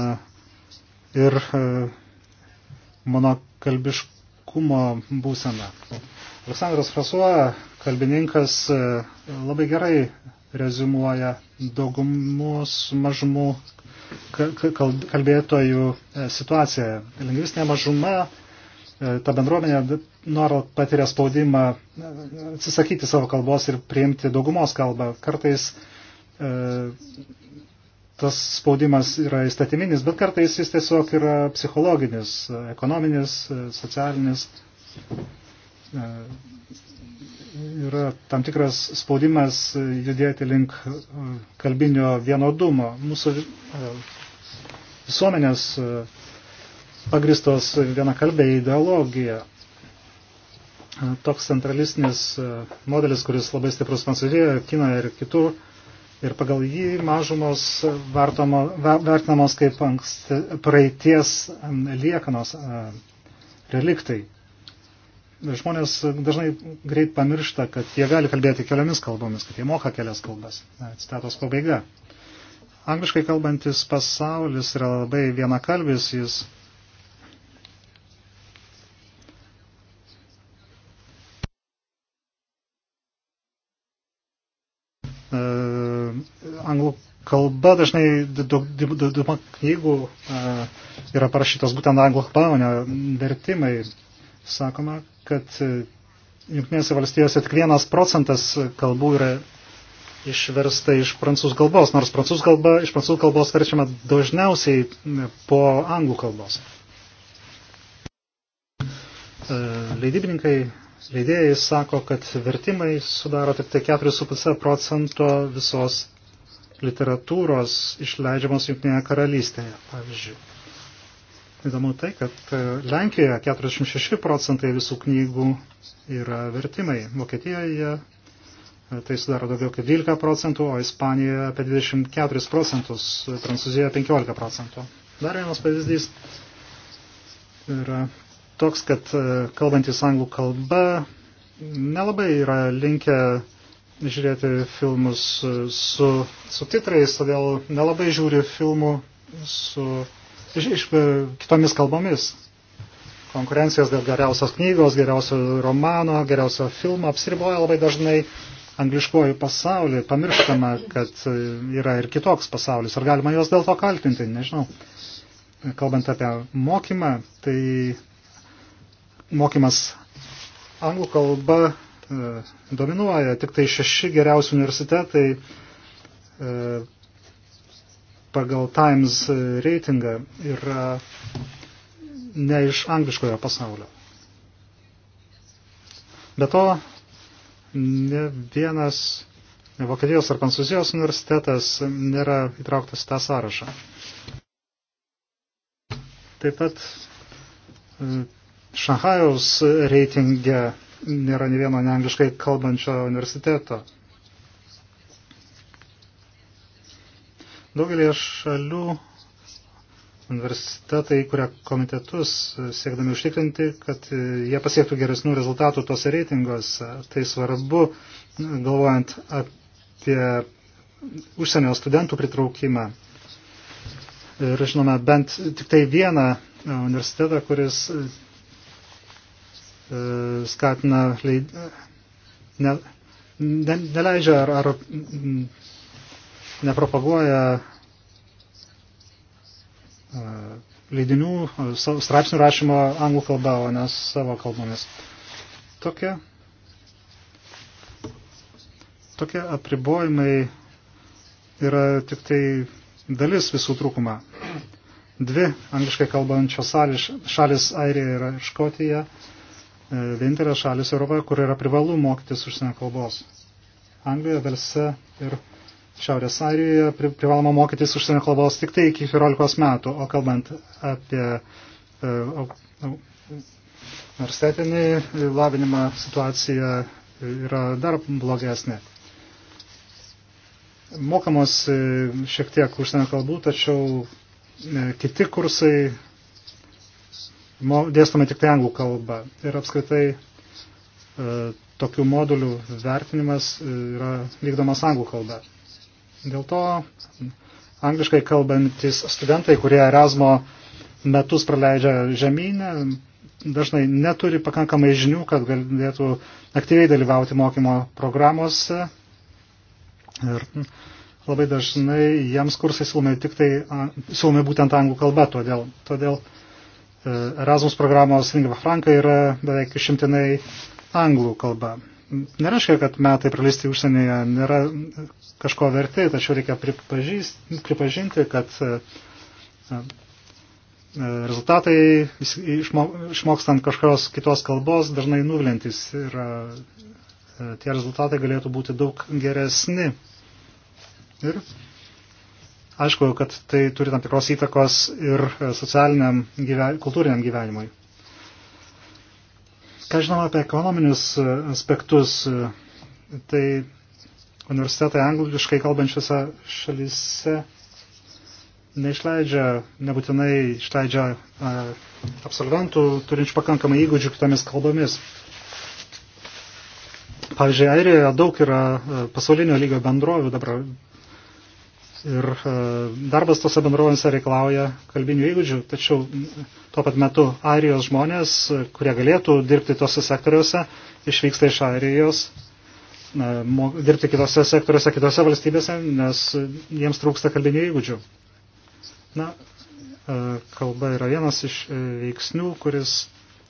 ir e, monokalbiškumo būsena. Aleksandras Frasuo, kalbininkas, e, labai gerai rezumuoja daugumos mažumų kalbėtojų e, situaciją. Lingvistinė mažuma, e, ta bendruomenė nuolat patiria spaudimą e, atsisakyti savo kalbos ir priimti daugumos kalbą. Kartais tas spaudimas yra įstatyminis, bet kartais jis tiesiog yra psichologinis, ekonominis, socialinis yra tam tikras spaudimas judėti link e, kalbinio vienodumo. Mūsų e, visuomenės e, pagristos vienakalbė ideologija. Toks centralistinis modelis, kuris labai stiprus Prancūzijoje, Kinoje ir kitur. Ir pagal jį mažumos vartomo, vertinamos kaip anksti, praeities liekanos reliktai žmonės dažnai greit pamiršta, kad jie gali kalbėti keliomis kalbomis, kad jie moka kelias kalbas. Citatos pabaiga. Angliškai kalbantis pasaulis yra labai vienakalbis, jis e, anglų kalba dažnai daug knygų e, yra parašytos būtent anglų kalba, o ne vertimai. Sakoma, kad e, Junktinėse valstijose tik vienas procentas kalbų yra išversta iš prancūzų kalbos, nors prancūzų kalba, iš prancūzų kalbos verčiama dažniausiai po anglų kalbos. E, leidybininkai, leidėjai sako, kad vertimai sudaro tik tai 4,5 procento visos literatūros išleidžiamos Junktinėje karalystėje, pavyzdžiui įdomu tai, kad e, Lenkijoje 46 procentai visų knygų yra vertimai. Vokietijoje e, tai sudaro daugiau kaip 12 procentų, o Ispanijoje apie 24 procentus, e, Prancūzijoje 15 procentų. Dar vienas pavyzdys yra toks, kad kalbantis anglų kalba nelabai yra linkę žiūrėti filmus su subtitrais, todėl nelabai žiūri filmų su iš, iš, e, kitomis kalbomis. Konkurencijos dėl geriausios knygos, geriausio romano, geriausio filmo apsiriboja labai dažnai angliškojų pasaulį. Pamirštama, kad e, yra ir kitoks pasaulis. Ar galima juos dėl to kaltinti? Nežinau. Kalbant apie mokymą, tai mokymas anglų kalba e, dominuoja. Tik tai šeši geriausi universitetai pagal Times reitingą yra ne iš angliškojo pasaulio. Be to, ne vienas Vokietijos ar Prancūzijos universitetas nėra įtrauktas į tą sąrašą. Taip pat e, Šanhajaus reitinge nėra ne vieno neangliškai kalbančio universiteto. Daugelie šalių universitetai kuria komitetus siekdami užtikrinti, kad jie pasiektų geresnių rezultatų tuose reitinguose. Tai svarbu, galvojant apie užsienio studentų pritraukimą. Ir žinome bent tik tai vieną universitetą, kuris e, skatina, leid, ne, ne, neleidžia ar, ar nepropaguoja e, leidinių, e, straipsnių rašymo anglų kalba, o ne savo kalbomis. Tokie, tokie apribojimai yra tik tai dalis visų trūkumą. Dvi angliškai kalbančios šalis, šalis Airija ir Škotija, e, vienintelės šalis Europoje, kur yra privalu mokytis užsienio kalbos. Anglija, Velse ir Šiaurės Airijoje privaloma mokytis užsienio kalbos tik tai iki 14 metų, o kalbant apie e, universitetinį lavinimą situacija yra dar blogesnė. Mokamos e, šiek tiek užsienio kalbų, tačiau e, kiti kursai dėstome tik tai anglų kalbą. Ir apskritai tokių modulių vertinimas yra vykdomas anglų kalba. Dėl to angliškai kalbantis studentai, kurie Erasmo metus praleidžia žemynę, dažnai neturi pakankamai žinių, kad galėtų aktyviai dalyvauti mokymo programuose. Ir labai dažnai jiems kursai siūlomi tik tai, siūlomi būtent anglų kalba, todėl, todėl e, Erasmus programos Lingva Franka yra beveik išimtinai anglų kalba nereiškia, kad metai praleisti užsienyje nėra kažko verti, tačiau reikia pripažinti, kad e, e, rezultatai išmokstant kažkokios kitos kalbos dažnai nuvilintys ir e, tie rezultatai galėtų būti daug geresni. Ir aišku, kad tai turi tam tikros įtakos ir socialiniam, gyve, kultūriniam gyvenimui. Ką žinoma apie ekonominius e, aspektus, e, tai universitetai angliškai kalbančiose šalyse neišleidžia, nebūtinai išleidžia e, absolventų turinčių pakankamai įgūdžių kitomis kalbomis. Pavyzdžiui, Airijoje daug yra pasaulinio lygio bendrovių dabar ir e, darbas tose bendrovėse reikalauja kalbinių įgūdžių, tačiau tuo pat metu Airijos žmonės, kurie galėtų dirbti tose sektoriuose, išvyksta iš Airijos e, dirbti kitose sektoriuose, kitose valstybėse, nes jiems trūksta kalbinių įgūdžių. Na, e, kalba yra vienas iš veiksnių, kuris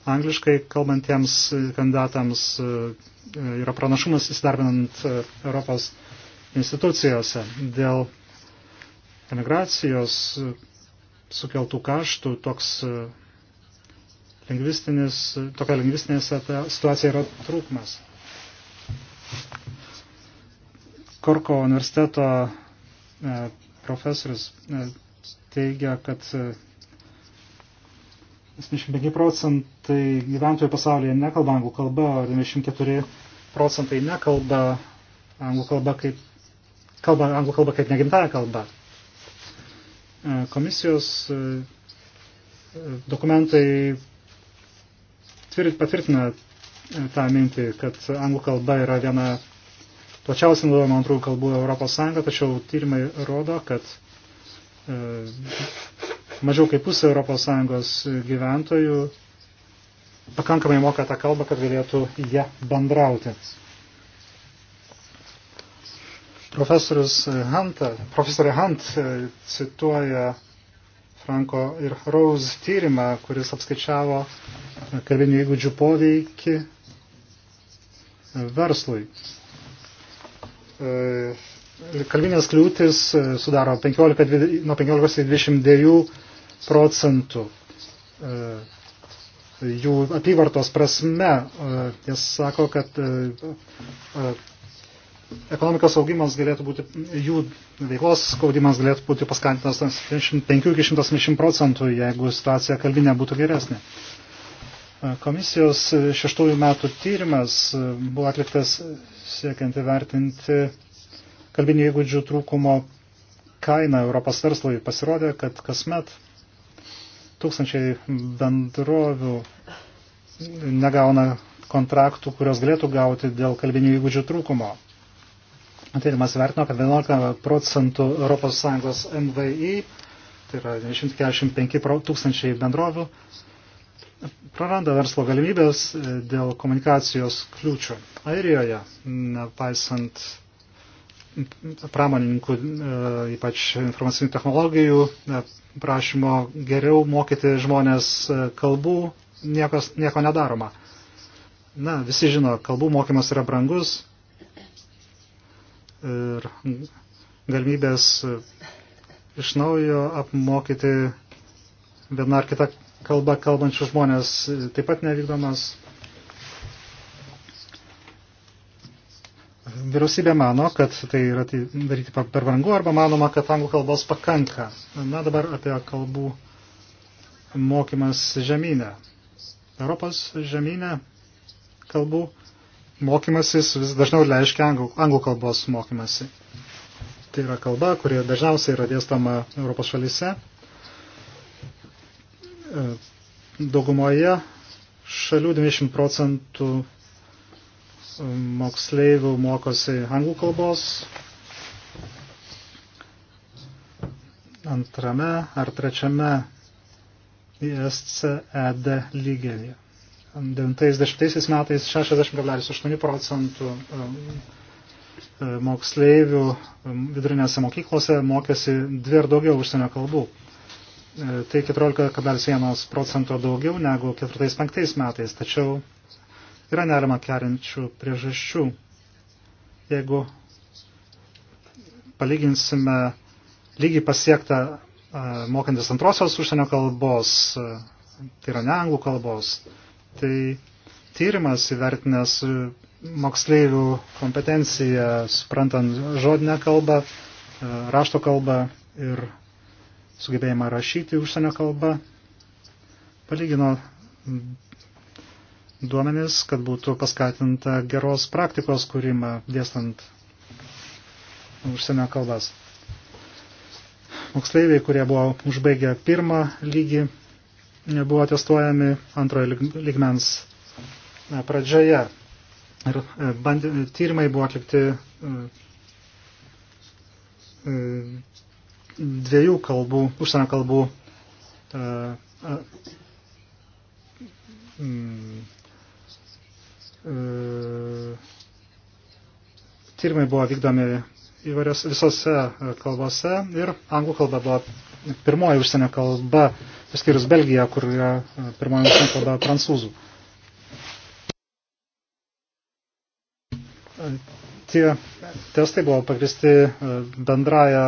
angliškai kalbantiems kandidatams yra pranašumas įsidarbinant Europos institucijose dėl emigracijos e, sukeltų kaštų toks e, lingvistinis, e, tokia lingvistinė situacija yra trūkmas. Korko universiteto profesorius teigia, kad 75 procentai gyventojų pasaulyje nekalba anglų kalba, o 94 procentai nekalba anglų kalba kaip, kalba, anglų kalba kaip negimtaja kalba. E, komisijos e, dokumentai patvirtina e, tą mintį, kad anglų kalba yra viena plačiausiai naudojama antrųjų kalbų Europos Sąjunga, tačiau tyrimai rodo, kad mažiau kaip pusė Europos Sąjungos gyventojų pakankamai moka tą kalbą, kad galėtų ją bendrauti. Profesorius Hunt, profesorė Hunt e, cituoja Franko ir Rose tyrimą, kuris apskaičiavo kalbinių įgūdžių poveikį e, verslui. E, kalbinės kliūtis sudaro 15, nuo 15 iki 29 procentų jų apyvartos prasme. Jis sako, kad ekonomikos augimas galėtų būti, jų veiklos skaudimas galėtų būti paskantintas 75-120 procentų, jeigu situacija kalbinė būtų geresnė. Komisijos šeštųjų metų tyrimas buvo atliktas siekiant įvertinti kalbinį įgūdžių trūkumo kainą Europos verslui. Pasirodė, kad kasmet tūkstančiai bendrovių negauna kontraktų, kurios galėtų gauti dėl kalbinių įgūdžių trūkumo tyrimas vertino, kad 11 procentų ES MVI, tai yra 145 tūkstančiai bendrovių, praranda verslo galimybės e, dėl komunikacijos kliūčių. Airijoje, nepaisant pramonininkų, e, ypač informacinių technologijų, e, prašymo geriau mokyti žmonės kalbų, niekas, nieko nedaroma. Na, visi žino, kalbų mokymas yra brangus, ir galimybės iš naujo apmokyti vieną ar kitą kalbą kalbančių žmonės taip pat nevykdomas. Vyriausybė mano, kad tai yra tai daryti per brangu arba manoma, kad anglų kalbos pakanka. Na dabar apie kalbų mokymas žemynę. Europos žemynę kalbų mokymasis vis dažniau reiškia anglų, anglų kalbos mokymasi. Tai yra kalba, kuri dažniausiai yra dėstama Europos šalyse. E, daugumoje šalių 20 procentų e, moksleivių mokosi anglų kalbos. Antrame ar trečiame ISCED lygelėje. 90 metais 60,8 procentų um, e, moksleivių um, vidurinėse mokyklose mokėsi dvi ar daugiau užsienio kalbų. E, tai 14,1 procento daugiau negu 4-5 metais, tačiau yra nerima kerinčių priežasčių. Jeigu palyginsime lygį pasiektą e, mokantis antrosios užsienio kalbos, tai yra ne anglų kalbos, tai tyrimas įvertinęs moksleivių kompetenciją, suprantant žodinę kalbą, e, rašto kalbą ir sugebėjimą rašyti užsienio kalbą, palygino duomenis, kad būtų paskatinta geros praktikos kūrimą dėstant užsienio kalbas. Moksleiviai, kurie buvo užbaigę pirmą lygį, buvo testuojami antrojo ligmens e, pradžioje. Ir e, bandė, tyrimai buvo atlikti e, dviejų kalbų, užsienio kalbų mm, tyrimai buvo vykdomi įvairios visose kalbose ir anglų kalba buvo pirmoji užsienio kalba išskyrus Belgiją, kur yra e, pirmoji kalba prancūzų. E, tie testai buvo pagristi e, bendraja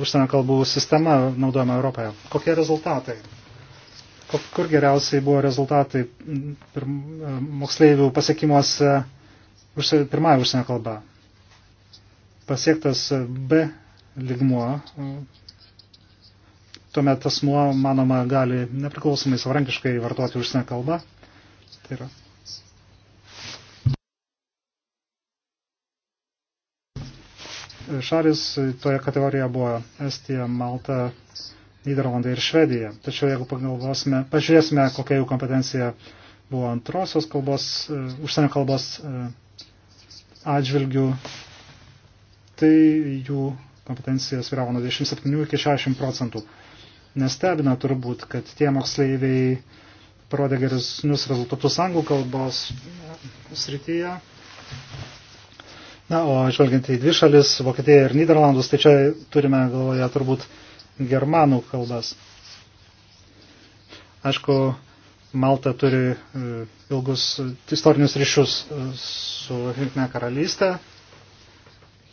užsienio kalbų sistema naudojama Europoje. Kokie rezultatai? Kur geriausiai buvo rezultatai moksleivių pasiekimuose pirmąją užsienio kalbą? Pasiektas B lygmuo tuomet asmuo, manoma, gali nepriklausomai savarankiškai vartoti užsienio kalbą. Tai yra. Šalis toje kategorijoje buvo Estija, Malta, Niderlandai ir Švedija. Tačiau jeigu pagalvosime, pažiūrėsime, kokia jų kompetencija buvo antrosios kalbos, e, užsienio kalbos e, atžvilgių, tai jų kompetencija sviravo nuo 27 iki 60 procentų nestebina turbūt, kad tie moksleiviai parodė geresnius rezultatus anglų kalbos srityje. Na, o žvelgiant į dvi šalis, Vokietiją ir Niderlandus, tai čia turime galvoje turbūt germanų kalbas. Aišku, Malta turi e, ilgus istorinius ryšius e, su Junktinė karalystė,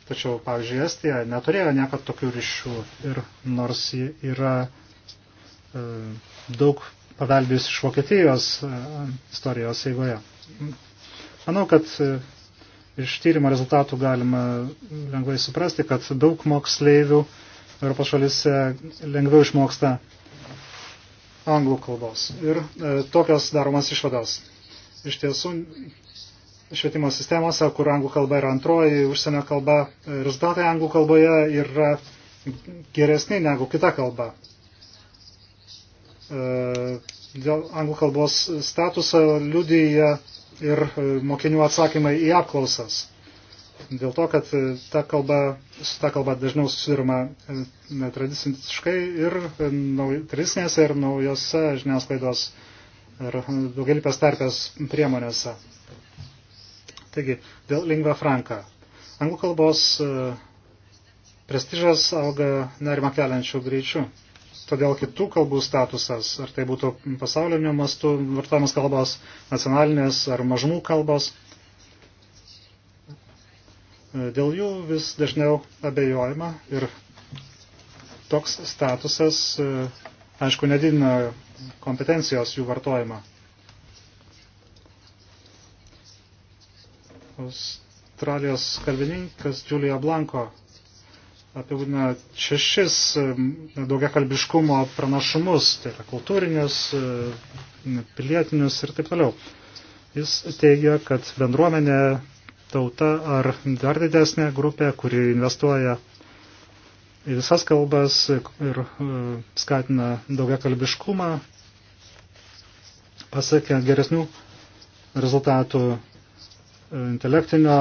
tačiau, pavyzdžiui, Estija neturėjo niekad tokių ryšių ir nors ji yra E, daug paveldėjus iš Vokietijos e, istorijos eigoje. Manau, kad e, iš tyrimo rezultatų galima lengvai suprasti, kad daug moksleivių Europos šalise lengviau išmoksta anglų kalbos. Ir e, tokios daromas išvados. Iš tiesų, švietimo sistemose, kur anglų kalba yra antroji užsienio kalba, rezultatai anglų kalboje yra geresni negu kita kalba. E, dėl anglų kalbos statuso liudyja ir e, mokinių atsakymai į apklausas. Dėl to, kad e, ta kalba, su ta kalba dažniau susidurima tradiciškai ir tradicinėse ir naujose žiniasklaidos ir daugelipės tarpės priemonėse. Taigi, dėl lingva franka. Anglų kalbos prestižas auga nerima keliančių greičių todėl kitų kalbų statusas, ar tai būtų pasaulinio mastu vartojamas kalbos, nacionalinės ar mažumų kalbos, dėl jų vis dažniau abejojama ir toks statusas, aišku, nedidina kompetencijos jų vartojimą. Australijos kalbininkas Julia Blanko apibūdina tai šešis daugiakalbiškumo pranašumus, tai yra kultūrinius, pilietinius ir taip toliau. Jis teigia, kad bendruomenė, tauta ar dar didesnė grupė, kuri investuoja į visas kalbas ir skatina daugiakalbiškumą, pasiekia geresnių rezultatų intelektinio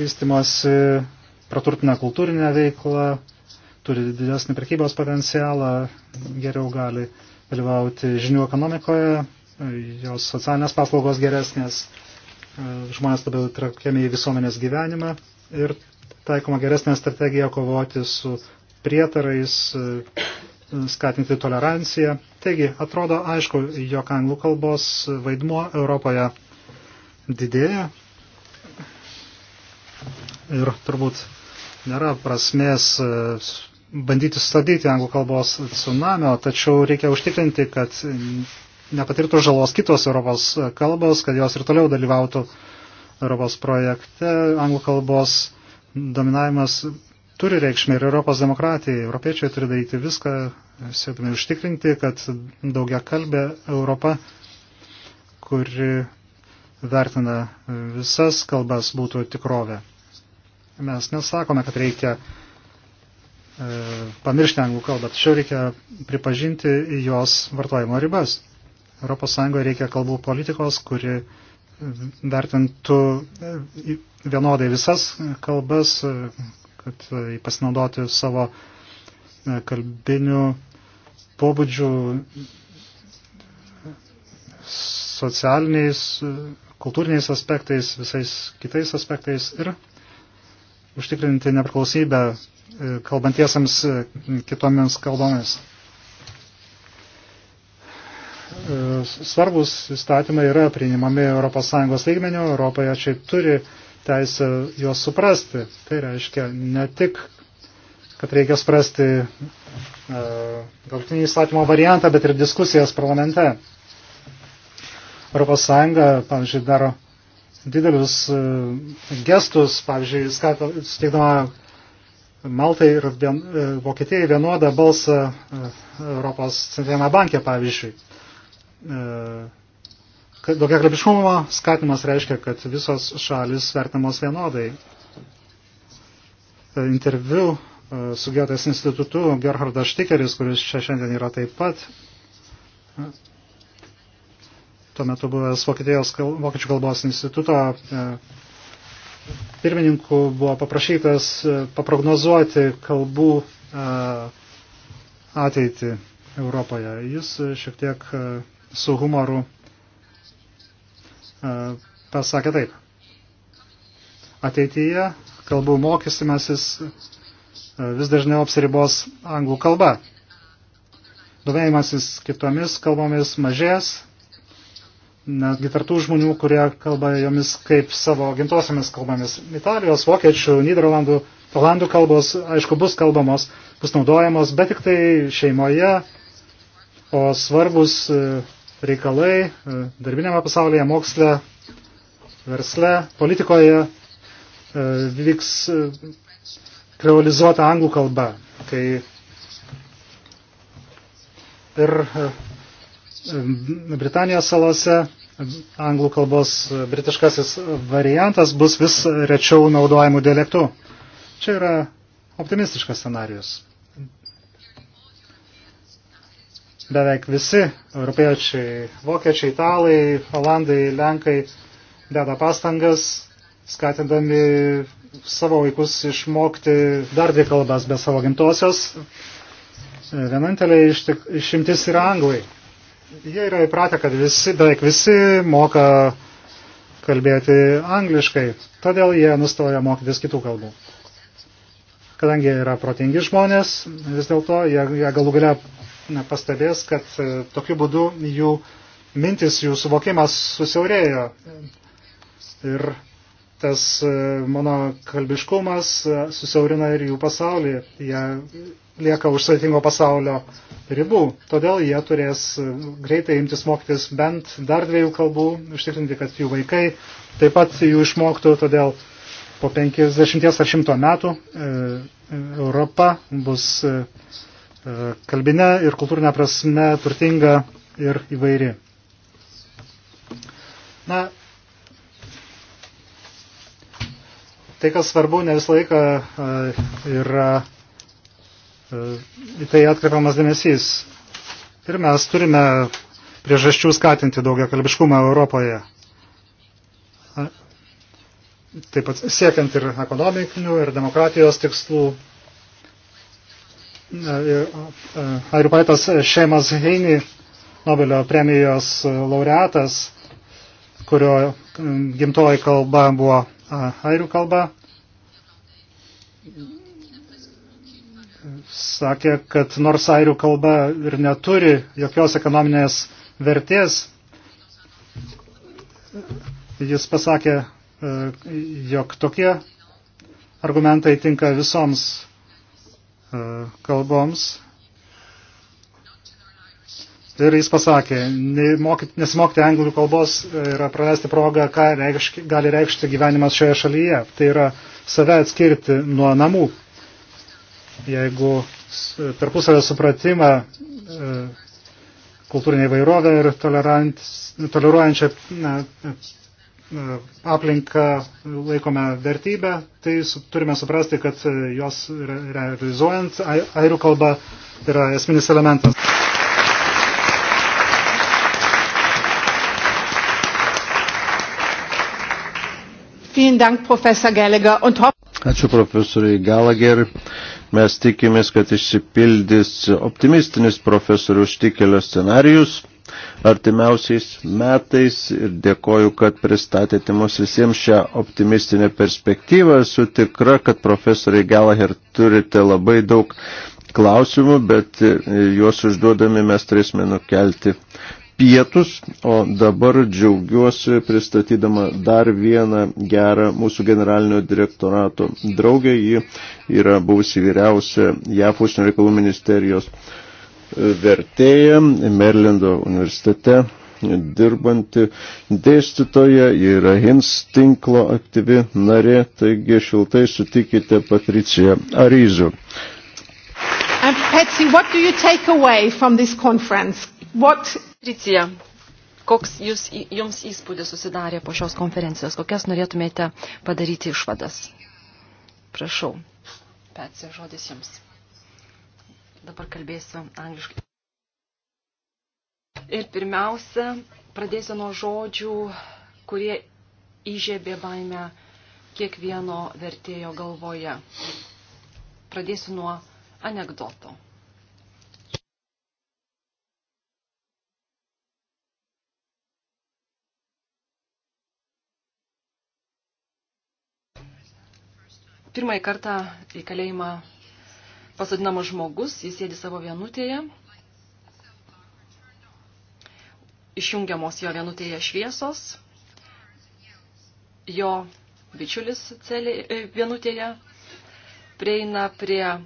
vystimosi praturtina kultūrinę veiklą, turi didesnį prekybos potencialą, geriau gali dalyvauti žinių ekonomikoje, jos socialinės paslaugos geresnės, žmonės labiau traukiami į visuomenės gyvenimą ir taikoma geresnė strategija kovoti su prietarais, skatinti toleranciją. Taigi, atrodo aišku, jog anglų kalbos vaidmuo Europoje didėja. Ir turbūt nėra prasmės e, bandyti sustabdyti anglų kalbos tsunamio, tačiau reikia užtikrinti, kad nepatirtų žalos kitos Europos kalbos, kad jos ir toliau dalyvautų Europos projekte. Anglų kalbos dominavimas turi reikšmę ir Europos demokratijai. Europiečiai turi daryti viską, siekdami užtikrinti, kad daugia kalbė Europa, kuri vertina visas kalbas, būtų tikrovė. Mes nesakome, kad reikia e, pamiršti anglų kalbą, tačiau reikia pripažinti jos vartojimo ribas. ES reikia kalbų politikos, kuri vertintų e, vienodai visas kalbas, e, kad pasinaudoti savo kalbinių pobūdžių socialiniais, kultūriniais aspektais, visais kitais aspektais ir užtikrinti nepriklausybę e, kalbantiesiems e, kitomis kalbomis. E, svarbus įstatymai yra priimami ES lygmenių, Europoje čia turi teisę juos suprasti. Tai reiškia ne tik, kad reikia suprasti galtinį įstatymo variantą, bet ir diskusijas parlamente. ES, pavyzdžiui, daro didelius e, gestus, pavyzdžiui, suteikdama Maltai ir vien, e, Vokietijai vienodą balsą e, Europos centrinėme banke, pavyzdžiui. Daugia grabiškumo skatimas reiškia, kad visos šalis vertinamos vienodai. Interviu su Gėtės institutu Gerhardas Štikeris, kuris čia šiandien yra taip pat, tuo metu buvęs Vokietijos vokiečių kalbos instituto e, pirmininkų buvo paprašytas e, paprognozuoti kalbų e, ateitį Europoje. Jis šiek tiek su humoru pasakė taip. Ateityje kalbų mokysimasis vis dažniau apsiribos anglų kalba. Domėjimasis kitomis kalbomis mažės, netgi tartų žmonių, kurie kalba jomis kaip savo gimtosiamis kalbomis. Italijos, vokiečių, Niderlandų, olandų kalbos, aišku, bus kalbamos, bus naudojamos, bet tik tai šeimoje, o svarbus e, reikalai e, darbinėme pasaulyje, moksle, versle, politikoje e, vyks kreolizuota anglų kalba. Tai ir Britanijos salose anglų kalbos e, britiškasis variantas bus vis rečiau naudojamų dialektų. Čia yra optimistiškas scenarius. Beveik visi europiečiai, vokiečiai, italai, olandai, lenkai deda pastangas, skatindami savo vaikus išmokti dar dvi kalbas be savo gimtosios. E, vienintelė išimtis yra anglai jie yra įpratę, kad visi, beveik visi moka kalbėti angliškai, todėl jie nustoja mokytis kitų kalbų. Kadangi jie yra protingi žmonės, vis dėlto jie, jie galų galia pastebės, kad e, tokiu būdu jų mintis, jų suvokimas susiaurėjo. Ir tas e, mano kalbiškumas e, susiaurina ir jų pasaulį. Jie lieka už sveitingo pasaulio ribų. Todėl jie turės greitai imtis mokytis bent dar dviejų kalbų, užtikrinti, kad jų vaikai taip pat jų išmoktų. Todėl po 50 ar 100 metų e, Europa bus e, e, kalbinė ir kultūrinė prasme turtinga ir įvairi. Na, tai, kas svarbu, ne visą laiką yra į tai atkreipiamas dėmesys. Ir mes turime priežasčių skatinti daugia kalbiškumą Europoje. Taip pat siekiant ir ekonomikinių, ir demokratijos tikslų. Airių poetas Šeimas Heini, Nobelio premijos laureatas, kurio gimtoji kalba buvo airių kalba, sakė, kad nors airių kalba ir neturi jokios ekonominės vertės, jis pasakė, e, jog tokie argumentai tinka visoms e, kalboms. Ir jis pasakė, nesimokti anglų kalbos yra prarasti progą, ką reikš, gali reikšti gyvenimas šioje šalyje. Tai yra save atskirti nuo namų jeigu tarpusavio supratimą e, kultūrinė įvairovė ir toleruojančią e, e, aplinką laikome vertybę, tai turime suprasti, kad jos realizuojant airių kalba yra esminis elementas. Vielen Dank, Professor Gallagher. Und Ačiū profesoriai Galager. Mes tikimės, kad išsipildys optimistinis profesorius Tikelio scenarius artimiausiais metais ir dėkoju, kad pristatėte mus visiems šią optimistinę perspektyvą. Esu tikra, kad profesoriai Galager turite labai daug klausimų, bet juos užduodami mes turėsime nukelti pietus, o dabar džiaugiuosi pristatydama dar vieną gerą mūsų generalinio direktorato draugę. Ji yra buvusi vyriausia JAF užsienio reikalų ministerijos e, vertėja Merlindo universitete dirbanti dėstytoja, yra HINS tinklo aktyvi narė, taigi šiltai sutikite Patriciją Aryzų. And Patsy, what do you take away from this conference? What Patricija, koks jūs, jums įspūdis susidarė po šios konferencijos? Kokias norėtumėte padaryti išvadas? Prašau, Patsija, žodis jums. Dabar kalbėsiu angliškai. Ir pirmiausia, pradėsiu nuo žodžių, kurie įžiebė baimę kiekvieno vertėjo galvoje. Pradėsiu nuo anegdoto. Pirmąjį kartą į kalėjimą pasadinamas žmogus, jis sėdi savo vienutėje, išjungiamos jo vienutėje šviesos, jo bičiulis celė, e, vienutėje prieina prie e,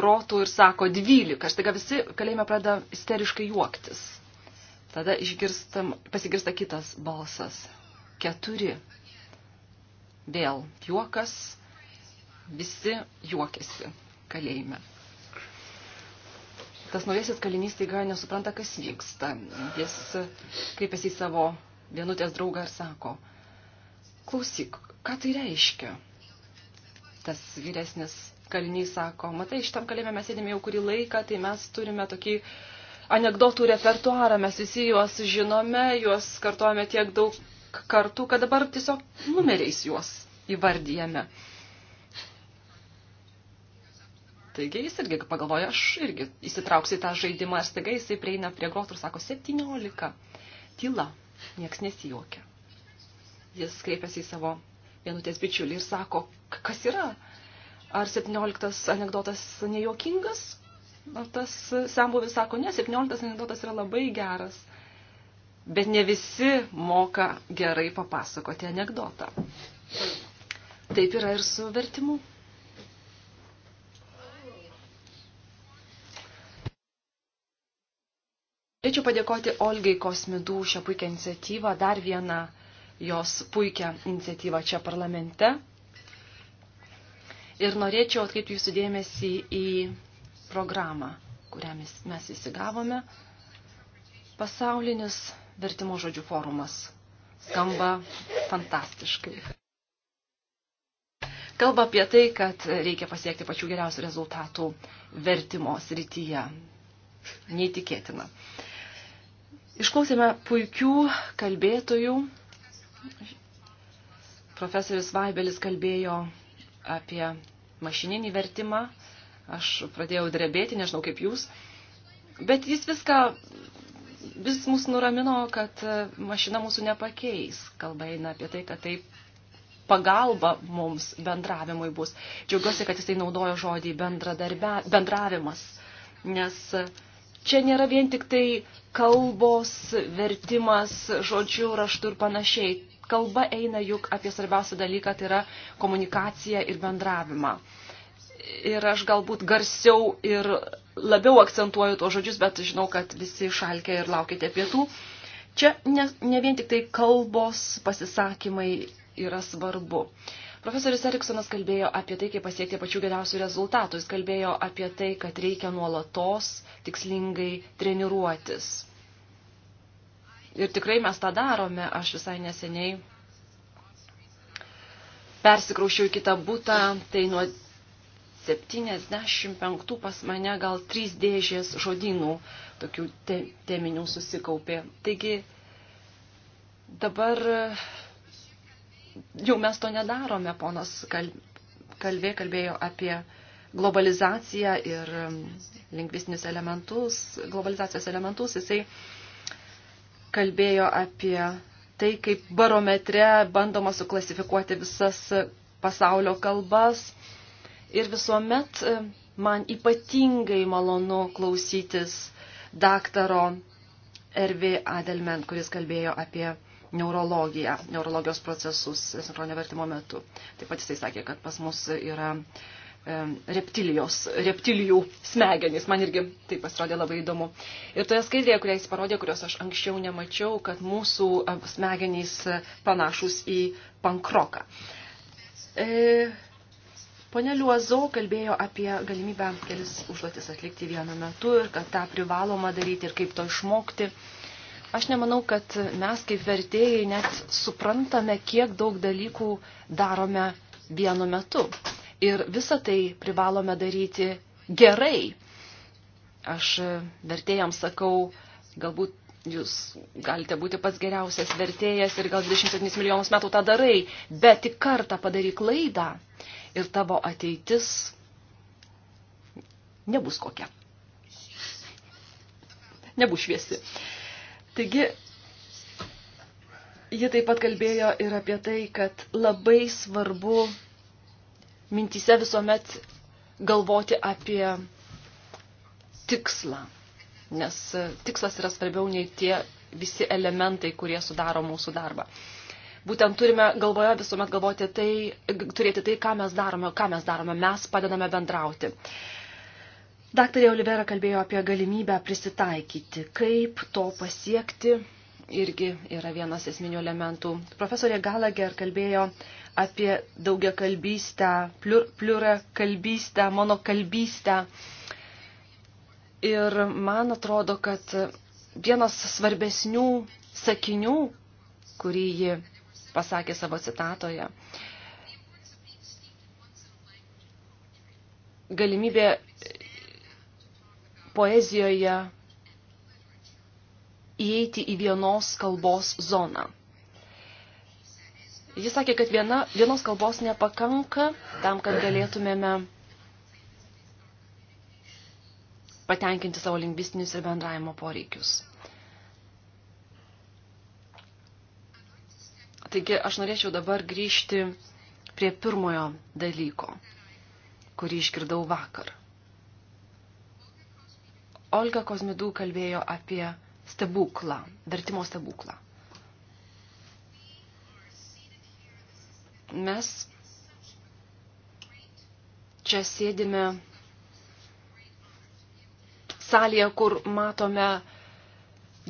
grotų ir sako dvylika. Štai visi kalėjime pradeda isteriškai juoktis. Tada išgirstam, pasigirsta kitas balsas. Keturi. Vėl juokas, visi juokiasi kalėjime. Tas naujasis kalinys taiga nesupranta, kas vyksta. Jis kreipiasi į savo vienutės draugą ir sako, klausyk, ką tai reiškia? Tas vyresnis kalinys sako, matai, šitam kalėjime mes sėdėme jau kurį laiką, tai mes turime tokį anegdotų repertuarą, mes visi juos žinome, juos kartuojame tiek daug tiek kartų, kad dabar tiesiog numeriais juos įvardyjame. Taigi jis irgi pagalvoja, aš irgi įsitrauksiu į tą žaidimą, ir staiga jisai prieina prie grotų ir sako 17. Tyla, nieks nesijuokia. Jis kreipiasi į savo vienutės bičiulį ir sako, kas yra? Ar 17 anegdotas nejuokingas? Ar tas sambuvis sako, ne, 17 anegdotas yra labai geras bet ne visi moka gerai papasakoti anegdotą. Taip yra ir su vertimu. Norėčiau padėkoti Olgai Kosmidų šią puikią iniciatyvą, dar vieną jos puikią iniciatyvą čia parlamente. Ir norėčiau atkreipti jūsų dėmesį į programą, kurią mes įsigavome. Pasaulinis vertimo žodžių forumas. Skamba fantastiškai. Kalba apie tai, kad reikia pasiekti pačių geriausių rezultatų vertimo srityje. Neįtikėtina. Išklausėme puikių kalbėtojų. Profesorius Vaibelis kalbėjo apie mašininį vertimą. Aš pradėjau drebėti, nežinau kaip jūs. Bet jis viską vis mus nuramino, kad e, mašina mūsų nepakeis. Kalba eina apie tai, kad taip pagalba mums bendravimui bus. Džiaugiuosi, kad jisai naudojo žodį bendravimas, nes e, čia nėra vien tik tai kalbos, vertimas, žodžių, raštų ir panašiai. Kalba eina juk apie svarbiausią dalyką, tai yra komunikacija ir bendravimą ir aš galbūt garsiau ir labiau akcentuoju tuos žodžius, bet žinau, kad visi šalkia ir laukite pietų. Čia ne, ne vien tik tai kalbos pasisakymai yra svarbu. Profesorius Eriksonas kalbėjo apie tai, kaip pasiekti pačių geriausių rezultatų. Jis kalbėjo apie tai, kad reikia nuolatos tikslingai treniruotis. Ir tikrai mes tą darome. Aš visai neseniai persikraušiau į kitą būtą, tai nuo 75 pas mane gal trys dėžės žodynų tokių te, teminių susikaupė. Taigi dabar jau mes to nedarome, ponas Kalvė kalbėjo apie globalizaciją ir um, lingvistinius elementus, globalizacijos elementus, jisai kalbėjo apie tai, kaip barometre bandoma suklasifikuoti visas pasaulio kalbas ir visuomet e, man ypatingai malonu klausytis daktaro Ervi Adelmen, kuris kalbėjo apie neurologiją, neurologijos procesus sinchroninio vertimo metu. Taip pat jisai sakė, kad pas mus yra e, reptilijos, reptilijų smegenys. Man irgi tai pasirodė labai įdomu. Ir toje skaidrėje, kurią jis parodė, kurios aš anksčiau nemačiau, kad mūsų e, smegenys panašus į pankroką. E, Pone Liuozo kalbėjo apie galimybę kelis užduotis atlikti vienu metu ir kad tą privaloma daryti ir kaip to išmokti. Aš nemanau, kad mes kaip vertėjai net suprantame, kiek daug dalykų darome vienu metu. Ir visą tai privalome daryti gerai. Aš vertėjams sakau, galbūt Jūs galite būti pats geriausias vertėjas ir gal 27 milijonus metų tą darai, bet tik kartą padary klaidą ir tavo ateitis nebus kokia. Nebus šviesi. Taigi, ji taip pat kalbėjo ir apie tai, kad labai svarbu mintise visuomet galvoti apie tikslą, nes e, tikslas yra svarbiau nei tie visi elementai, kurie sudaro mūsų darbą. Būtent turime galvoje visuomet galvoti tai, turėti tai, ką mes darome, ką mes darome, mes padedame bendrauti. Daktarė Olivera kalbėjo apie galimybę prisitaikyti, kaip to pasiekti, irgi yra vienas esminių elementų. Profesorė Galager kalbėjo apie daugiakalbystę, pliur, pliurakalbystę, monokalbystę. kalbystę Ir man atrodo, kad vienas svarbesnių sakinių, kurį ji pasakė savo citatoje, galimybė poezijoje įeiti į vienos kalbos zoną. Jis sakė, kad viena, vienos kalbos nepakanka tam, kad galėtumėme patenkinti savo lingvistinius ir bendravimo poreikius. Taigi aš norėčiau dabar grįžti prie pirmojo dalyko, kurį išgirdau vakar. Olga Kozmidų kalbėjo apie stebuklą, vertimo stebuklą. Mes čia sėdime salėje, kur matome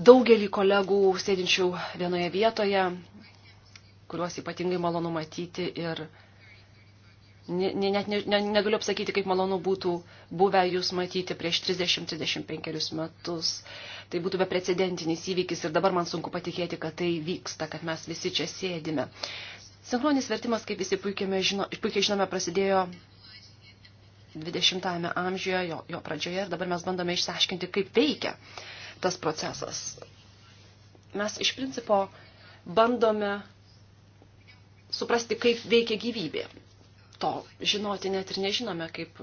daugelį kolegų sėdinčių vienoje vietoje, kuriuos ypatingai malonu matyti ir ne, net ne, ne, negaliu apsakyti, kaip malonu būtų buvę jūs matyti prieš 30-35 metus. Tai būtų beprecedentinis įvykis ir dabar man sunku patikėti, kad tai vyksta, kad mes visi čia sėdime. Sinchroninis vertimas, kaip visi puikiai, žino, puikiai žinome, prasidėjo 20-ame amžiuje, jo, jo pradžioje ir dabar mes bandome išsiaiškinti, kaip veikia tas procesas. Mes iš principo bandome suprasti, kaip veikia gyvybė. To žinoti net ir nežinome, kaip,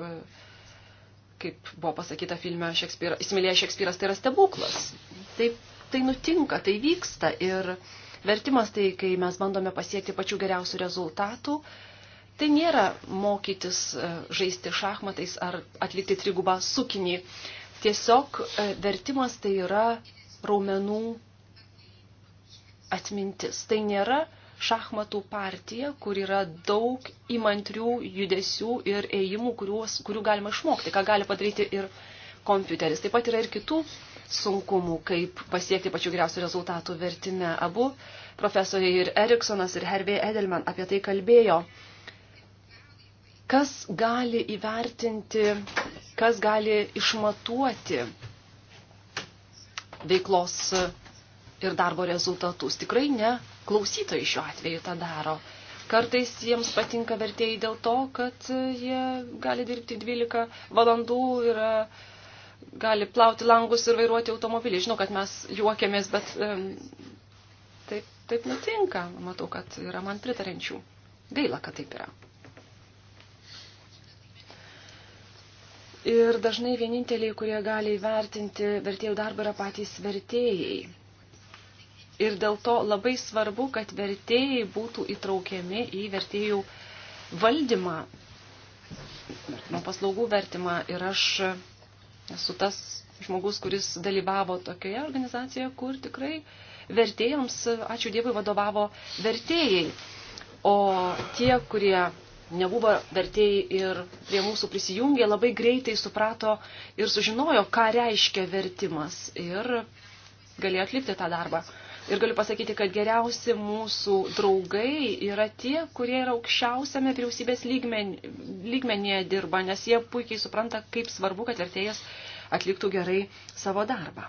kaip buvo pasakyta filme Šekspyra, Įsimylėjęs Šekspyras, tai yra stebuklas. Taip, tai nutinka, tai vyksta ir vertimas tai, kai mes bandome pasiekti pačių geriausių rezultatų, uh, Tai nėra mokytis e, žaisti šachmatais ar atlikti trigubą sukinį. Tiesiog e, vertimas tai yra raumenų atmintis. Tai nėra šachmatų partija, kur yra daug įmantrių judesių ir ėjimų, kuriuos, kurių galima išmokti, ką gali padaryti ir kompiuteris. Taip pat yra ir kitų sunkumų, kaip pasiekti pačių geriausių rezultatų vertime. Abu profesoriai ir Eriksonas ir Hervey Edelman apie tai kalbėjo. Kas gali įvertinti, kas gali išmatuoti veiklos ir darbo rezultatus? Tikrai ne klausytojai šiuo atveju tą daro. Kartais jiems patinka vertėjai dėl to, kad jie gali dirbti 12 valandų ir e, gali plauti langus ir vairuoti automobilį. Žinau, kad mes juokiamės, bet e, taip, taip nutinka. Matau, kad yra man pritarančių. Gaila, kad taip yra. Ir dažnai vieninteliai, kurie gali įvertinti vertėjų darbą, yra patys vertėjai. Ir dėl to labai svarbu, kad vertėjai būtų įtraukiami į vertėjų valdymą, vertimo paslaugų vertimą. Ir aš esu tas žmogus, kuris dalyvavo tokioje organizacijoje, kur tikrai vertėjams, ačiū Dievui, vadovavo vertėjai. O tie, kurie nebuvo vertėjai ir prie mūsų prisijungė, labai greitai suprato ir sužinojo, ką reiškia vertimas ir galėjo atlikti tą darbą. Ir galiu pasakyti, kad geriausi mūsų draugai yra tie, kurie yra aukščiausiame vyriausybės lygmen, lygmenyje dirba, nes jie puikiai supranta, kaip svarbu, kad vertėjas atliktų gerai savo darbą.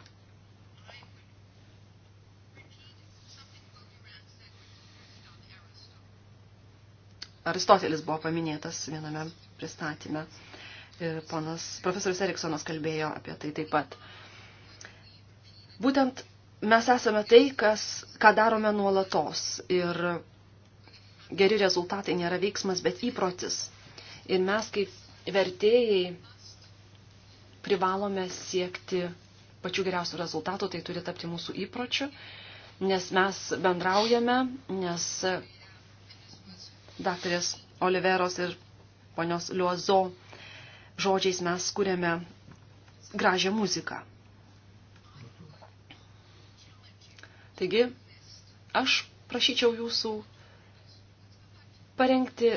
Aristotelis buvo paminėtas viename pristatyme. Ir ponas profesorius Eriksonas kalbėjo apie tai taip pat. Būtent mes esame tai, kas, ką darome nuolatos. Ir geri rezultatai nėra veiksmas, bet įprotis. Ir mes kaip vertėjai privalome siekti pačių geriausių rezultatų, tai turi tapti mūsų įpročiu, nes mes bendraujame, nes daktarės Oliveros ir ponios Liuozo žodžiais mes kuriame gražią muziką. Taigi, aš prašyčiau jūsų parengti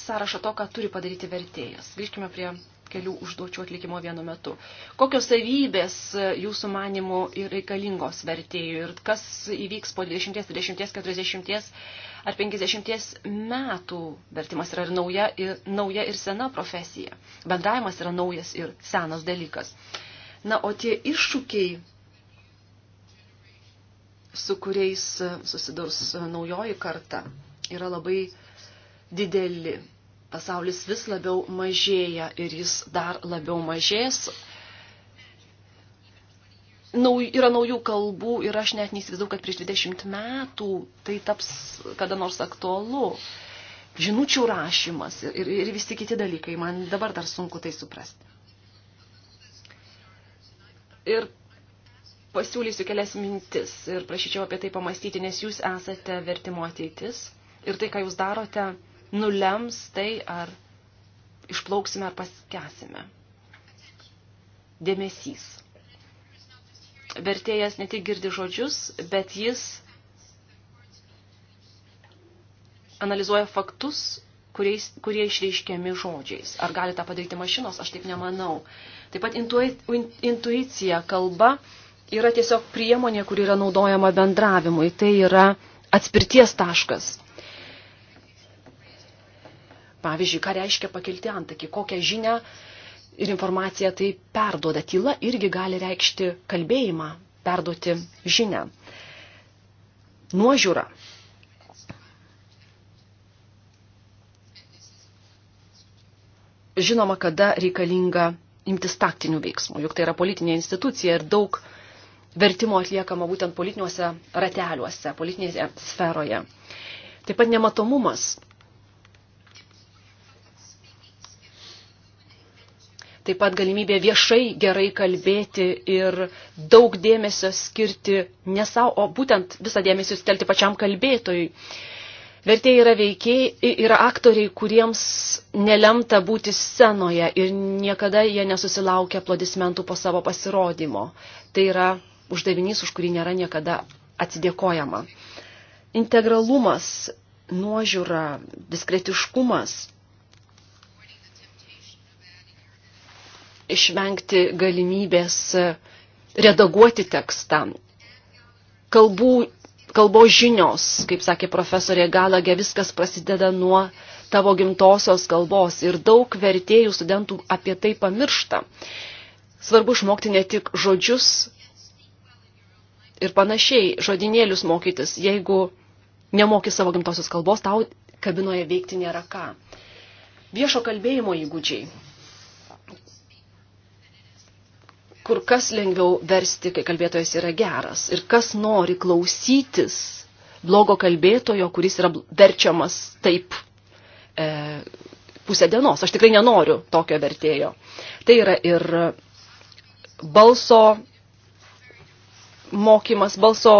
sąrašą to, ką turi padaryti vertėjas. Grįžkime prie kelių užduočių atlikimo vienu metu. Kokios savybės e, jūsų manimų yra reikalingos vertėjų ir kas įvyks po 20, 30, 40 ar 50 metų vertimas yra ir nauja, ir, nauja ir sena profesija. Bendravimas yra naujas ir senas dalykas. Na, o tie iššūkiai, su kuriais susidurs naujoji karta, yra labai dideli pasaulis vis labiau mažėja ir jis dar labiau mažės. Nau, yra naujų kalbų ir aš net neįsivaizdavau, kad prieš 20 metų tai taps kada nors aktualu. Žinučių rašymas ir, ir, ir visi kiti dalykai. Man dabar dar sunku tai suprasti. Ir pasiūlysiu kelias mintis ir prašyčiau apie tai pamastyti, nes jūs esate vertimo ateitis ir tai, ką jūs darote, nulems tai, ar išplauksime ar paskesime. Dėmesys. Vertėjas ne tik girdi žodžius, bet jis analizuoja faktus, kuriais, kurie išreiškiami žodžiais. Ar gali tą padaryti mašinos, aš taip nemanau. Taip pat intuicija, kalba yra tiesiog priemonė, kuri yra naudojama bendravimui. Tai yra atspirties taškas Pavyzdžiui, ką reiškia pakelti antakį, kokią žinią ir informaciją tai perduoda. Tyla irgi gali reikšti kalbėjimą, perduoti žinią. Nuožiūra. Žinoma, kada reikalinga imtis taktinių veiksmų, juk tai yra politinė institucija ir daug vertimo atliekama būtent politiniuose rateliuose, politinėje sferoje. Taip pat nematomumas taip pat galimybė viešai gerai kalbėti ir daug dėmesio skirti ne savo, o būtent visą dėmesį stelti pačiam kalbėtojui. Vertėjai yra veikiai, yra aktoriai, kuriems nelemta būti scenoje ir niekada jie nesusilaukia aplodismentų po savo pasirodymo. Tai yra uždavinys, už kurį nėra niekada atsidėkojama. Integralumas, nuožiūra, diskretiškumas išvengti galimybės e, redaguoti tekstą. Kalbų, kalbos žinios, kaip sakė profesorė Galagė, viskas prasideda nuo tavo gimtosios kalbos ir daug vertėjų studentų apie tai pamiršta. Svarbu išmokti ne tik žodžius ir panašiai, žodinėlius mokytis. Jeigu nemoki savo gimtosios kalbos, tau kabinoje veikti nėra ką. Viešo kalbėjimo įgūdžiai kur kas lengviau versti, kai kalbėtojas yra geras. Ir kas nori klausytis blogo kalbėtojo, kuris yra verčiamas taip e, pusę dienos. Aš tikrai nenoriu tokio vertėjo. Tai yra ir balso mokymas, balso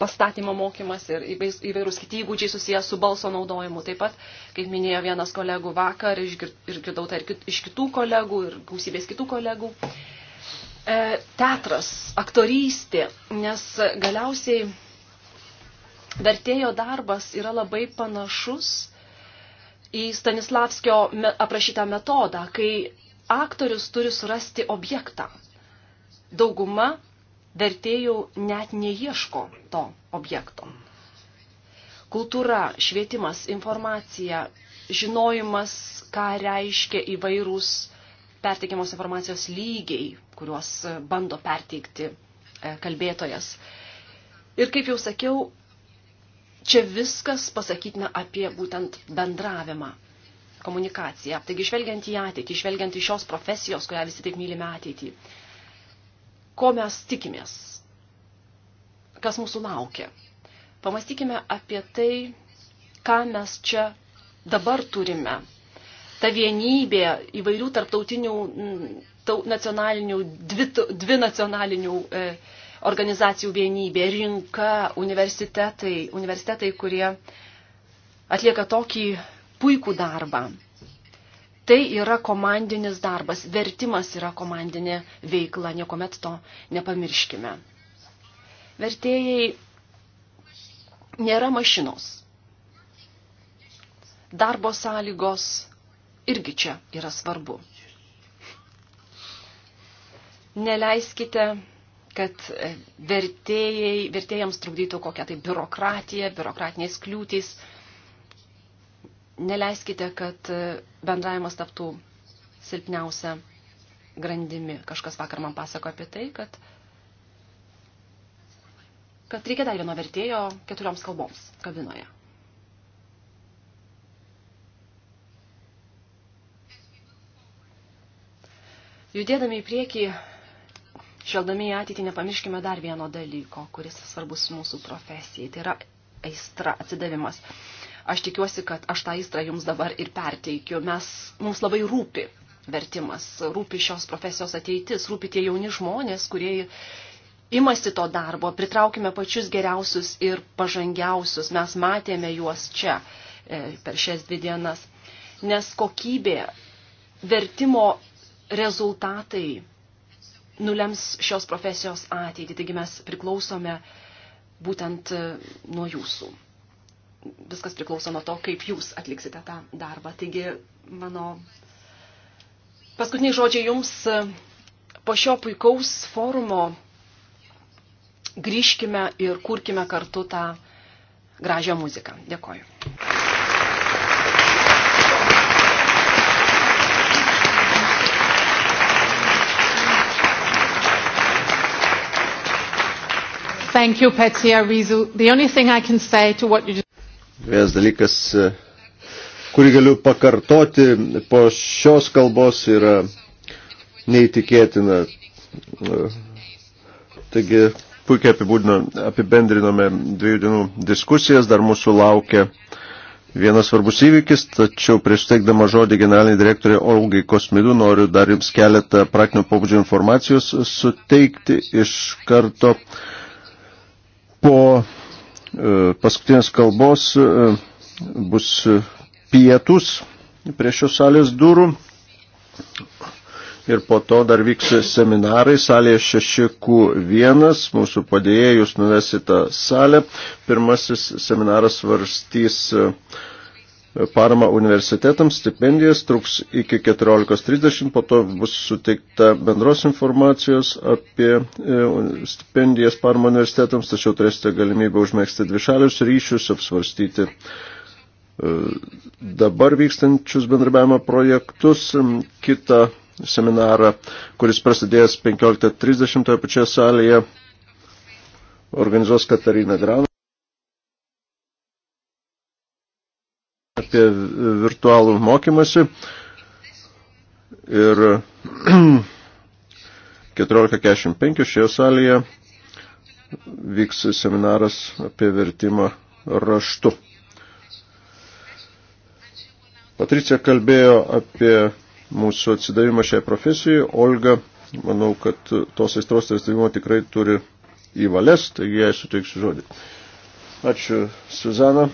pastatymo mokymas ir įvairūs kiti įgūdžiai susijęs su balso naudojimu. Taip pat, kaip minėjo vienas kolegų vakar, išgirdau tai ir iš kitų kolegų ir gausybės kitų kolegų. E, E, teatras, aktorystė, nes galiausiai vertėjo darbas yra labai panašus į Stanislavskio aprašytą metodą, kai aktorius turi surasti objektą. Dauguma vertėjų net neieško to objekto. Kultūra, švietimas, informacija, žinojimas, ką reiškia įvairūs perteikiamos informacijos lygiai, kuriuos e, bando perteikti e, kalbėtojas. Ir kaip jau sakiau, čia viskas pasakytina apie būtent bendravimą, komunikaciją. Taigi, žvelgiant į ateitį, žvelgiant į šios profesijos, kurią visi taip mylime ateitį, ko mes tikimės, kas mūsų laukia. Pamastykime apie tai, ką mes čia dabar turime ta vienybė įvairių tarptautinių, tau, nacionalinių, dvi, dvi nacionalinių e, organizacijų vienybė, rinka, universitetai, universitetai, kurie atlieka tokį puikų darbą. Tai yra komandinis darbas, vertimas yra komandinė veikla, niekuomet to nepamirškime. Vertėjai nėra mašinos. Darbo sąlygos irgi čia yra svarbu. Neleiskite, kad vertėjai, vertėjams trukdytų kokią tai biurokratiją, biurokratinės kliūtys. Neleiskite, kad bendravimas taptų silpniausia grandimi. Kažkas vakar man pasako apie tai, kad, kad reikia dar vieno vertėjo keturioms kalboms kabinoje. Judėdami į priekį, žvelgdami į ateitį, nepamirškime dar vieno dalyko, kuris svarbus mūsų profesijai. Tai yra aistra, atsidavimas. Aš tikiuosi, kad aš tą aistrą jums dabar ir perteikiu. Mes, mums labai rūpi vertimas, rūpi šios profesijos ateitis, rūpi tie jauni žmonės, kurie imasi to darbo, pritraukime pačius geriausius ir pažangiausius, mes matėme juos čia e, per šias dvi dienas, nes kokybė vertimo rezultatai nulems šios profesijos ateitį. Taigi mes priklausome būtent e, nuo jūsų. Viskas priklauso nuo to, kaip jūs atliksite tą darbą. Taigi mano paskutiniai žodžiai jums e, po šio puikaus forumo grįžkime ir kurkime kartu tą gražią muziką. Dėkoju. Thank you, Patsy Arizu. The only thing I can say to what you just... Vienas dalykas, e, kurį galiu pakartoti po šios kalbos yra neįtikėtina. E, taigi, puikiai apibendrinome dviejų dienų diskusijas, dar mūsų laukia vienas svarbus įvykis, tačiau prieš teikdama žodį generaliniai direktoriai Olgai Kosmidų noriu dar jums keletą praktinio pobūdžio informacijos suteikti iš karto. Uh, paskutinės kalbos e, bus pietus prie šios salės durų ir po to dar vyks seminarai salėje 6Q1, mūsų padėjėjus nuves į tą salę. Pirmasis seminaras varstys e, parama universitetams, stipendijas truks iki 14.30, po to bus suteikta bendros informacijos apie e, stipendijas parama universitetams, tačiau turėsite galimybę užmėgsti dvišalius ryšius, apsvarstyti e, dabar vykstančius bendrabiavimo projektus, kitą seminarą, kuris prasidės 15.30 pačioje salėje, organizuos Katarina Grana. apie virtualų mokymasi. Ir 14.45 (clears throat) šioje salėje vyks seminaras apie vertimą raštu. Patricija kalbėjo apie mūsų atsidavimą šiai profesijai. Olga, manau, kad tos aistros atsidavimo tikrai turi į valias, taigi jai suteiksiu žodį. Ačiū, Suzana.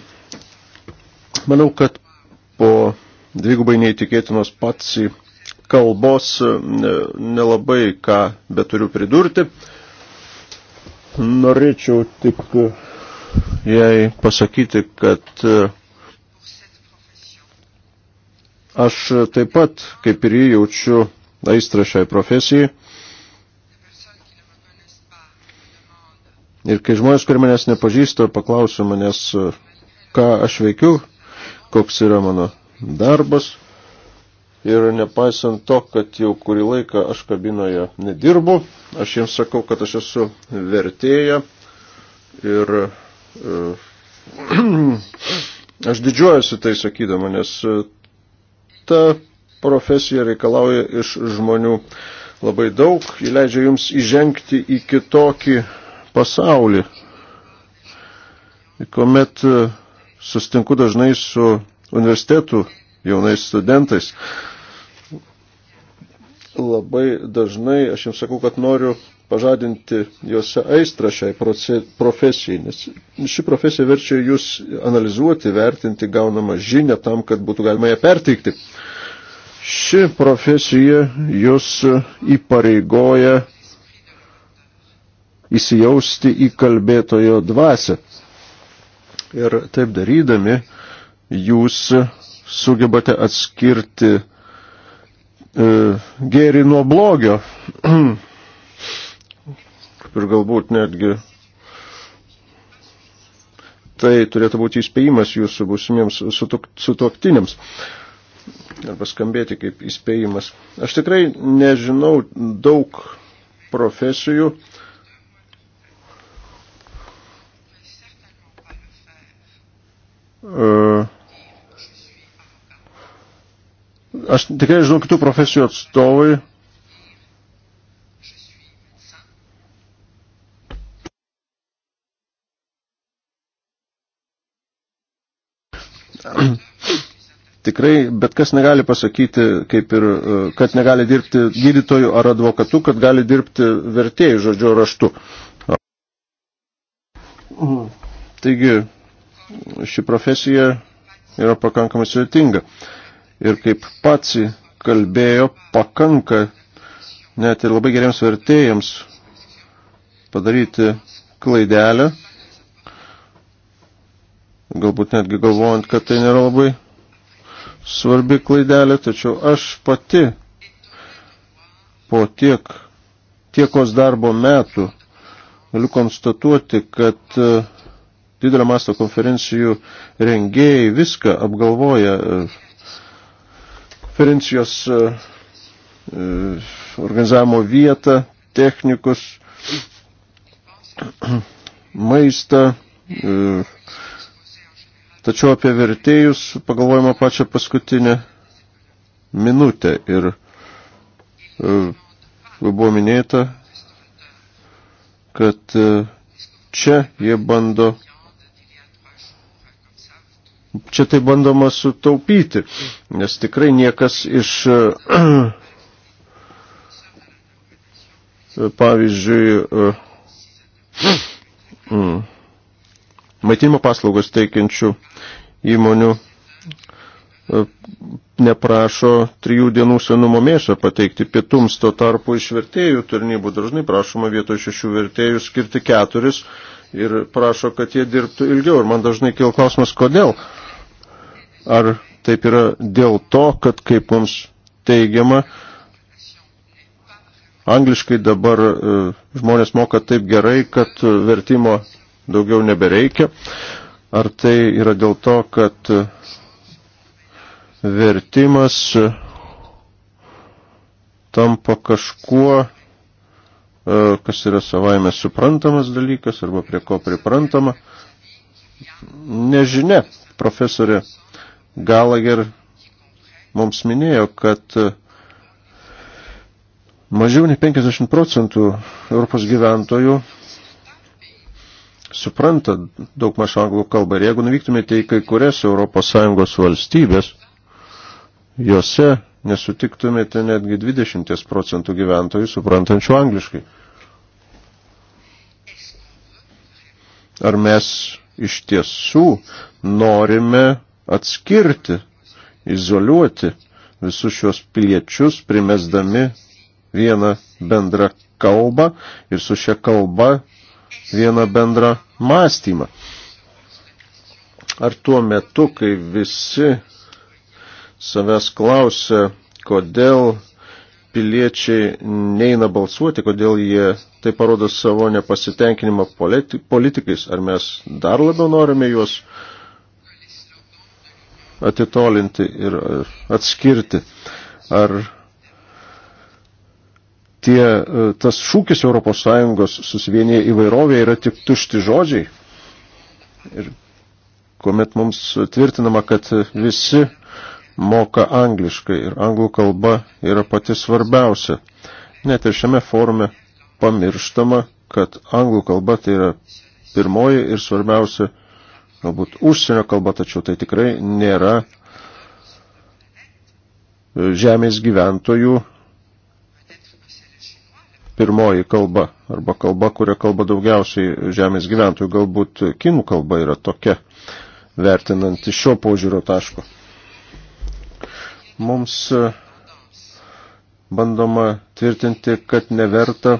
Manau, kad po dvigubai neįtikėtinos pats į kalbos e, nelabai ką beturiu pridurti. Norėčiau tik e, jai pasakyti, kad e, aš taip pat, kaip ir jį, jaučiu aistrą šiai profesijai. Ir kai žmonės, kurie manęs nepažįsta, paklauso manęs, ką aš veikiu, koks yra mano darbas. Ir nepaisant to, kad jau kurį laiką aš kabinoje nedirbu, aš jiems sakau, kad aš esu vertėja ir e, (clears throat) aš didžiuojuosi tai sakydama, nes e, ta profesija reikalauja iš žmonių labai daug, įleidžia jums įžengti į kitokį pasaulį. Kuomet e, sustinku dažnai su universitetų jaunais studentais. Labai dažnai aš jums sakau, kad noriu pažadinti juose aistrą šiai profesijai, nes ši profesija verčia jūs analizuoti, vertinti gaunamą žinią tam, kad būtų galima ją perteikti. Ši profesija jūs įpareigoja įsijausti į kalbėtojo dvasę. Ir taip darydami jūs sugebate atskirti e, gėrį nuo blogio. (clears throat) ir galbūt netgi tai turėtų būti įspėjimas jūsų būsimiems sutuoktiniams. Arba skambėti kaip įspėjimas. Aš tikrai nežinau daug profesijų, Aš tikrai žinau kitų profesijų atstovai. Tikrai, bet kas negali pasakyti, kaip ir, e, kad negali dirbti gydytoju ar advokatu, kad gali dirbti vertėjų žodžio raštu. Taigi, ši profesija yra pakankamai sudėtinga. Ir kaip pats kalbėjo, pakanka net ir labai geriems vertėjams padaryti klaidelę, galbūt netgi galvojant, kad tai nėra labai svarbi klaidelė, tačiau aš pati po tiek, tiekos darbo metų galiu konstatuoti, kad uh, didelio masto konferencijų rengėjai viską apgalvoja e, konferencijos e, e, organizavimo vietą, technikus, (clears throat) maistą, tačiau apie vertėjus pagalvojama pačią paskutinę minutę ir buvo minėta, kad čia jie bando čia tai bandoma sutaupyti, nes tikrai niekas iš, (clears throat) pavyzdžiui, (clears throat) mm, maitinimo paslaugos teikiančių įmonių e, neprašo trijų dienų senumo mėsą pateikti pietums, tuo tarpu iš vertėjų tarnybų dažnai prašoma vietoj šešių vertėjų skirti keturis ir prašo, kad jie dirbtų ilgiau. Ir man dažnai kėl klausimas, kodėl. Uh, Ar taip yra dėl to, kad kaip mums teigiama, angliškai dabar e, žmonės moka taip gerai, kad e, vertimo daugiau nebereikia. Ar tai yra dėl to, kad e, vertimas tampa kažkuo, kas yra savaime suprantamas dalykas arba prie ko priprantama. Nežinia, profesorė Gallagher mums minėjo, kad e, mažiau nei 50 procentų Europos gyventojų supranta daug maž anglų kalbą. Ir jeigu nuvyktumėte į kai kurias ES valstybės, juose nesutiktumėte netgi 20 procentų gyventojų suprantančių angliškai. Ar mes iš tiesų norime atskirti, izoliuoti visus šios piliečius, primesdami vieną bendrą kalbą ir su šia kalba vieną bendrą mąstymą. Ar tuo metu, kai visi savęs klausia, kodėl piliečiai neina balsuoti, kodėl jie tai parodo savo nepasitenkinimą politikais, ar mes dar labiau norime juos atitolinti ir e, atskirti. Ar tie, e, tas šūkis ES susivienyje įvairovė yra tik tušti žodžiai? Ir kuomet mums tvirtinama, kad visi moka angliškai ir anglų kalba yra pati svarbiausia. Net ir šiame forume pamirštama, kad anglų kalba tai yra pirmoji ir svarbiausia galbūt užsienio kalba, tačiau tai tikrai nėra e, žemės gyventojų pirmoji kalba arba kalba, kurią kalba daugiausiai žemės gyventojų. Galbūt kinų kalba yra tokia, vertinant iš šio požiūrio taško. Mums e, bandoma tvirtinti, kad neverta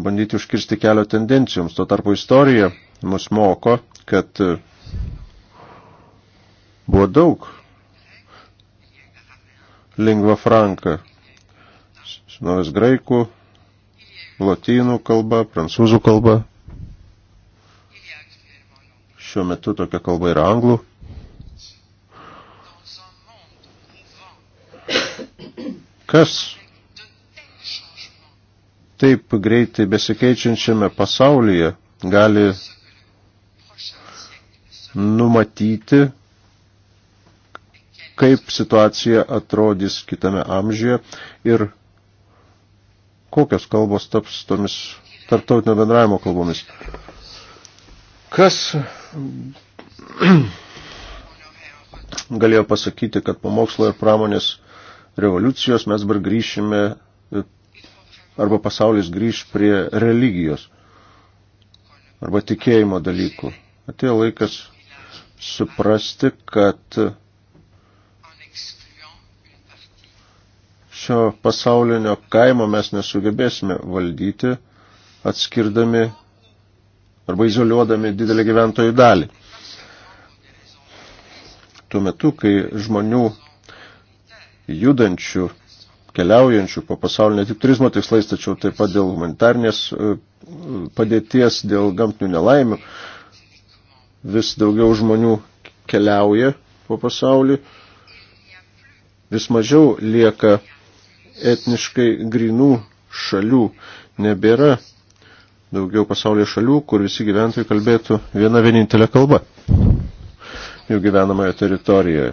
bandyti užkirsti kelio tendencijoms. Tuo tarpu istorija mus moko, kad e, buvo daug lingva franka, senovės graikų, lotynų kalba, prancūzų kalba. Šiuo metu tokia kalba yra anglų. Kas taip greitai besikeičiančiame pasaulyje gali numatyti, kaip situacija atrodys kitame amžiuje ir kokios kalbos taps tomis tarptautinio bendravimo kalbomis. Kas (clears throat) galėjo pasakyti, kad po mokslo ir pramonės revoliucijos mes dabar grįšime arba pasaulis grįž prie religijos arba tikėjimo dalykų. Atėjo laikas suprasti, kad šio pasaulinio kaimo mes nesugebėsime valdyti, atskirdami arba izoliuodami didelį gyventojų dalį. Tuo metu, kai žmonių judančių, keliaujančių po pasaulį ne tik turizmo tikslais, tačiau taip pat dėl humanitarnės e, padėties, dėl gamtinių nelaimių, vis daugiau žmonių keliauja po pasaulį, vis mažiau lieka etniškai grinų šalių, nebėra daugiau pasaulio šalių, kur visi gyventojai kalbėtų vieną vienintelę kalbą jų gyvenamoje teritorijoje.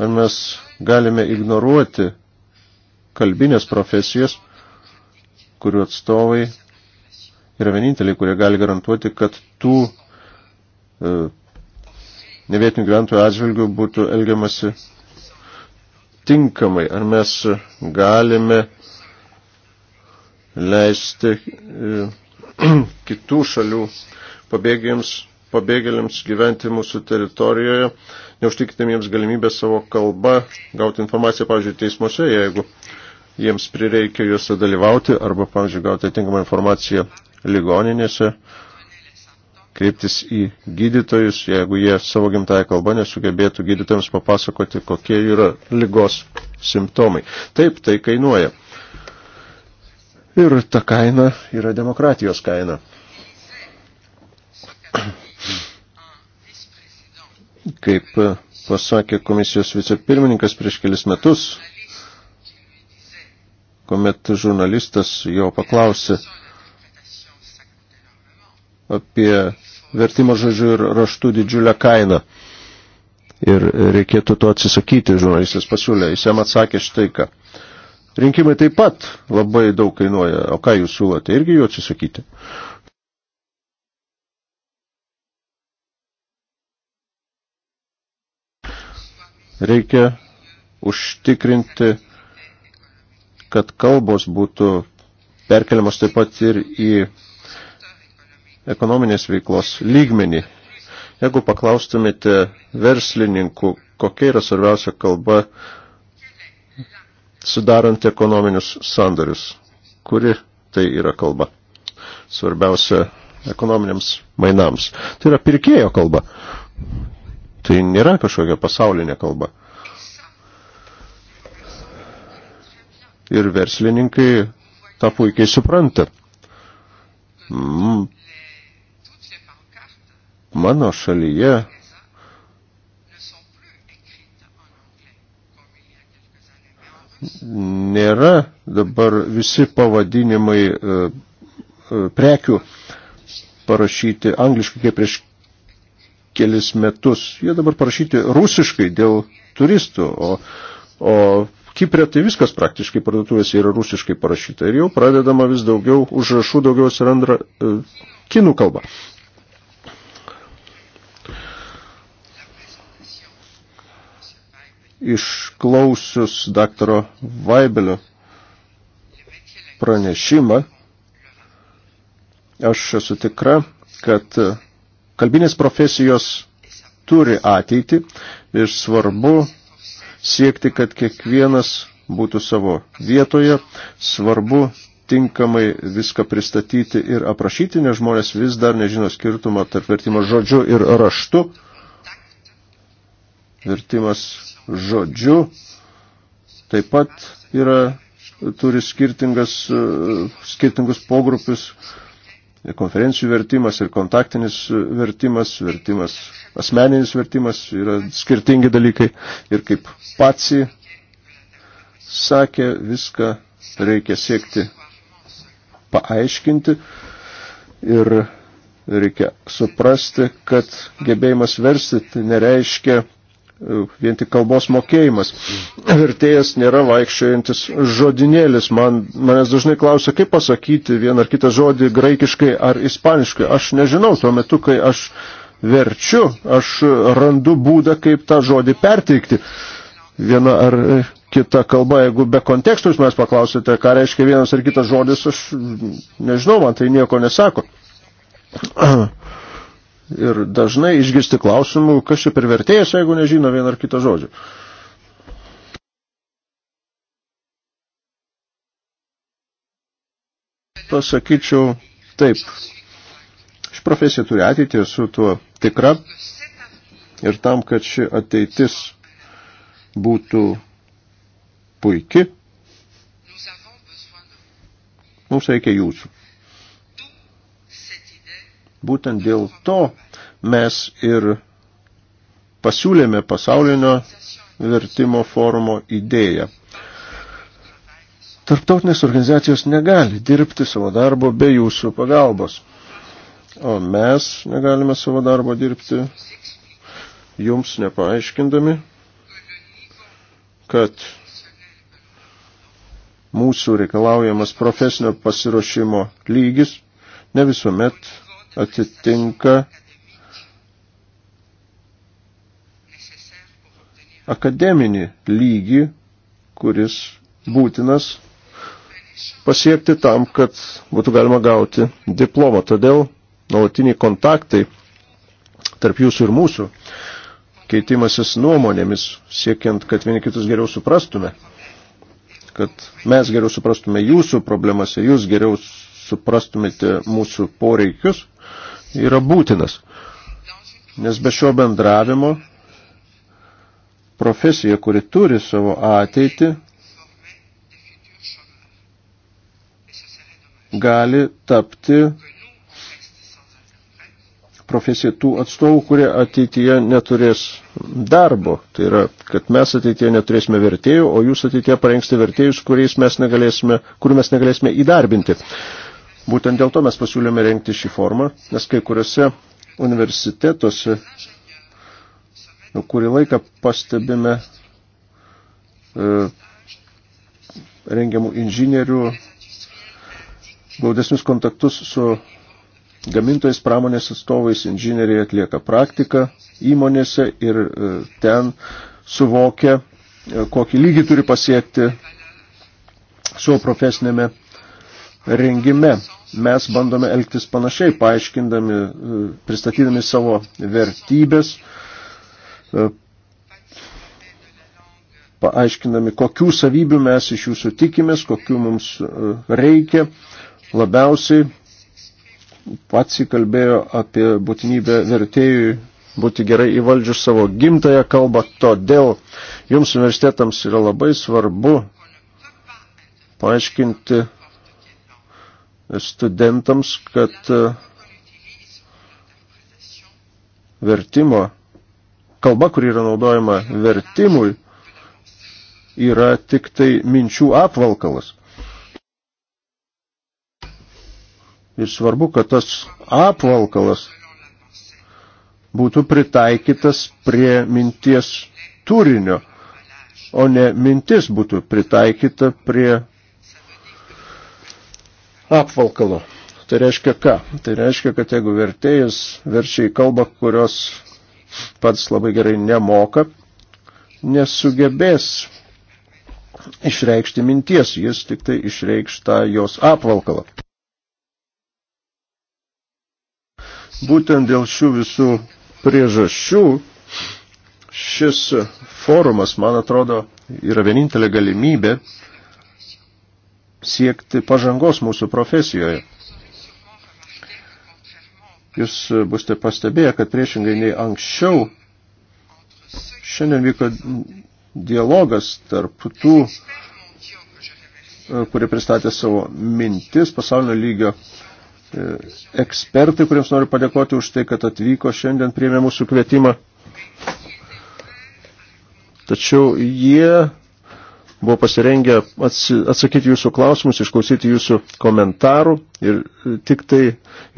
Ar mes galime ignoruoti kalbinės profesijas, kurių atstovai yra vieninteliai, kurie gali garantuoti, kad tų e, nevietinių gyventojų atžvilgių būtų elgiamasi tinkamai. Ar mes galime leisti e, (clears throat) kitų šalių pabėgėms, pabėgėliams gyventi mūsų teritorijoje, neužtikitėm jiems galimybę savo kalbą gauti informaciją, pavyzdžiui, teismuose, jeigu jiems prireikia juose dalyvauti arba, pavyzdžiui, gauti atinkamą informaciją ligoninėse, kreiptis į gydytojus, jeigu jie savo gimtąją kalbą nesugebėtų gydytojams papasakoti, kokie yra lygos simptomai. Taip, tai kainuoja. Ir ta kaina yra demokratijos kaina. Kaip pasakė komisijos vicepirmininkas prieš kelis metus, kuomet žurnalistas jo paklausė, apie vertimo žodžių ir raštų didžiulę kainą. Ir reikėtų to atsisakyti, žurnalistas pasiūlė. Jis jam atsakė štai ką. Rinkimai taip pat labai daug kainuoja. O ką jūs siūlote? Irgi jų atsisakyti. Reikia užtikrinti, kad kalbos būtų perkeliamos taip pat ir į ekonominės veiklos lygmenį. Jeigu paklaustumėte verslininkų, kokia yra svarbiausia kalba sudarant ekonominius sandarius, kuri tai yra kalba. Svarbiausia ekonominiams mainams. Tai yra pirkėjo kalba. Tai nėra kažkokia pasaulinė kalba. Ir verslininkai tą puikiai supranta. Mm, Mano šalyje nėra dabar visi pavadinimai e, e, prekių parašyti angliškai kaip prieš kelis metus. Jie dabar parašyti rusiškai dėl turistų, o, o Kiprė tai viskas praktiškai parduotuvėse yra rusiškai parašyta ir jau pradedama vis daugiau užrašų, daugiau atsiranda e, kinų kalba. išklausius daktaro Vaibelio pranešimą, aš esu tikra, kad kalbinės profesijos turi ateitį ir svarbu siekti, kad kiekvienas būtų savo vietoje, svarbu tinkamai viską pristatyti ir aprašyti, nes žmonės vis dar nežino skirtumo tarp vertimo žodžiu ir raštu vertimas žodžiu taip pat yra, turi skirtingas, skirtingus pogrupius, konferencijų vertimas ir kontaktinis vertimas, vertimas, asmeninis vertimas yra skirtingi dalykai ir kaip patsi sakė, viską reikia siekti paaiškinti ir reikia suprasti, kad gebėjimas versti tai nereiškia vien tik kalbos mokėjimas. Vertėjas nėra vaikščiojantis žodinėlis. Man, manęs dažnai klausia, kaip pasakyti vieną ar kitą žodį graikiškai ar ispaniškai. Aš nežinau, tuo metu, kai aš verčiu, aš randu būdą, kaip tą žodį perteikti. Viena ar kita kalba, jeigu be konteksto jūs manęs paklausite, ką reiškia vienas ar kitas žodis, aš nežinau, man tai nieko nesako. (clears throat) Ir dažnai išgirsti klausimų, kas čia per vertėjas, jeigu nežino vieną ar kitą žodžią. Pasakyčiau taip. Ši profesija turi ateitį, esu tuo tikra. Ir tam, kad ši ateitis būtų puiki, mums reikia jūsų. Būtent dėl to mes ir pasiūlėme pasaulinio vertimo forumo idėją. Tarptautinės organizacijos negali dirbti savo darbo be jūsų pagalbos. O mes negalime savo darbo dirbti jums nepaaiškindami, kad mūsų reikalaujamas profesinio pasiruošimo lygis ne visuomet atitinka akademinį lygį, kuris būtinas pasiekti tam, kad būtų galima gauti diplomą. Todėl nuolatiniai kontaktai tarp jūsų ir mūsų, keitimasis nuomonėmis, siekiant, kad vieni kitus geriau suprastume, kad mes geriau suprastume jūsų problemas, jūs geriau suprastumėte mūsų poreikius, yra būtinas. Nes be šio bendravimo profesija, kuri turi savo ateitį, gali tapti profesija tų atstovų, kurie ateityje neturės darbo. Tai yra, kad mes ateityje neturėsime vertėjų, o jūs ateityje parengsite vertėjus, kuriais mes negalėsime, kurių mes negalėsime įdarbinti. Būtent dėl to mes pasiūlėme rengti šį formą, nes kai kuriuose universitetuose jau nu, kurį laiką pastebime e, rengiamų inžinierių glaudesnius kontaktus su gamintojais, pramonės atstovais, inžinieriai atlieka praktiką įmonėse ir e, ten suvokia, e, kokį lygį turi pasiekti savo profesinėme rengime. Mes bandome elgtis panašiai, paaiškindami, e, pristatydami savo vertybės, e, paaiškindami, kokių savybių mes iš jūsų tikimės, kokių mums e, reikia. Labiausiai pats įkalbėjo apie būtinybę vertėjui būti gerai įvaldžius savo gimtają kalbą, todėl jums universitetams yra labai svarbu paaiškinti studentams, kad e, vertimo, kalba, kuri yra naudojama vertimui, yra tik tai minčių apvalkalas. Ir svarbu, kad tas apvalkalas būtų pritaikytas prie minties turinio, o ne mintis būtų pritaikyta prie apvalkalo. Tai reiškia ką? Tai reiškia, kad jeigu vertėjas verčia į kalbą, kurios pats labai gerai nemoka, nesugebės išreikšti minties, jis tik tai išreikštą jos apvalkalą. Būtent dėl šių visų priežasčių šis forumas, man atrodo, yra vienintelė galimybė siekti pažangos mūsų profesijoje. Jūs būsite pastebėję, kad priešingai nei anksčiau šiandien vyko dialogas tarp tų, kurie pristatė savo mintis pasaulinio lygio e, ekspertai, kuriems noriu padėkoti už tai, kad atvyko šiandien priėmė mūsų kvietimą. Tačiau jie buvo pasirengę atsakyti jūsų klausimus, išklausyti jūsų komentarų ir tik tai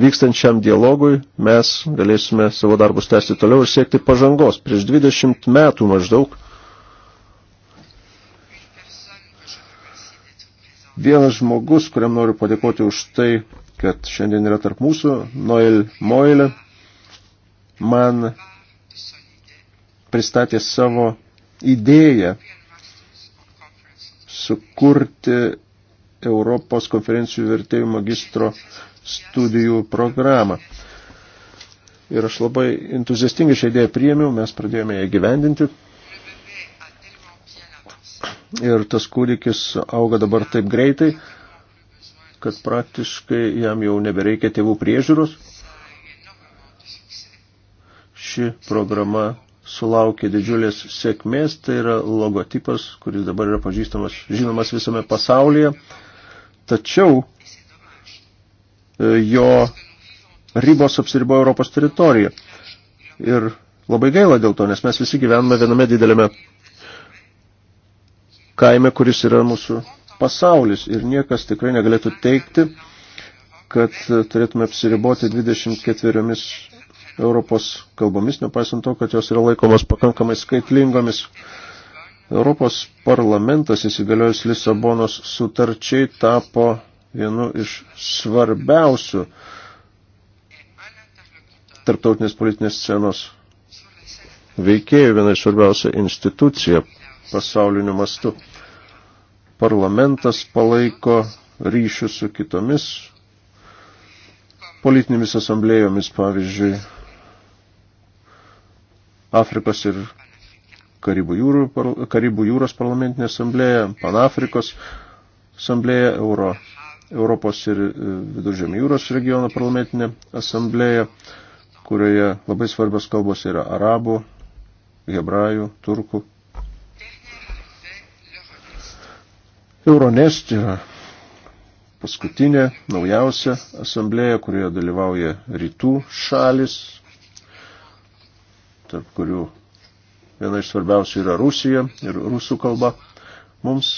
vykstant šiam dialogui mes galėsime savo darbus tęsti toliau ir siekti pažangos. Prieš 20 metų maždaug vienas žmogus, kuriam noriu padėkoti už tai, kad šiandien yra tarp mūsų, Noel Moilė, man pristatė savo idėją sukurti Europos konferencijų vertėjų magistro studijų programą. Ir aš labai entuziastingai šią idėją priėmiau, mes pradėjome ją gyvendinti. Ir tas kūdikis auga dabar taip greitai, kad praktiškai jam jau nebereikia tėvų priežiūros. Ši programa sulaukė didžiulės sėkmės, tai yra logotipas, kuris dabar yra pažįstamas, žinomas visame pasaulyje. Tačiau e, jo ribos apsiribojo Europos teritoriją. Ir labai gaila dėl to, nes mes visi gyvename viename dideliame kaime, kuris yra mūsų pasaulis. Ir niekas tikrai negalėtų teikti, kad turėtume apsiriboti 24 Europos kalbomis, nepaisant to, kad jos yra laikomos pakankamai skaitlingomis. Europos parlamentas įsigaliojus Lisabonos sutarčiai tapo vienu iš svarbiausių tarptautinės politinės scenos veikėjų, viena iš svarbiausia institucija pasauliniu mastu. Parlamentas palaiko ryšių su kitomis politinėmis asamblėjomis, pavyzdžiui, Afrikos ir Karibų, jūrų, Karibų jūros parlamentinė asamblėja, Panafrikos asamblėja, Euro, Europos ir e, Viduržėmio jūros regiono parlamentinė asamblėja, kurioje labai svarbios kalbos yra arabų, hebrajų, turkų. Euronest yra paskutinė, naujausia asamblėja, kurioje dalyvauja rytų šalis, tarp kurių viena iš svarbiausių yra Rusija ir rusų kalba. Mums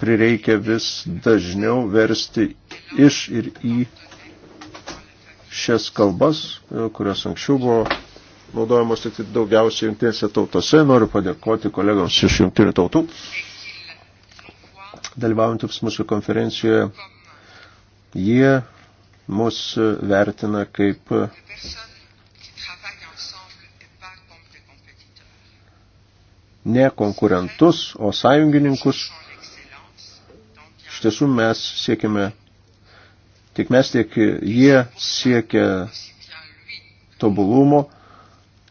prireikia vis dažniau versti iš ir į šias kalbas, kurios anksčiau buvo naudojamos tik daugiausiai jungtinėse tautose. Noriu padėkoti kolegams iš jungtinių tautų, dalyvaujantiems mūsų konferencijoje. Jie mus vertina kaip ne konkurentus, o sąjungininkus. Iš tiesų mes siekime, tiek mes, tiek jie siekia tobulumo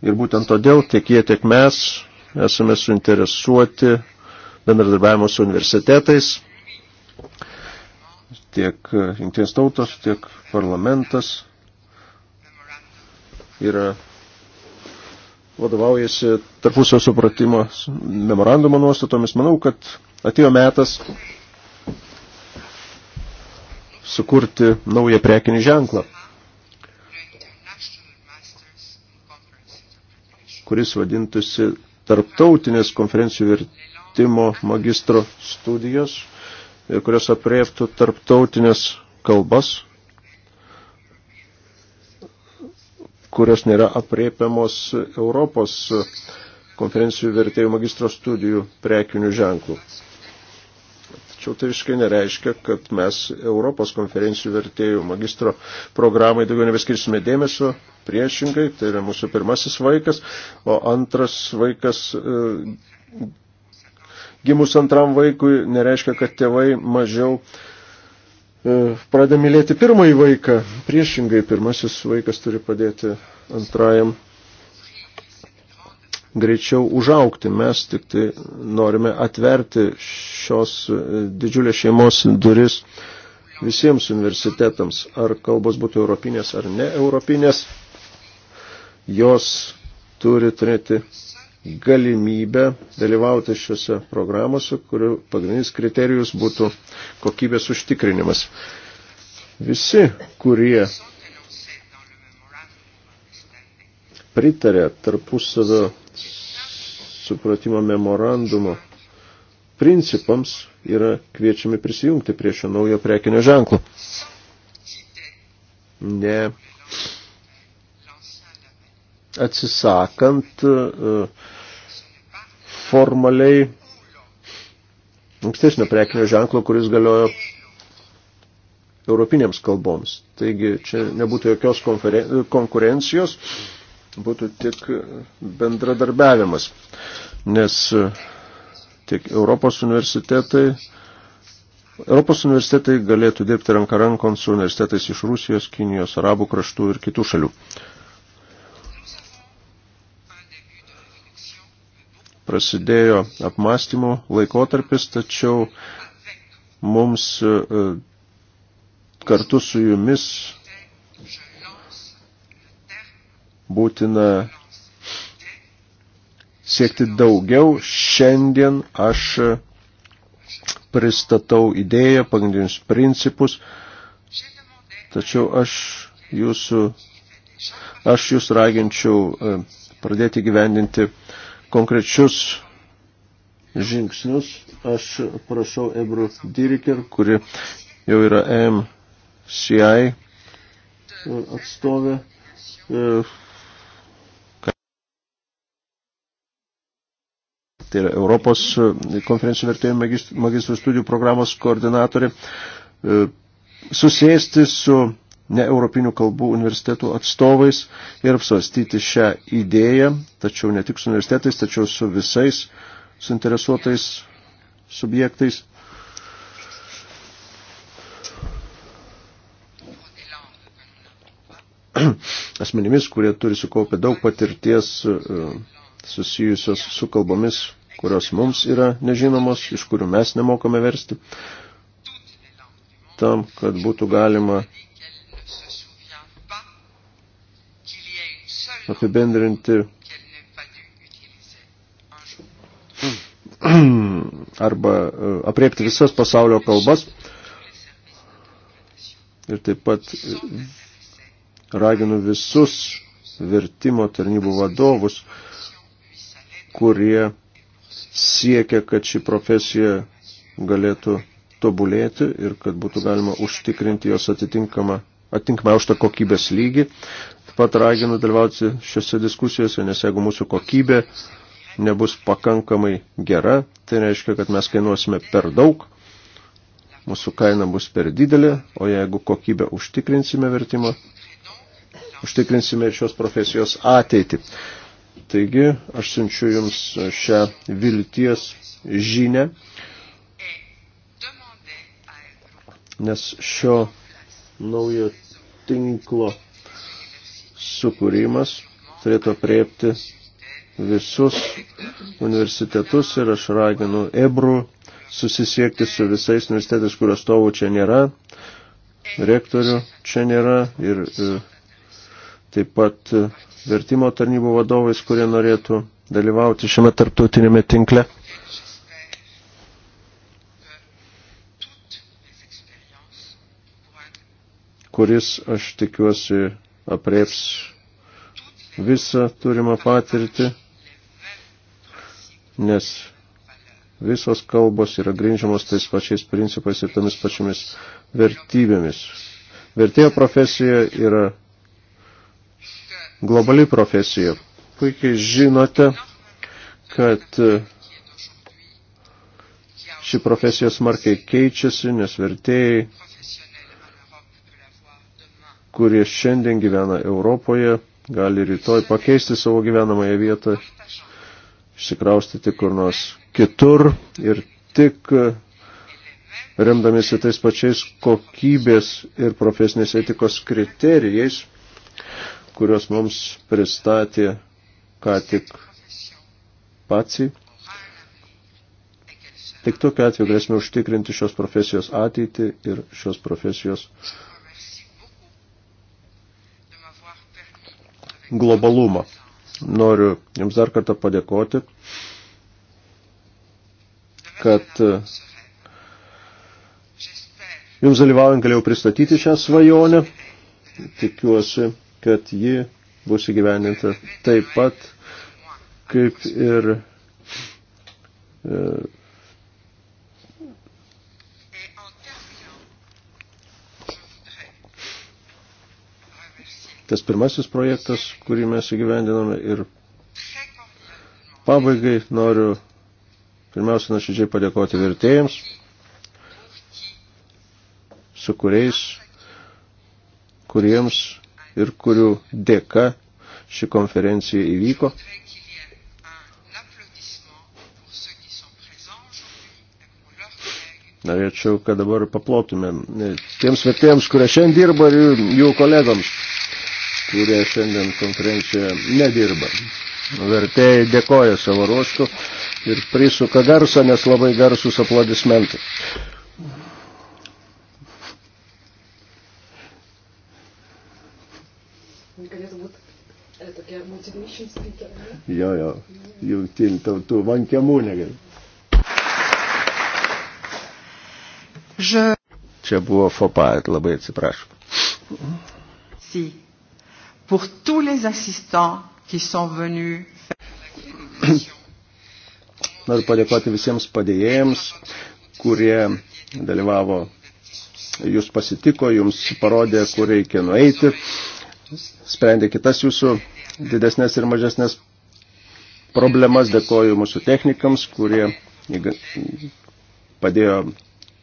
ir būtent todėl tiek jie, tiek mes esame suinteresuoti bendradarbiavimo su universitetais, tiek jungtinės tautos, tiek parlamentas yra vadovaujasi tarpusio supratimo memorandumo nuostatomis. Manau, kad atėjo metas sukurti naują prekinį ženklą, kuris vadintųsi tarptautinės konferencijų vertimo magistro studijos ir kurios apriektų tarptautinės kalbas kurios nėra apriepiamos Europos konferencijų vertėjų magistro studijų prekinių ženklų. Tačiau tai visiškai nereiškia, kad mes Europos konferencijų vertėjų magistro programai daugiau nebeskirsime dėmesio, priešingai, tai yra mūsų pirmasis vaikas, o antras vaikas e, gimus antram vaikui nereiškia, kad tėvai mažiau E, pradeda mylėti pirmąjį vaiką. Priešingai, pirmasis vaikas turi padėti antrajam greičiau užaukti. Mes tik tai norime atverti šios e, didžiulės šeimos duris visiems universitetams, ar kalbos būtų europinės ar ne europinės, jos turi turėti galimybę dalyvauti šiuose programuose, kurių pagrindinis kriterijus būtų kokybės užtikrinimas. Visi, kurie pritarė tarpusavio supratimo memorandumo principams, yra kviečiami prisijungti prie šio naujo prekinio ženklo. Ne atsisakant uh, formaliai ankstesnio prekinio ženklo, kuris galiojo europinėms kalboms. Taigi čia nebūtų jokios konkurencijos, būtų tik bendradarbiavimas, nes tiek Europos universitetai, Europos universitetai galėtų dirbti ranką rankon su universitetais iš Rusijos, Kinijos, Arabų kraštų ir kitų šalių. prasidėjo apmastymų laikotarpis, tačiau mums e, kartu su jumis būtina siekti daugiau. Šiandien aš pristatau idėją, pagrindinius principus, tačiau aš jūsų, aš jūs raginčiau e, pradėti gyvendinti uh, konkrečius žingsnius. Aš prašau Ebru Diriker, kuri jau yra MCI atstovė. E, tai yra Europos e, konferencijų vertėjų magistrų studijų programos koordinatorė e, susėsti su neeuropinių kalbų universitetų atstovais ir apsvarstyti šią idėją, tačiau ne tik su universitetais, tačiau su visais suinteresuotais subjektais. (clears throat) Asmenimis, kurie turi sukaupę daug patirties e, susijusios su kalbomis, kurios mums yra nežinomos, iš kurių mes nemokame versti, tam, kad būtų galima apibendrinti arba e, apriepti visas pasaulio kalbas. Ir taip pat e, raginu visus vertimo tarnybų vadovus, kurie siekia, kad ši profesija galėtų tobulėti ir kad būtų galima užtikrinti jos atitinkamą, atitinkamą aukštą kokybės lygį pat raginu dalyvauti šiose diskusijose, nes jeigu mūsų kokybė nebus pakankamai gera, tai reiškia, kad mes kainuosime per daug, mūsų kaina bus per didelė, o jeigu kokybę užtikrinsime vertimą, užtikrinsime ir šios profesijos ateitį. Taigi, aš siunčiu Jums šią vilties žinę, nes šio naujo tinklo sukūrimas turėtų priepti visus universitetus ir aš raginu Ebrų susisiekti su visais universitetais, kur atstovų čia nėra, rektorių čia nėra ir e, taip pat e, vertimo tarnybų vadovais, kurie norėtų dalyvauti šiame tarptautinėme tinkle. kuris, aš tikiuosi, aprieps visą turimą patirtį, nes visos kalbos yra grindžiamos tais pačiais principais ir tomis pačiomis vertybėmis. Vertėjo profesija yra globali profesija. Puikiai žinote, kad e, ši profesija smarkiai keičiasi, nes vertėjai, kurie šiandien gyvena Europoje, gali rytoj pakeisti savo gyvenamąją vietą, išsikraustyti kur nors kitur ir tik remdamėsi tais pačiais kokybės ir profesinės etikos kriterijais, kuriuos mums pristatė ką tik patsį. Tik tokiu atveju galėsime užtikrinti šios profesijos ateitį ir šios profesijos globalumą. Noriu Jums dar kartą padėkoti, kad e, Jums dalyvaujant galėjau pristatyti šią svajonę. Tikiuosi, kad ji bus įgyveninta taip pat, kaip ir e, Tas pirmasis projektas, kurį mes įgyvendiname ir pabaigai noriu pirmiausia nuoširdžiai padėkoti vertėjams, su kuriais, kuriems ir kurių dėka ši konferencija įvyko. Norėčiau, kad dabar paplotumėm tiems vertėjams, kurie šiandien dirba ir jų kolegoms kurie šiandien konferencijoje nedirba. Vertėjai dėkoja savo ruoštų ir prisuka garsą, nes labai garsus aplodismentai. E, jo, jo, jungtinių tautų vankiamų negali. Čia buvo fopa, labai atsiprašau. Si pour tous les assistants qui sont venus faire. Noriu padėkoti visiems padėjėjams, kurie dalyvavo, jūs pasitiko, jums parodė, kur reikia nueiti, sprendė kitas jūsų didesnės ir mažesnės problemas. Dėkoju mūsų technikams, kurie padėjo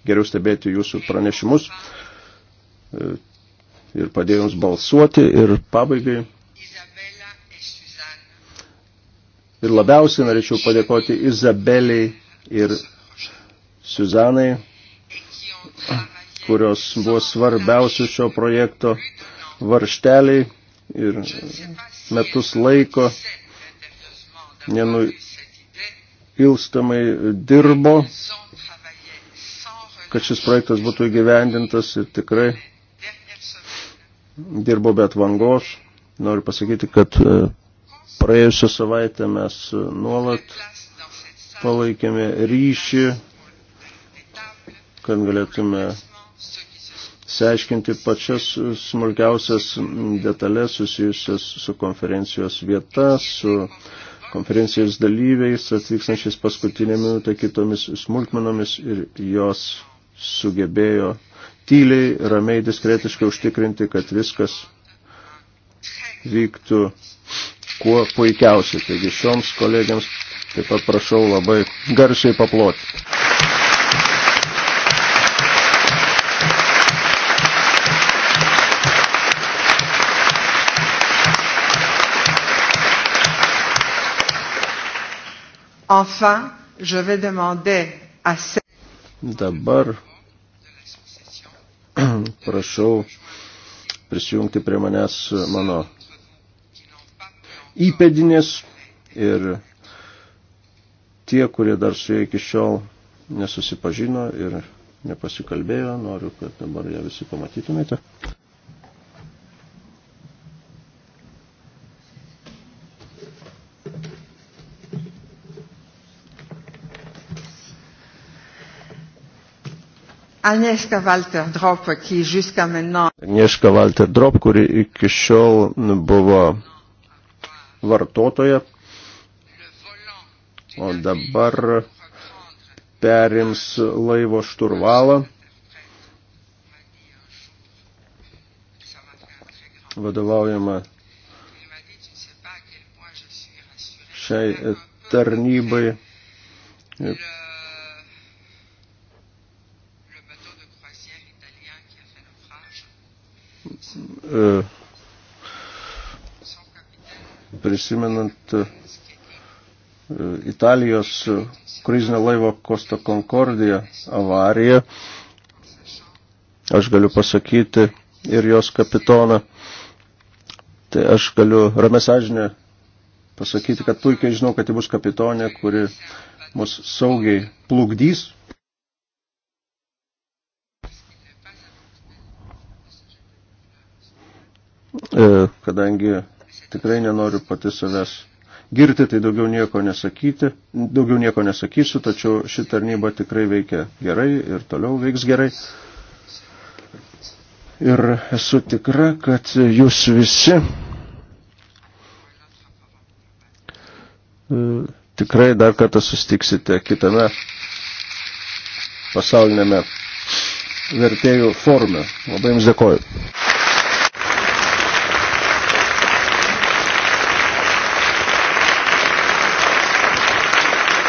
geriau stebėti jūsų pranešimus ir padėjo jums balsuoti ir pabaigai. Ir labiausiai norėčiau padėkoti Izabeliai ir Suzanai, kurios buvo svarbiausi šio projekto varšteliai ir metus laiko nenuilstamai dirbo, kad šis projektas būtų įgyvendintas ir tikrai dirbo bet vangos. Noriu pasakyti, kad e, praėjusią savaitę mes e, nuolat palaikėme ryšį, kad galėtume seiškinti pačias smulkiausias detalės susijusias su konferencijos vieta, su konferencijos dalyviais, atvykstančiais paskutinėmis, tai kitomis smulkmenomis ir jos sugebėjo tyliai, ramiai, diskretiškai užtikrinti, kad viskas vyktų kuo puikiausiai. Taigi šioms kolegiams taip pat prašau labai garsiai paploti. Enfin, je vais demander à Dabar (clears throat) prašau prisijungti prie manęs mano įpėdinės ir tie, kurie dar su jie iki šiol nesusipažino ir nepasikalbėjo, noriu, kad dabar ją visi pamatytumėte. Agnieszka Walter-Drop, qui jusqu'à maintenant. Agnieszka Walter-Drop, kuri iki šiol buvo vartotoja, o dabar perims laivo šturvalą. Vadovaujama šiai tarnybai E, prisimenant e, Italijos kruizinio laivo Costa Concordia avariją, aš galiu pasakyti ir jos kapitoną, tai aš galiu ramę sąžinę pasakyti, kad puikiai žinau, kad tai bus kapitonė, kuri mus saugiai plukdys E, kadangi tikrai nenoriu pati savęs girti, tai daugiau nieko, nesakyti, daugiau nieko nesakysiu, tačiau ši tarnyba tikrai veikia gerai ir toliau veiks gerai. Ir esu tikra, kad jūs visi e, tikrai dar kartą sustiksite kitame pasaulinėme vertėjų forume. Labai jums dėkoju.